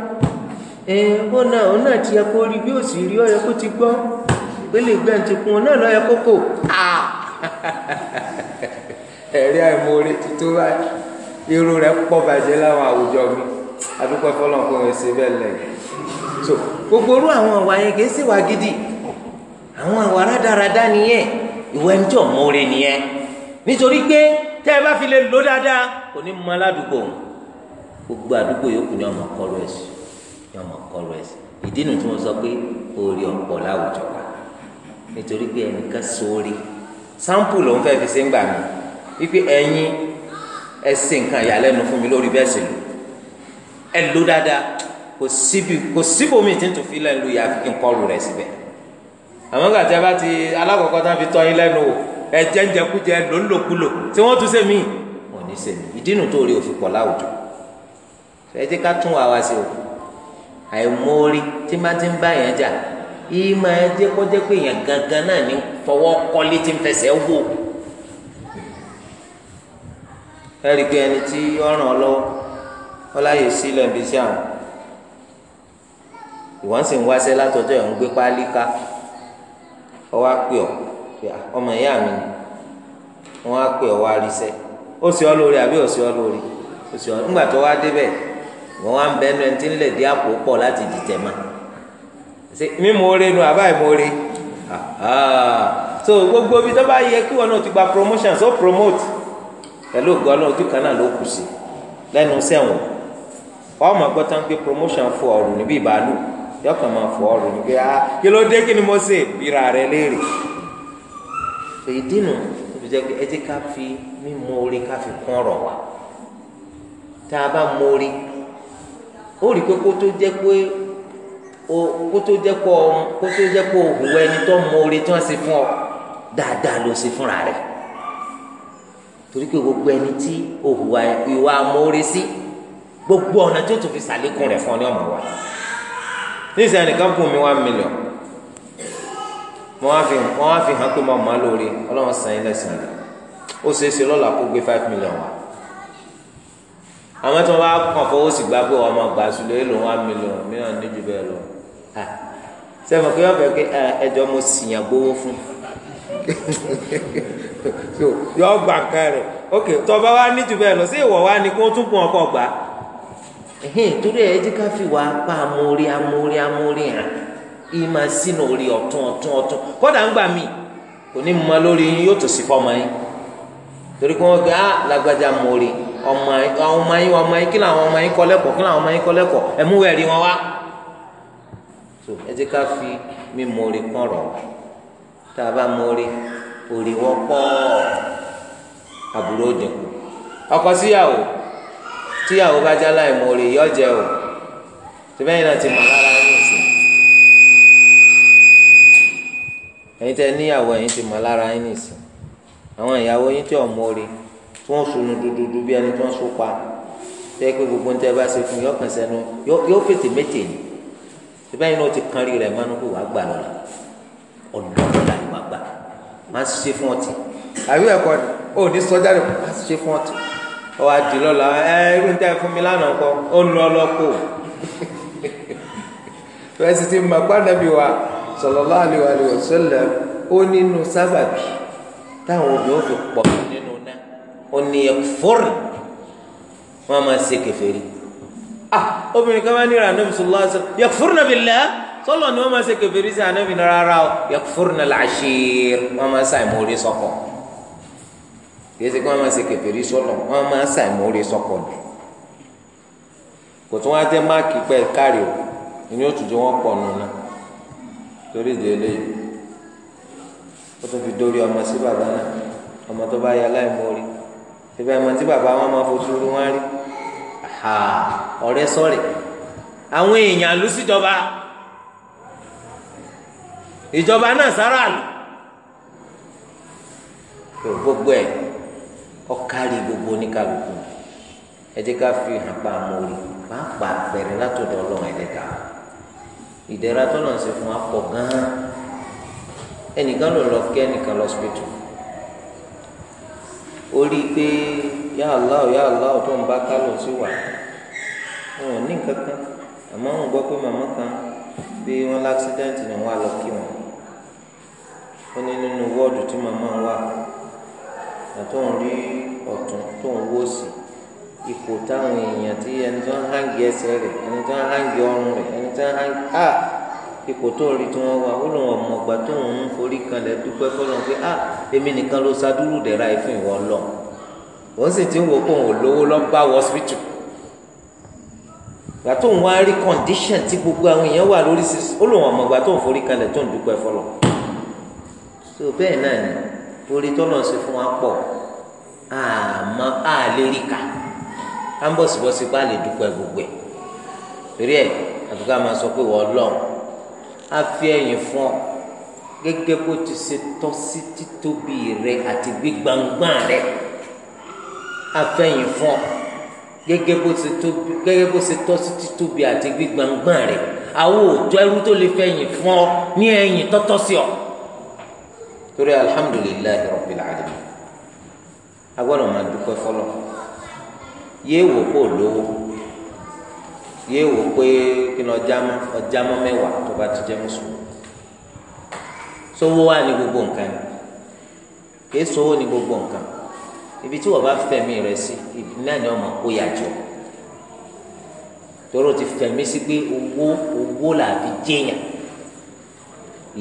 ẹ ó náà ó náà ti yẹ kó rí bí ó sì rí ó yẹ kó ti gbọ́ pé lè gbẹ́ ti kún un náà lọ́ọ́ yẹ kókò áà. Ah! [LAUGHS] ẹ̀rí àìmọ̀ọ́rẹ́ tuntun báyìí irú rẹ̀ pọ̀ bàjẹ́ láwọn àwùjọ mi adúpẹ́ fọlọ́n kó wọn ṣe bẹ́ẹ̀ lẹ́yìn so gbogbo orú àwọn àwa yẹn kìí sì wá gidi àwọn àwa rádaràda nìyẹn ìwọ ẹni tí ọ̀mọ̀ọ́rẹ́ nìyẹn nítorí pé tẹ́ ẹ bá fi lè lò dáadáa kò ní mọ aládùúgbò gbogbo àdúgbò yòókù ni ọmọ kọlu ẹ̀sìn ni ọmọ kọlu ẹ̀sìn ìdí nu tí mo sọ pé orí ọ̀pọ̀ láwùjọ wa nítorí pé ẹnìkan sóore sáǹpù lòún fẹ́ fi ṣe ń gbà mí wípé ẹ̀yin ẹ ṣe nǹkan ìyàlẹ́nu fún mi lórí bẹ́ẹ̀ sì lò ẹ lò dáadáa kò síbi kò síbòmí tí ń tún fi lẹ́nu yà kí n kọlu rẹ̀ síbẹ̀ àmọ́ gàtí a bá ti alákọ̀ọ́kọ́ tán fi tọ́ yín lẹ́nu o ẹ jẹ́njẹkújẹ lòlòkulò tí wọ́n tún sèmi wọn ní sèmi ìdínú tó rí òfin pọ̀ láwùjọ ẹ jẹ́ ká tún wàá wá sí o àìmórí tí má ti ń bá yẹn jà yìí máa jẹ́ kó jẹ́ pé èèyàn gangan náà ní fọwọ́ kọ́lé tí ń fẹsẹ̀ wò ó ẹ̀rí pé ẹni tí ọ̀ràn ọlọ́wọ́ ọláyè sílẹ̀ bí sí àwọn ìwọ́n sì ń wáṣẹ́ látọjọ́ ẹ̀ ń gbé ká ọmọ ìyá mi ni wọ́n àpè ọ̀ wá ríṣẹ́ ó sì ọ́ lórí àbí ó sì ọ́ lórí ó sì ọ́ nígbà tó wá débẹ̀ wọ́n wá ń bẹ́ẹ̀ ẹni tí ń lè dí àpò pọ̀ láti dìtẹ̀ mọ́ nu àbá so gbogbo ibi tó bá yẹ kí wọn náà promotion so promote. pẹ̀lú ògùn ọlọ́run ojú kan náà ló kù sí lẹ́nu sẹ́wọ̀n wọ́n mọ̀ gbọ́tàn pé promotion fún ọ̀rùn níbi ìbàlù yọkàn máa fọ ọ̀rùn níbi ah kí ló dé kí ni mo ṣe ìra rẹ léèrè èyí dínú olùjẹ́ pé ẹ jẹ́ ká fi mímọ orí ká fi kún ọ̀rọ̀ wa tá a bá mọ orí ó rí pé kó tó jẹ́ pé o kó tó jẹ́ pé o kó tó jẹ́ pé o hùwẹ́ ẹni tó mọ orí tó ń ṣe fún ọ dáadáa ló ṣe fúnra rẹ̀ torí pé gbogbo ẹni tí òhùwà ìwà amóore sí gbogbo ọ̀nà tí ó tún fi sàlékún rẹ̀ fún ọ ní ọmọ wa níṣẹ́ ẹnìkan kún mi one million wọ́n á fi wọ́n á fi hàn pé mo máa lóore ọlọ́run san ilẹ̀ sàn rẹ̀ ó ṣeé ṣe lọ́la kó gbé five million wá àwọn tí wọ́n bá kàn fọwọ́ sí gbà pé wọ́n gbà sílẹ̀ èlò one million mìíràn níjú bẹ́ẹ̀ lọ sẹ́fọ̀n kí wọ́n fẹ́ kí ẹjọ́ mo sì yàn gbowó fún [LAUGHS] so yọ gbà nǹkan rẹ̀ ok tọba wa ní jù bẹ́ẹ̀ lọ sí ìwọ̀ wa ni kó tún kún ọkọ̀ gbà. torí ẹ jẹ́ ká fi wà á pa amórí amórí amórí hàn yìí máa sínú orí ọ̀tún ọ̀tún ọ̀tún kódà ń gbà mí kò ní mọ lórí yín yóò tó sì fọmọ yín torí kí wọ́n gbé á ah, lágbájá mórí ọmọ ọmọ yín ọmọ yín kí làwọn ọmọ yín kọ́ lẹ́kọ̀ọ́ kí làwọn ọmọ yín kọ́ lẹ́kọ̀ọ́ ẹ mú ẹ̀rí wọn wá. ẹ jẹ́ ká fi mí mórí pọ̀rọ̀ tá a bá mórí orí wọ́pọ̀ àbúrò dínkù ọkọ síyàwó tíyàwó bá já láì mọ orí yọjẹ o tìbẹ́yìn náà ti mọ̀ lára yín sí ẹ̀yin tẹ́ níyàwó ẹ̀yin ti mọ̀ lára yín nìsí àwọn ìyàwó yín tí ò orí tí wọ́n sunu dúdúdú bí ẹni tí wọ́n sún pa tẹ́ pé gbogbo ń tẹ́ bá ṣe fún yọkàn sẹ́nu yóò fètè méjì ni tìbẹ́yìn náà ti kan rí rẹ̀ mọ́nú kó wàá gbà lọ́la ọ̀dọ́ má ṣe fún ọtí àbí ẹ̀kọ́ ni ó ní sọ́jà rẹ̀ má ṣe fún ọtí ọ àdì lọ́la ẹ irú ń tẹ́ fún mi lánàá kọ́ ó ń lọ lọ́kọ́ fẹ́ẹ́sì [LAUGHS] ti mọ̀ pàdánù wa sallallahu alaihi wa sallam ó nínú sábàbí táwọn obìnrin fi pọ̀ nínú náà ó ní ẹ fúrì wọ́n máa ṣe kèfèrí ah obìnrin kan máa ní ìrànlọ́bì sallallahu alaihi wa sallam yakfurna billah. sọlọ ni wọn ma se kẹfẹrí sí anabi náà o yakfurna na ashir wọn sọkọ ṣe kí wọn máa ṣe kẹfẹrí sọlọ wọn máa ṣàì mórí sọkọ ni kò tún wá máàkì pẹ kárí o wọn pọ nù torí ìdí eléyìí fi dórí ọmọ sí baba náà ọmọ tó bá tí wọn fojú wọn rí ìjọba náà sára lò gbogbo ẹ ọkàlì gbogbo oníkàlùkù ẹ jẹ́ ká fi hàn pa àmọrí pàápàá bẹ̀rẹ̀ látọ̀dọ̀ Ọlọ́run Ẹlẹ́dàá ìdẹ̀ra tọlọ ń ṣe fún wa pọ̀ ganan ẹnìkan ló lọ kí ẹnìkan lọ sípẹtù ó rí i pé ya Allah ya Allah tó ń bá kálọ sí wà wọn ò ní kankan àmọ́ wọn gbọ́ pé màmá kan bí wọ́n láksidẹ́ǹtì ni wọ́n á lọ kí wọn ó ní nínú wọ́ọ̀dù tí màmá wà àtọ́n rí ọ̀tún tó ń wó sí ipò táwọn èèyàn tí ẹni tó ń hángi ẹsẹ̀ rẹ̀ ẹni tó ń hángi ọrùn rẹ̀ ẹni tó ń hángi a ipò tó ń rí tí wọ́n wà ó lòun ọ̀mọ̀gbà tó ń forí kanlẹ̀ dúpẹ́ fọlọ́n pé a èmi nìkan ló sadúrú dẹ̀ra ìfún ìwọ lọ wọ́n sì ti ń wò pé ò lówó lọ bá wọ́sípítù gbà tó ń wá rí kọ́ndíṣàn tí gbogbo àwọn èèyàn wà lórí ó lòun ọ̀mọ̀gbà tó ń forí kanlẹ̀ tó ń dúpẹ́ fọlọ́n so bẹ́ẹ̀ náà ni orí tọ́lọ̀ sí fún wa pọ̀ àmọ́ àlérí kà á ń bọ̀ síbọ̀ sí pé a lè dúpẹ́ gbogbo ẹ̀ torí ẹ̀ àfikún a máa sọ pé wọ́n lọ́n á fi ẹ̀yìn fún ọ gẹ́gẹ́ bó ti ṣe tọ́ sí títóbi rẹ àti gbígbàngbà rẹ á fẹ̀yìn fún ọ gẹ́gẹ́ bó ṣe tóbi gẹ́gẹ́ bó ṣe tọ́ sí títóbi àti gbígbàngbà rẹ àwọn òtọ́ ẹrú tó lè fẹ̀yìn fún ọ ní ẹ̀yìn tọ́tọ́ sí ọ. torí alhamdulilayi rabbil alamin agbọ́dọ̀ máa dúpẹ́ fọlọ́ yé wò kó lówó yé wò pé kí ọjà mọ́ ọjà mọ́ mẹ́wàá tó bá ti mùsùlùmí wà ní gbogbo nǹkan kì í gbogbo nǹkan ibi tí wọ́n bá ibi náà ni kó yàjọ ti sí pé owó owó làbí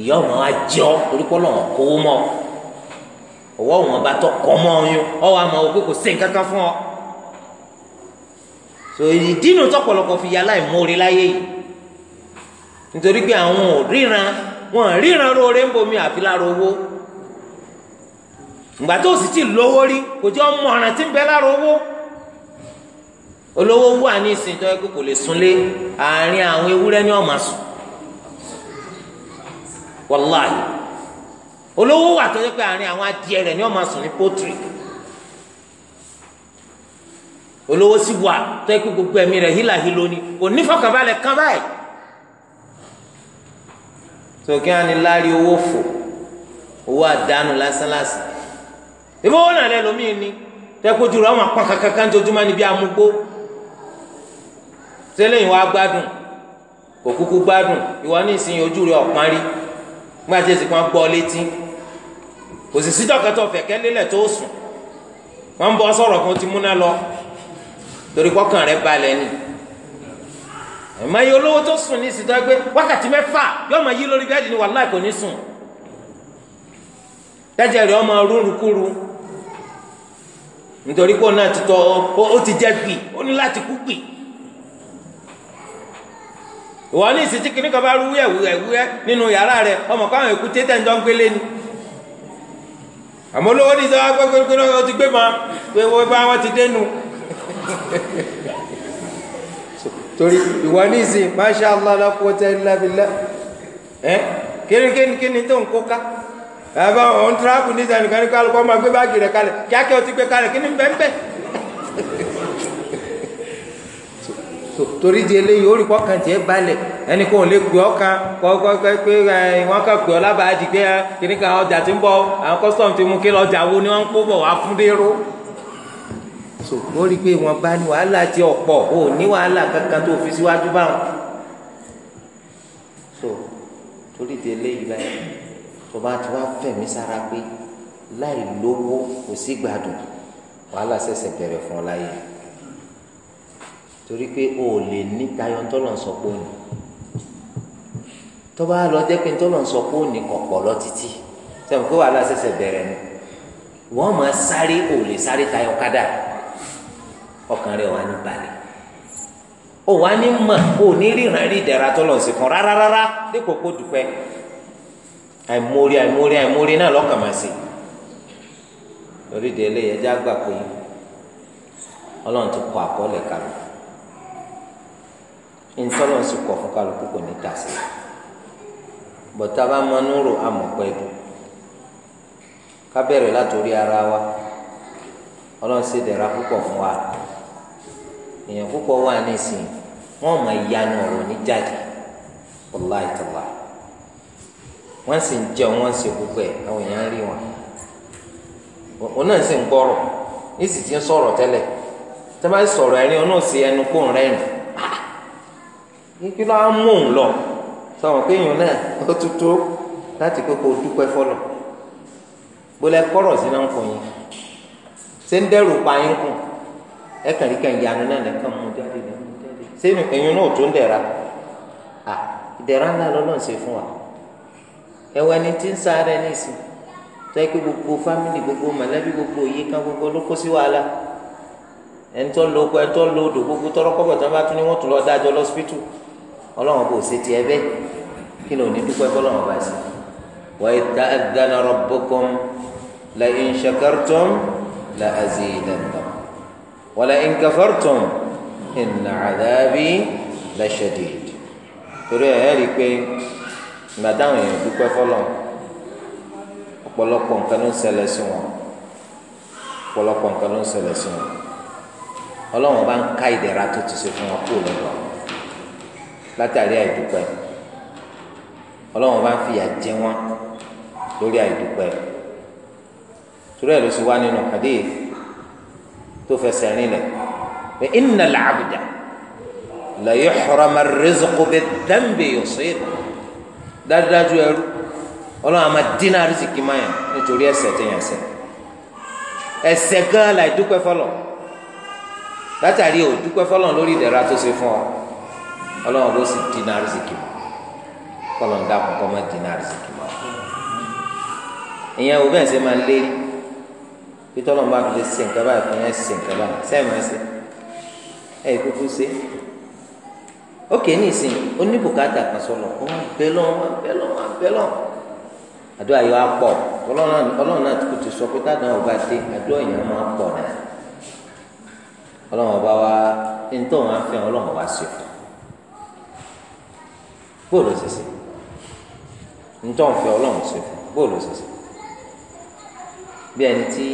ìyá ọmọ wa jọ torí pọ́ lọ́wọ́ kó mọ́ ọwọ́ wọn bá tọ́ kọ́ mọ́ ọyún ọwọ́ àmọ́ òkú kò sí nǹkan fún ọ. so ìdínú tọpọlọpọ fi ya láì mórí láyé yìí nítorí pé àwọn ò ríran wọn ríran lóore ń bomi àfi lára owó ìgbà tó sì ti lówó rí kò jẹ́ ọmọ ọ̀ràn tí ń bẹ lára owó olówó wà ní ìsìn tó yẹ kó kò lè súnlé àárín àwọn ewúrẹ́ ní ọ̀mà sùn Olowo olówó wà tó yẹ pé àárín àwọn adìẹ rẹ̀ ni wọ́n máa sùn ní pọ́tìrì olówó sì wà tó yẹ pé gbogbo ẹ̀mí rẹ̀ hílàhílo ni kò nífọ̀kànbalẹ̀ kan báyìí tòkí wọn ni láàrin owó fò owó àdánù lásánlásán ìfowó náà lẹ lómi ni tẹkọjú rẹ wọn nígbà tí èsì kan gbọ́ létí kò sì síjọ́ kan tó fẹ̀kẹ́ tó sùn wọ́n bọ́ sọ̀rọ̀ kan ti múná lọ torí kọ́kàn rẹ balẹ̀ ni ẹ̀mọ́ yìí olówó tó sùn ní ìsìtọ́ gbé wákàtí mẹ́fà yóò máa yí lórí kò ní sùn rẹ̀ ti tọ́ ó ti jẹ́ gbì ìwọ ní ìsìn tí kìnnì kan bá rú wúyẹ̀wúyẹ̀ nínú yàrá rẹ ọmọ kó àwọn èkúté tẹ̀ ń jọ gbélé ni àmọ́ olówó ní sọ agbẹ́gbẹ́gbẹ́ náà ti gbé máa pé wọ́n bá wọn ti dénú [LAUGHS] torí ìwọ ní ìsìn masha allah la tó ń kó ká òun tíráàpù ní ní kálukọ́ gbé báàgì rẹ̀ kíákẹ́ ó ti [LAUGHS] torí di eléyìí ó rí kọ́kàn tiẹ̀ balẹ̀ ẹni kò lè pè ọ́ kan kọ́ pé wọ́n kàn pè ọ́ lábàá di pé kíní kan ọjà ti ń bọ̀ àwọn custom ti mú kí lọ́jà wo ni wọ́n ń kó bọ̀ wá fún dérò. so ó rí pé wọn bá ní wàhálà ti ọ̀pọ̀ ò ní wàhálà kankan tó fi síwájú báwọn. so torí di eléyìí báyìí tó bá ti wá fẹ̀mí sára pé láì lówó kò sí gbádùn wàhálà ṣẹ̀ṣẹ̀ bẹ̀rẹ̀ fún ọ láyé. torí pé o ò lè ní tayọ ńtọ́lọ̀ ń sọ pé òní tọ́ba lọ jẹ́ pé ń sọ lọ títí wàhálà bẹ̀rẹ̀ ni wọ́n máa sáré o lè sáré tayọ kádà ọkàn rẹ̀ wà ní balẹ̀ o wà ní mọ̀ o kan rárá rárá dípò kó dùpẹ́ àìmórí àìmórí àìmórí náà lọ́kàn máa nsọlọ nsukọ kọ fún kálukú kò ní tàsí bọtá bá mọ núrò amọpẹ dù ká látòrí ara wa Ọlọ́run sì dẹ̀ra fún wa èèyàn púpọ̀ wà nísìnyí wọn mọ ìyanu wọn sì ń jẹun wọn sì gbogbo ẹ àwọn èèyàn ń rí wọn náà sì ń ní sì ti ń kí ló á mú òun lọ sọ̀rọ̀ pé èèyàn náà ó tún tó láti kókó dúpẹ́ fọlọ̀ bólẹ̀ kọ́rọ̀ sí náà ń kàn yín ṣé ń dẹ́rù pa yín kù ẹ kàn rí kàn yanu náà lẹ́kàn mú jáde náà ṣé èèyàn náà tó ń dẹ̀ra à ìdẹ̀ra ńlá lọ́nà ṣe fún wa ẹ̀wọ̀n ni tí ń sáré nísìn tó yẹ kí gbogbo fámìlì gbogbo mọ̀lẹ́bí gbogbo yíká gbogbo ló kó sí wàhálà ẹ̀ńtọ́ lo ẹ̀ńtọ́ lo odò gbogbo tọ́rọ́kọ́bọ̀ tó bá tún ní wọ́n tún lọ dájọ́ lọ́sípítù ọlọ́run bò ṣe tiẹ̀ bẹ́ẹ̀ kí ló ní dúpẹ́ bọ́lọ́run bá ṣe. wa ta'adhana rabbukum la in shakartum la azidannakum wa la in kafartum inna adhabi la shadid. torí ẹ̀ ẹ́ rí i pé ìgbà táwọn èèyàn dúpẹ́ fọlọ́run ọ̀pọ̀lọpọ̀ nǹkan ló ń ṣẹlẹ̀ sí wọn ọ̀pọ̀lọpọ̀ nǹkan ló ń ṣẹlẹ̀ sí wọn ọlọ́run bá ń ká ìdẹ̀ra tó ti ṣe fún wọn kúrò lọ́dọ̀ wọn látàrí àìdúpẹ́ ọlọ́run bá ń fìyà jẹ wọn lórí àìdúpẹ́ turẹ̀ ló sì wá nínú hadith tó fẹsẹ̀ rinlẹ̀ pé innal abda la yuhrama ar-rizqu bid-dhanbi yusibu dájúdájú ẹrú ọlọ́run àmà dínà rìsíkì máyà nítorí ẹ̀ṣẹ̀ tẹ̀yàn ṣẹ̀ ẹ̀ṣẹ̀ gan-an láì dúpẹ́ fọlọ́ látàrí òdúpẹ́ fọlọ́ lórí ìdẹ̀ra tó ṣe fún ọ ọlọ́run bó sì dín náà rìsìkì mọ́ kọ́lọ̀ ń dákun kọ́ mọ́ dín náà rìsìkì mọ́ ìyẹn wo bẹ́ẹ̀ ṣe máa lé bí tọ́lọ̀ bá fi lè ṣe nǹkan báyìí fún yẹn ṣe nǹkan báyìí sẹ́ẹ̀ máa ṣe ẹ̀ kúkú ṣe ókè ní ìsìn oníbùkátà kan sọlọ kó wọn bẹ lọ wọn bẹ lọ wọn bẹ lọ àdúrà yóò apọ Ọlọ́run náà kò ti sọ pé táwọn ọba dé àdúrà yẹn máa pọ náà Ọlọ́run ọba wa ntọ́ wọn afẹ́ Ọlọ́run wa ṣe fún bóòlù òṣèṣe ntọ́ nfẹ́ ọlọ́run ṣe bóòlù òṣèṣe bí ẹni tí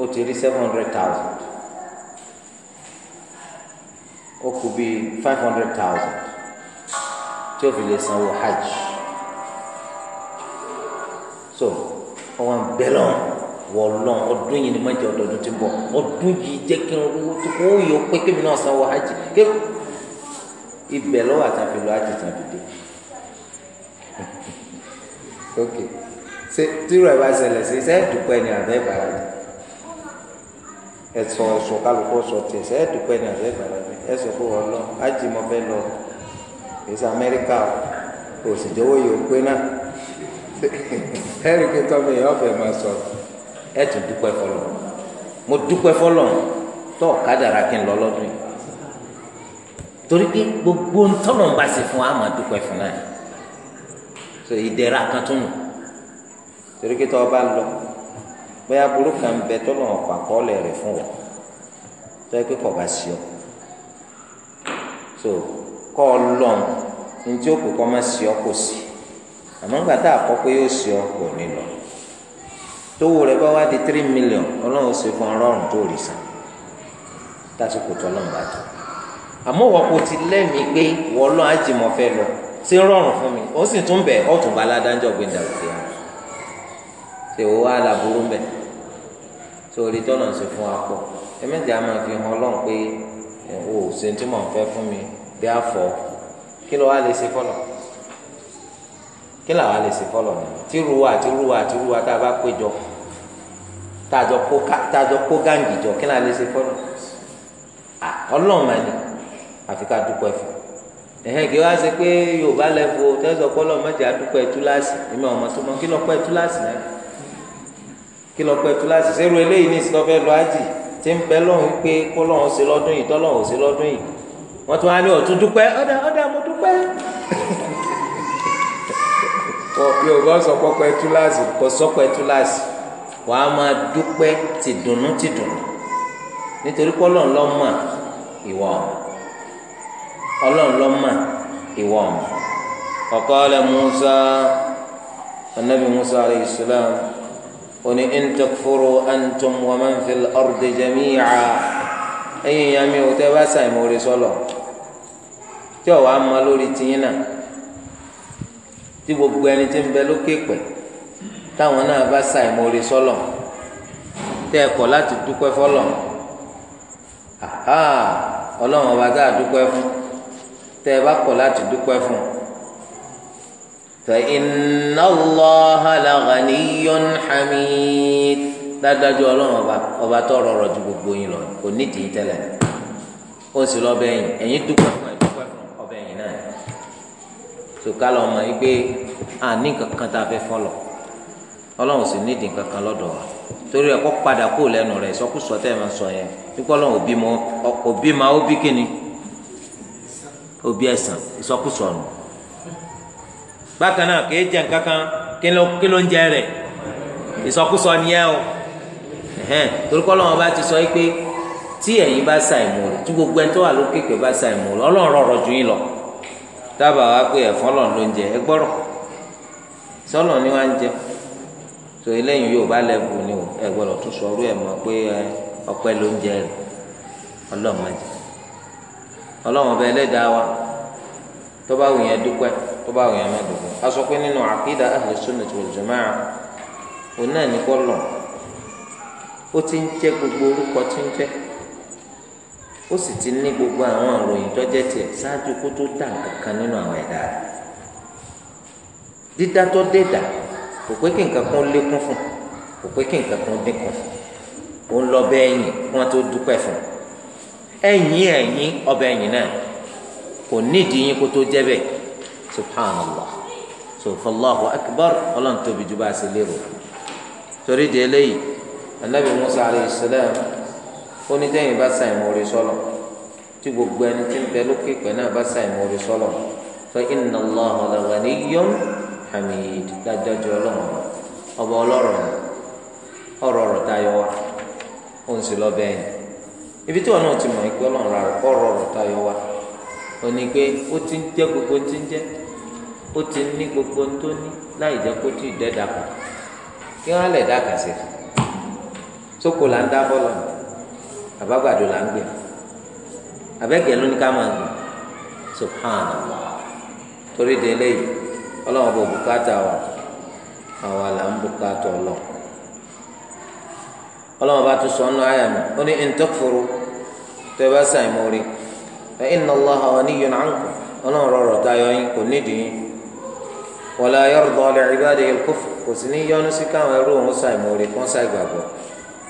ó ti rí seven hundred thousand ó kù bí five hundred thousand tí fi lè sanwó hajj so ọwọ́n bẹ́lọ̀ wọlọ ọdún yìí ni má ọdọọdún ti bọ̀ ọdún yìí jẹ́ kí n kó yọ pé hajj ibẹ̀ lọ́wọ́ àtàfi lọ àti tàbí dé ok ṣe tírò ẹ̀ bá ṣẹlẹ̀ sí ṣe é dùpẹ́ ni àbẹ́ bàrà ni ẹ̀sọ̀ ọ̀sọ̀ kálukú sọ tiẹ̀ ṣe é dùpẹ́ ni àbẹ́ bàrà ni ẹ̀sọ̀ fún wọn lọ ájì mọ́ fẹ́ lọ èsì amẹ́ríkà òsìjọ́wọ́ yìí ó pé náà ẹ̀rí kíkọ́ mi yọ̀ ọ̀fẹ́ máa sọ ẹ̀ tún dúpẹ́ fọlọ́ mo dúpẹ́ fọlọ́ tó ọ̀kadà ra kí n lọ lọ́dún yìí torí pé gbogbo ntọ́nà bá ṣe fún wa máa fún náà so ìdẹ̀ra kan tún nù torí pé tọ́wọ́ bá lọ bóyá burúkú kan bẹ tọ́nà ọ̀pá kọ́ọ̀lẹ̀ rẹ̀ fún wa tọ́ ẹ pé kọ̀ bá sí ọ so kọ́ ọ lọ́n ní tí ó kù kọ́ má sí ọ kò sí àmọ́ ńgbà tá a kọ́ pé yóò sí ọ kò ní lọ tówó rẹ bá wá di three million ọlọ́run ó ṣe fún ọlọ́run tó rí san tásìkò tọ́lọ́run tó. àmọ́ wọ́n kò ti lẹ́mìí pé wọ́n lọ́ àjìmọ̀ fẹ́ lọ ṣé rọrùn fún mi ó sì tún bẹ̀ ọ́ tún gbé dàrú sí ṣe mbẹ sórí tọ́nà sí fún wa pọ̀ ẹ̀mẹ́jì a máa fi hàn ọlọ́run pé o ṣe tí mò ń fẹ́ fún mi bí a fọ́ kí ló wá lè ruwa tá a bá péjọ tá a jọ kó gáǹgì jọ kí lè ṣe fọ́lọ̀ ọlọ́run àfi ká dúpẹ́ fún ẹ̀hẹ́n kí wá ṣe pé yorùbá lẹ́fọ̀ tẹ́sán kọ́lọ́ mọ́jà dúpẹ́ túláàsì ìmọ̀ ọmọ tó mọ kí lọ́ pẹ́ túláàsì náà kí lọ́ pẹ́ túláàsì sẹ́rù eléyìí ní sọ́fẹ́ lọ ájì tí ń bẹ́ lọ́hùn pé kọ́lọ́hùn ṣe lọ́dún yìí tọ́lọ́hùn ṣe lọ́dún yìí wọ́n tún wá ní ọ̀tún dúpẹ́ ọ̀dà ọ̀dà mo dúpẹ́ [LAUGHS] yorùbá sọ pọ́pẹ́ túláàsì kò sọ́pẹ́ túláàsì wàá máa dúpẹ́ tìdùnnú tìdùnnú nítorí kọ́lọ́hùn lọ́mọ ìwà ọ̀hún ọlọ́run lọ́mà ìwọ ọ̀mà ọ̀kọ́lẹ̀ musa anabi musa alayhi salam oni in takfuru antum wa man fil ardi jami'a ẹ̀yin ya mi ò tẹ́ bá sàì mọ́ orí sọ́lọ̀ tí ọ̀ wá ma lórí tiyín náà tí gbogbo ẹni tí ń bẹ lókè pẹ̀ táwọn náà bá sàì mọ́ orí sọ́lọ̀ tẹ́ láti dúpẹ́ fọ́lọ̀ ọlọ́run ọba tá a dúpẹ́ fún tẹ ẹ bá kọ̀ láti dúpẹ́ fún un. fa inna Allaha la ghaniyyun hamid dájú ọlọ́run ọba ọba tó rọrọ̀ ju gbogbo yín lọ kò nídìí tẹ́lẹ̀ ó sì lọ bẹ́ẹ̀ yìn ẹ̀yin dúpẹ́ fún ẹ̀ fún ọbẹ̀ yìn náà sòkà lọ mọ̀ yín àní kankan tá a fẹ́ fọlọ̀ ọlọ́run sì nídìí kankan lọ́dọ̀ wa torí ẹ̀kọ́ padà kó lẹ́nu rẹ̀ sọkúsọ tẹ́ ẹ máa sọ yẹn pípọ́ ọlọ́run òbí ma ó bí kíni. Obi ẹ̀sán ìsọkúsọ nù bákan náà kì í jẹ nǹkan kan kí ló ń jẹ rẹ̀ ìsọkúsọ nìyẹn o torí kọ́ lọ́wọ́ bá ti sọ yìí pé tí ẹ̀yin bá sa ìmù rẹ̀ tí gbogbo ẹni tó wà lókè pé bá sa ìmù rẹ̀ ọlọ́run rọrọ̀ ju yín lọ dábàá wá pé ẹ̀fọn lọ́n ló ń jẹ ẹ gbọ́rọ̀ sọ́lọ̀ ni wọ́n á ń jẹ tó eléyìí yóò bá lẹ́bù ni ẹ gbọ́dọ̀ tún sọ ọrú ẹ̀ mọ́ pé ọpẹ́ ló ń jẹ ọlọ́run má jẹ ọlọ́run ọba ẹlẹ́dàá wa tó bá wù yẹn dúpẹ́ tó bá wù yẹn má dúpẹ́ a sọ pé nínú àkídà ahlu sunnah wal jamaa òun náà ní kọ́ lọ ó ti ń jẹ́ gbogbo orúkọ tí ń jẹ́ ó sì ti ní gbogbo àwọn àròyìn tó jẹ́ tiẹ̀ ṣáájú kó tó dà kankan nínú àwọn ẹ̀dá rẹ̀ dídá tó dẹ̀dà kò pé kí nǹkan kan lékún fún kò pé kí nǹkan kan dínkù fún òun lọ bẹ́ẹ̀ yìn kí wọ́n tó dúpẹ́ fún un ẹ̀yìn ẹ̀yìn ọbẹ̀ ẹ̀yìn náà kò nídìí yín kó tó jẹ́ bẹ́ẹ̀ subhanallah sọfọláhu akbar ọlọ́run tóbi ju bá a ṣe lérò torí de eléyìí anabi musa aleyhisselam ó ní tẹ́yìn bá sa ìmọ̀ orí sọ́lọ̀ tí gbogbo ẹni tí ń bẹ lókè pẹ̀ náà bá sa ìmọ̀ orí sọ́lọ̀ fa inna allah la ghaniyyun hamid dájọ́jọ́ ọlọ́run ọba ọlọ́rọ̀ ọ̀rọ̀ ọ̀rọ̀ tayọ wa ó ń sì lọ bẹ́ẹ̀ yẹn. ibi tí wọn náà ti mọ ìpè ọla ọ̀rọ̀ ọ̀rọ̀ tayọ wa ó pé ó ti ń gbogbo ti ń jẹ ó ti ní gbogbo tó ní láì jẹ kó tí ì dẹ́dà kan kí wọn lè dá kàṣẹ sóko là ń dá àbágbàdo là ń ló ní ká máa tẹ́ bá sàn ìmọ̀ọ́rẹ́ ẹ̀ inna Allaha ghaniyyun ankum ọlọ́run rọrọ̀ tayọ yín kò nídìí yín wala yarda li ibadihi al-kufr kò sí ní yọnu sí káwọn ẹrú òun sàn ìmọ̀ọ́rẹ́ kó sàn ìgbàgbọ́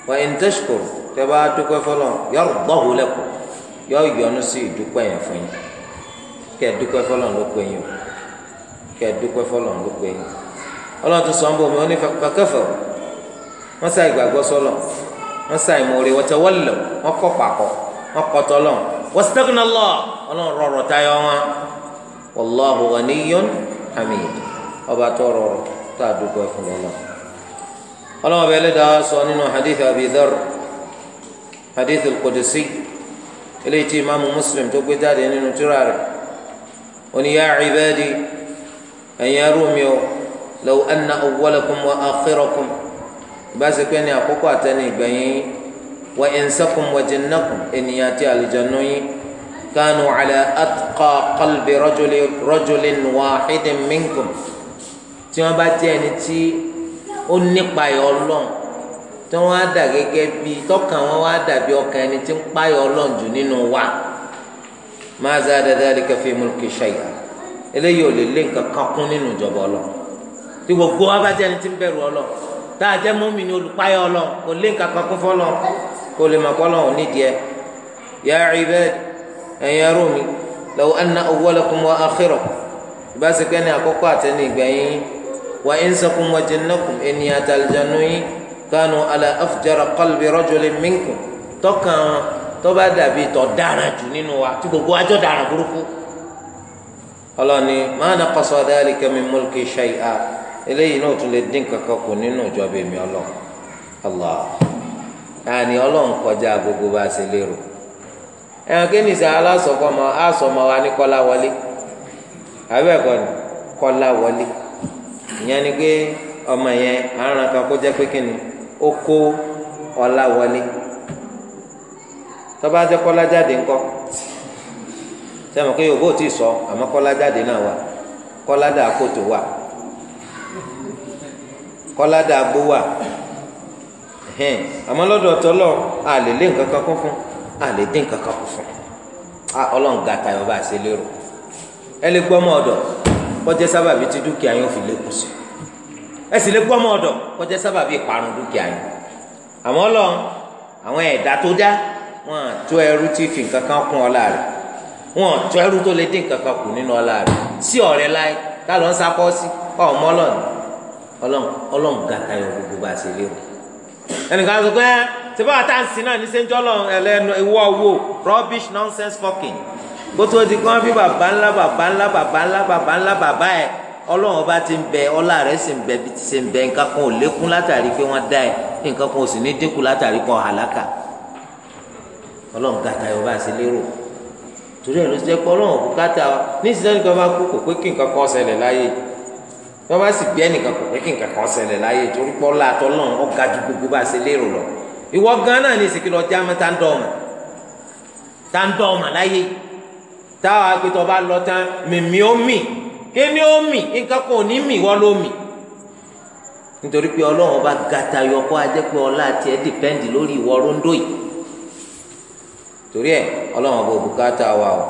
wa in tashkuru tẹ́ bá dúpẹ́ fọlọ́ yardahu lakum yọ yọnu sí ìdúpẹ́ yẹn fún yín kẹ́ dúpẹ́ fọlọ́ ló pé yín kẹ́ dúpẹ́ fọlọ́ ló pé yín ọlọ́run tó sọ ń bọ̀ mọ́ ní fakẹ́fọ̀ wọ́n sàn ìgbàgbọ́ sọlọ́ wọ́n sàn ìmọ̀ọ́rẹ́ wọ́n tẹ wọ́lẹ̀ wọ́n kọ́ pàkọ́ wọn kọ tọlọ́run wastagnallah Ọlọ́run rọrọ tayọ wọn wallahu ghaniyyun hamid ọba tó rọrọ tó àdúgbò ẹfún lọlọ. Ọlọ́run bẹ́ẹ̀ lẹ́dàá sọ nínú hadith Abi Dharr hadith al-Qudsi eléyìí tí imaamu Muslim tó gbé jáde nínú tírà rẹ̀ oníyà ibadi ẹ̀yin ẹrú mi o law anna awwalakum wa ìbáṣepẹ́ ni àkókò àtẹni wa insakum wa jinnakum ènìyàn àti àlùjànnú yín kanu ala atqa qalbi rajuli rajulin wahidin minkum tí wọ́n bá jẹ́ ẹni tí ó nípa ẹ̀ ọlọ́run tí wọ́n á dà gẹ́gẹ́ bíi tọ́kàn wọn wá dàbí ọkàn ẹni tí ń páyọ̀ ọlọ́run jù nínú wa ma zada dhalika fi mulki shay'a eléyìí ò lè lé nǹkan kan kún nínú ìjọba ọlọ́run tí gbogbo wa bá jẹ́ ẹni tí ń bẹ̀rù ọlọ́run tá jẹ́ mọ́mí ni olùpáyọ̀ ọlọ́run kò lé nǹkan kan kún fọ́lọ́run kó lè máa kọ́lọ́ òní díẹ̀ yá ibad ẹ̀yin ẹrú mi law anna awwalakum wa akhirakum ìbáṣepẹ́ ní àkọ́kọ́ àtẹni ìgbẹ̀yìn wa insakum wa jinnakum ènìyàn àtàlìjànú yín kanu ala afjara qalbi rajulin minkum tọkàn tó bá dàbí tọ̀ dára jù nínú wa tí gbogbo ajọ́ dára burúkú ọlọ́ni ma naqasa dhalika min mulki shay'a eléyìí náà tún lè dín kankan kù nínú ìjọba èmi ọlọ́ Allah. àní ọlọ́run kọjá gbogbo bá a ṣe lérò ẹ̀hàn kí nìṣẹ́ ma ọmọ asọ̀mọ wa ní kọ́lá wọlé ni kọ́lá wọlé ìyẹn ni pé ọmọ yẹn kan kó pé kí ni ó kó ọlá wọlé tọ́ba jẹ́ kọ́lá jáde ńkọ́ yòówó tí sọ àmọ́ kọ́lá jáde náà wà dà kóòtù wà hẹn àmọ́ lọ́dọ̀ ọ̀tọ̀ lọ a lè lé nǹkan kan kún fún a lè dín nǹkan kan kún fún a Ọlọ́run ga tayọ bá a ṣe lérò ẹ lè gbọ́ ọmọ ọ̀dọ̀ kọjá sábàbí tí dúkìá yín ò fi lè kùsù ẹ sì lè gbọ́ ọmọ ọ̀dọ̀ kọjá sábàbí ìparun dúkìá yín àmọ́ Ọlọ́run àwọn ẹ̀dá tó dá wọn àtó ẹrú tí fi nǹkan kan kún ọlá rẹ̀ wọn àtó ẹrú tó lè dín nǹkan kan nínú ọlá rẹ̀ sí ọ̀rẹ́ láyé tá ló ń sakọ́ sí ọmọ Ọlọ́run Ọlọ́run ga tayọ gbogbo bá a ṣe lérò ẹnìkan sọ pé ṣe báwa tá ń sin náà ní sẹ́ńjọ́ lọ ẹlẹ́nu ìwọ owó rubbish nonsense fucking bó tó ti kán bí bàbá ńlá bàbá ńlá bàbá ńlá bàbá ńlá bàbá ẹ̀ ọlọ́run ọba ti ń bẹ ọlá rẹ̀ sì ń bẹ bí ti ṣe ń bẹ nǹkan kan ò lékún látàrí pé wọ́n dá ẹ nǹkan kan ò sì ní dínkù látàrí kan hàlákà ọlọ́run gàtà yóò bá ṣe lérò torí ẹ̀ ló ṣe pé ọlọ́run òkú gàtà ní ìsinsìnyí bá kú kò pé kí nǹkan kan ṣẹlẹ̀ láyé wọ́n bá sì gbé ẹnìkan kò pé kí nǹkan kan ṣẹlẹ̀ láyé torí pọ́ láàtọ́ náà ó ga ju gbogbo bá a ṣe lérò lọ ìwọ gan náà ní ìsìnkú lọ já mọ́ tá ń dọ̀ ọ̀mà tá ń dọ̀ ọ̀mà láyé ọba lọ tán mìmí ó mì kíní ó mì nǹkan kò ní mì wọ́n ọba kó pé ọlá àti ẹ̀ torí ọlọ́run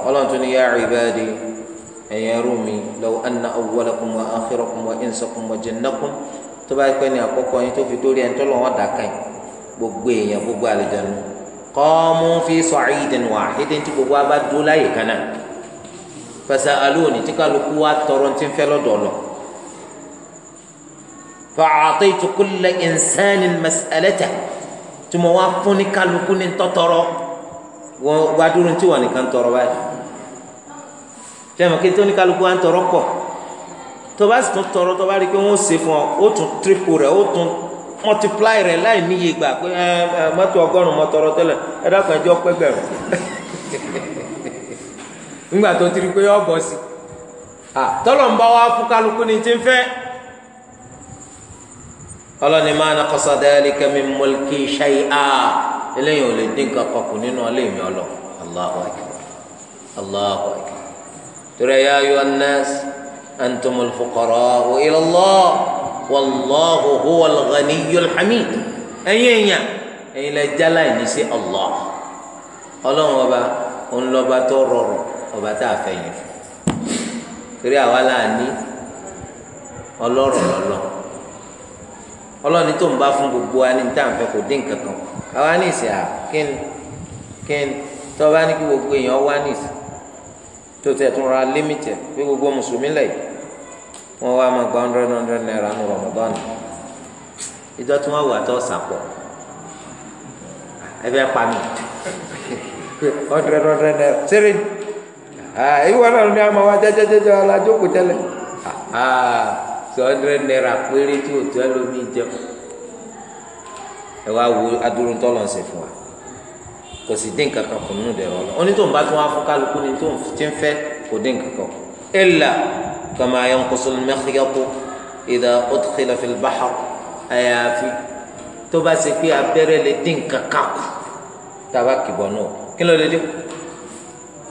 ọlọ́run tún ní ẹ̀yin ẹrú mi law anna awwalakum wa akhirakum wa insakum wa jinnakum tó bá pẹ́ ní àkọ́kọ́ yín tó fi dórí ẹni tó lọ́wọ́ dàkà yìí gbogbo èèyàn gbogbo àlejànú qamu fi sa'idin wahidin tí gbogbo abá dó láyè kan náà fasaluni tí kálukú wa tọrọ ti ń fẹ́ lọ́dọ̀ lọ. fa'ataytu kulla insanin mas'alata tí mo wá fún ní kálukú ní tọ́tọ̀rọ̀ wọ́n wá dúró tí wọ́n nìkan tọrọ báyìí jẹ́mọ̀ kí tóní kálukú wa ń tọrọ pọ̀ tó bá sì tún tọrọ tó bá rí i pé wọ́n ṣe fún ọ ó tún triple rẹ̀ ó tún multiply rẹ̀ láì níye gbà pé ẹ ẹ mọ́tò ọgọ́rùn-ún mọ́ tọrọ tẹ́lẹ̀ ẹ dákun ẹjọ́ pẹ́gbẹ̀rún [LAUGHS] nígbà tó ti rí i pé yọ bọ̀ sí tọ́lọ̀ ń bá wa fún kálukú ni ti ń fẹ́ ọlọ́ni máa ń kọ́sà dáyàlì kẹ́mi mọ́lìkì ṣáì á eléyìí ò lè dín nǹkan kọkù nínú ọlẹ́mìí ọlọ́ Allahu akbar Allahu akbar torí ya ayyuhan nas antumul fuqara'u ila Allah wallahu huwal ghaniyyul hamid ẹ̀yin èèyàn ẹ̀yin lẹ jálá ìní sí Allah ọlọ́run ọba òun lọ́ba tó rọrùn ọba tá a fẹ̀yìn fún torí àwa là ní ọlọ́rọ̀ lọ́lọ́ ọlọ́ni tó ń bá fún gbogbo wa ní ní tá kò dín nǹkan àwa ní ìsìn à kí ni kí ni tọ́ba ní kí gbogbo èèyàn wá ní ìsìn tó tẹ̀ tún ra límìtẹ̀ pé gbogbo mùsùlùmí lẹ̀ wọ́n wá máa gba hundred hundred naira ní rọ̀mọ̀dọ́nù ìjọ tí wọ́n wà tó sàpọ̀ ẹ bẹ́ẹ̀ pa mi hundred hundred naira sẹ́rẹ̀ ìwọ náà ní àmọ́ wa jẹ́jẹ́jẹ́jẹ́ alájókòó tẹ́lẹ̀ sọ hundred naira péré tí o tẹ́ lómi jẹun ẹ wá wo adúrúntọ́ lọ́sẹ̀ fún wa kò sì dín kankan kù nínú ìdẹ̀rọ̀ lọ onítòun bá tún wá fún kálukú ni tóun ti ń fẹ́ kò dín kankan illa kama yanqusul mikhyatu idha udkhila fil bahr àyàfi tó bá ṣe pé abẹ́rẹ́ lè dín kankan kù tàbá kìbọ̀ náà kí ló lè dín kù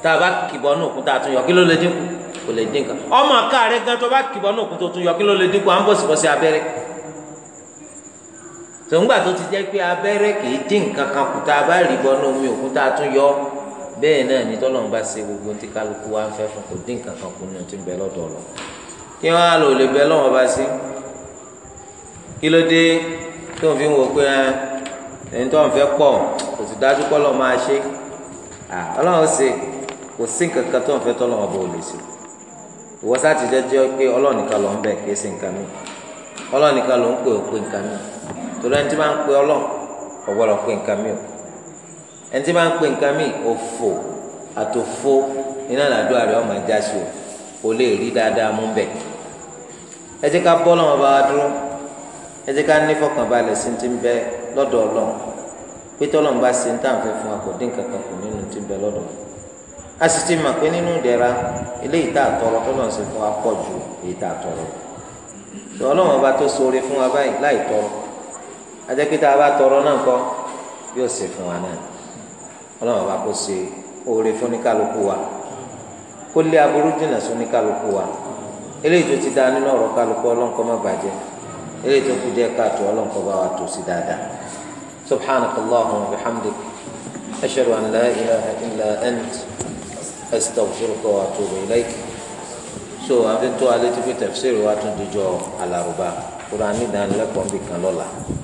tàbá kìbọ̀ náà kú tàà tún yọ kí ló lè dín kù kò lè dín kankan ọmọ káàárẹ̀ gan tó bá kìbọ̀ náà kú tó tún yọ kí ló lè dín kù à ń bọ̀ sí bọ́ sí abẹ́rẹ́ tòǹgbà tó ti jẹ́ pé abẹ́rẹ́ kìí dín nǹkan kan kù tá a bá rí bọ́nú omi òkun tá a tún yọ bẹ́ẹ̀ náà ni tọ́lọ́run bá ṣe gbogbo tí kálukú wa ń fẹ́ fún kò dín nǹkan kan kù nínú tí ń bẹ lọ́dọ̀ lọ kí wọ́n á lò lè bẹ lọ́wọ́ bá sí kí ló dé tó ń fi wò pé ẹni tó ń fẹ́ pọ̀ kò sì dájú pọ́ lọ́ọ́ máa ṣe ọlọ́run ṣe kò sí nǹkan kan tó ń fẹ́ tọ́lọ́run ọba ò lè ṣe ìwọ sáà ti jẹ́ jẹ́ pé ọlọ́run torí ẹni tí bá ń pe ọlọ́ ọ̀gbọ́dọ̀ pe nǹkan mi o ẹni tí bá ń pe nǹkan mi òfò àtòfó iná làdó àrẹ ọmọ ẹja sí o kò lè rí dáadáa mú bẹ ẹ jẹ́ ká bọ́ lọ́wọ́ bá wa dúró ẹ ká ní fọkànbalẹ̀ sí ti ń bẹ lọ́dọ̀ bá se ń tàn fẹ́ fún kankan kù nínú ti ń bẹ lọ́dọ̀ a sì ti mọ̀ pé nínú eléyìí tá a tọrọ fún wa pọ̀ ju èyí tá a tọrọ ajẹ́kítà bá tọrọ náà kọ́ yóò ṣe fún wa náà ọlọ́run bá kó ṣe oore fún oníkálukú wa kó lé aburú dènà sí oníkálukú wa eléyìí tó ti dá nínú ọ̀rọ̀ kálukú ọlọ́run kó má bàjẹ́ eléyìí tó kù díẹ̀ káàtó ọlọ́run kó bá wa tó sí dáadáa subhanaka allahumma wa bihamdik ashhadu an la ilaha illa ant astaghfiruka wa atubu ilaik so àfi tó alẹ́ tó fi wa tún dijọ́ alárùbá kúrò ànídàánilẹ́kọ̀ọ́ bìkan lọ́la.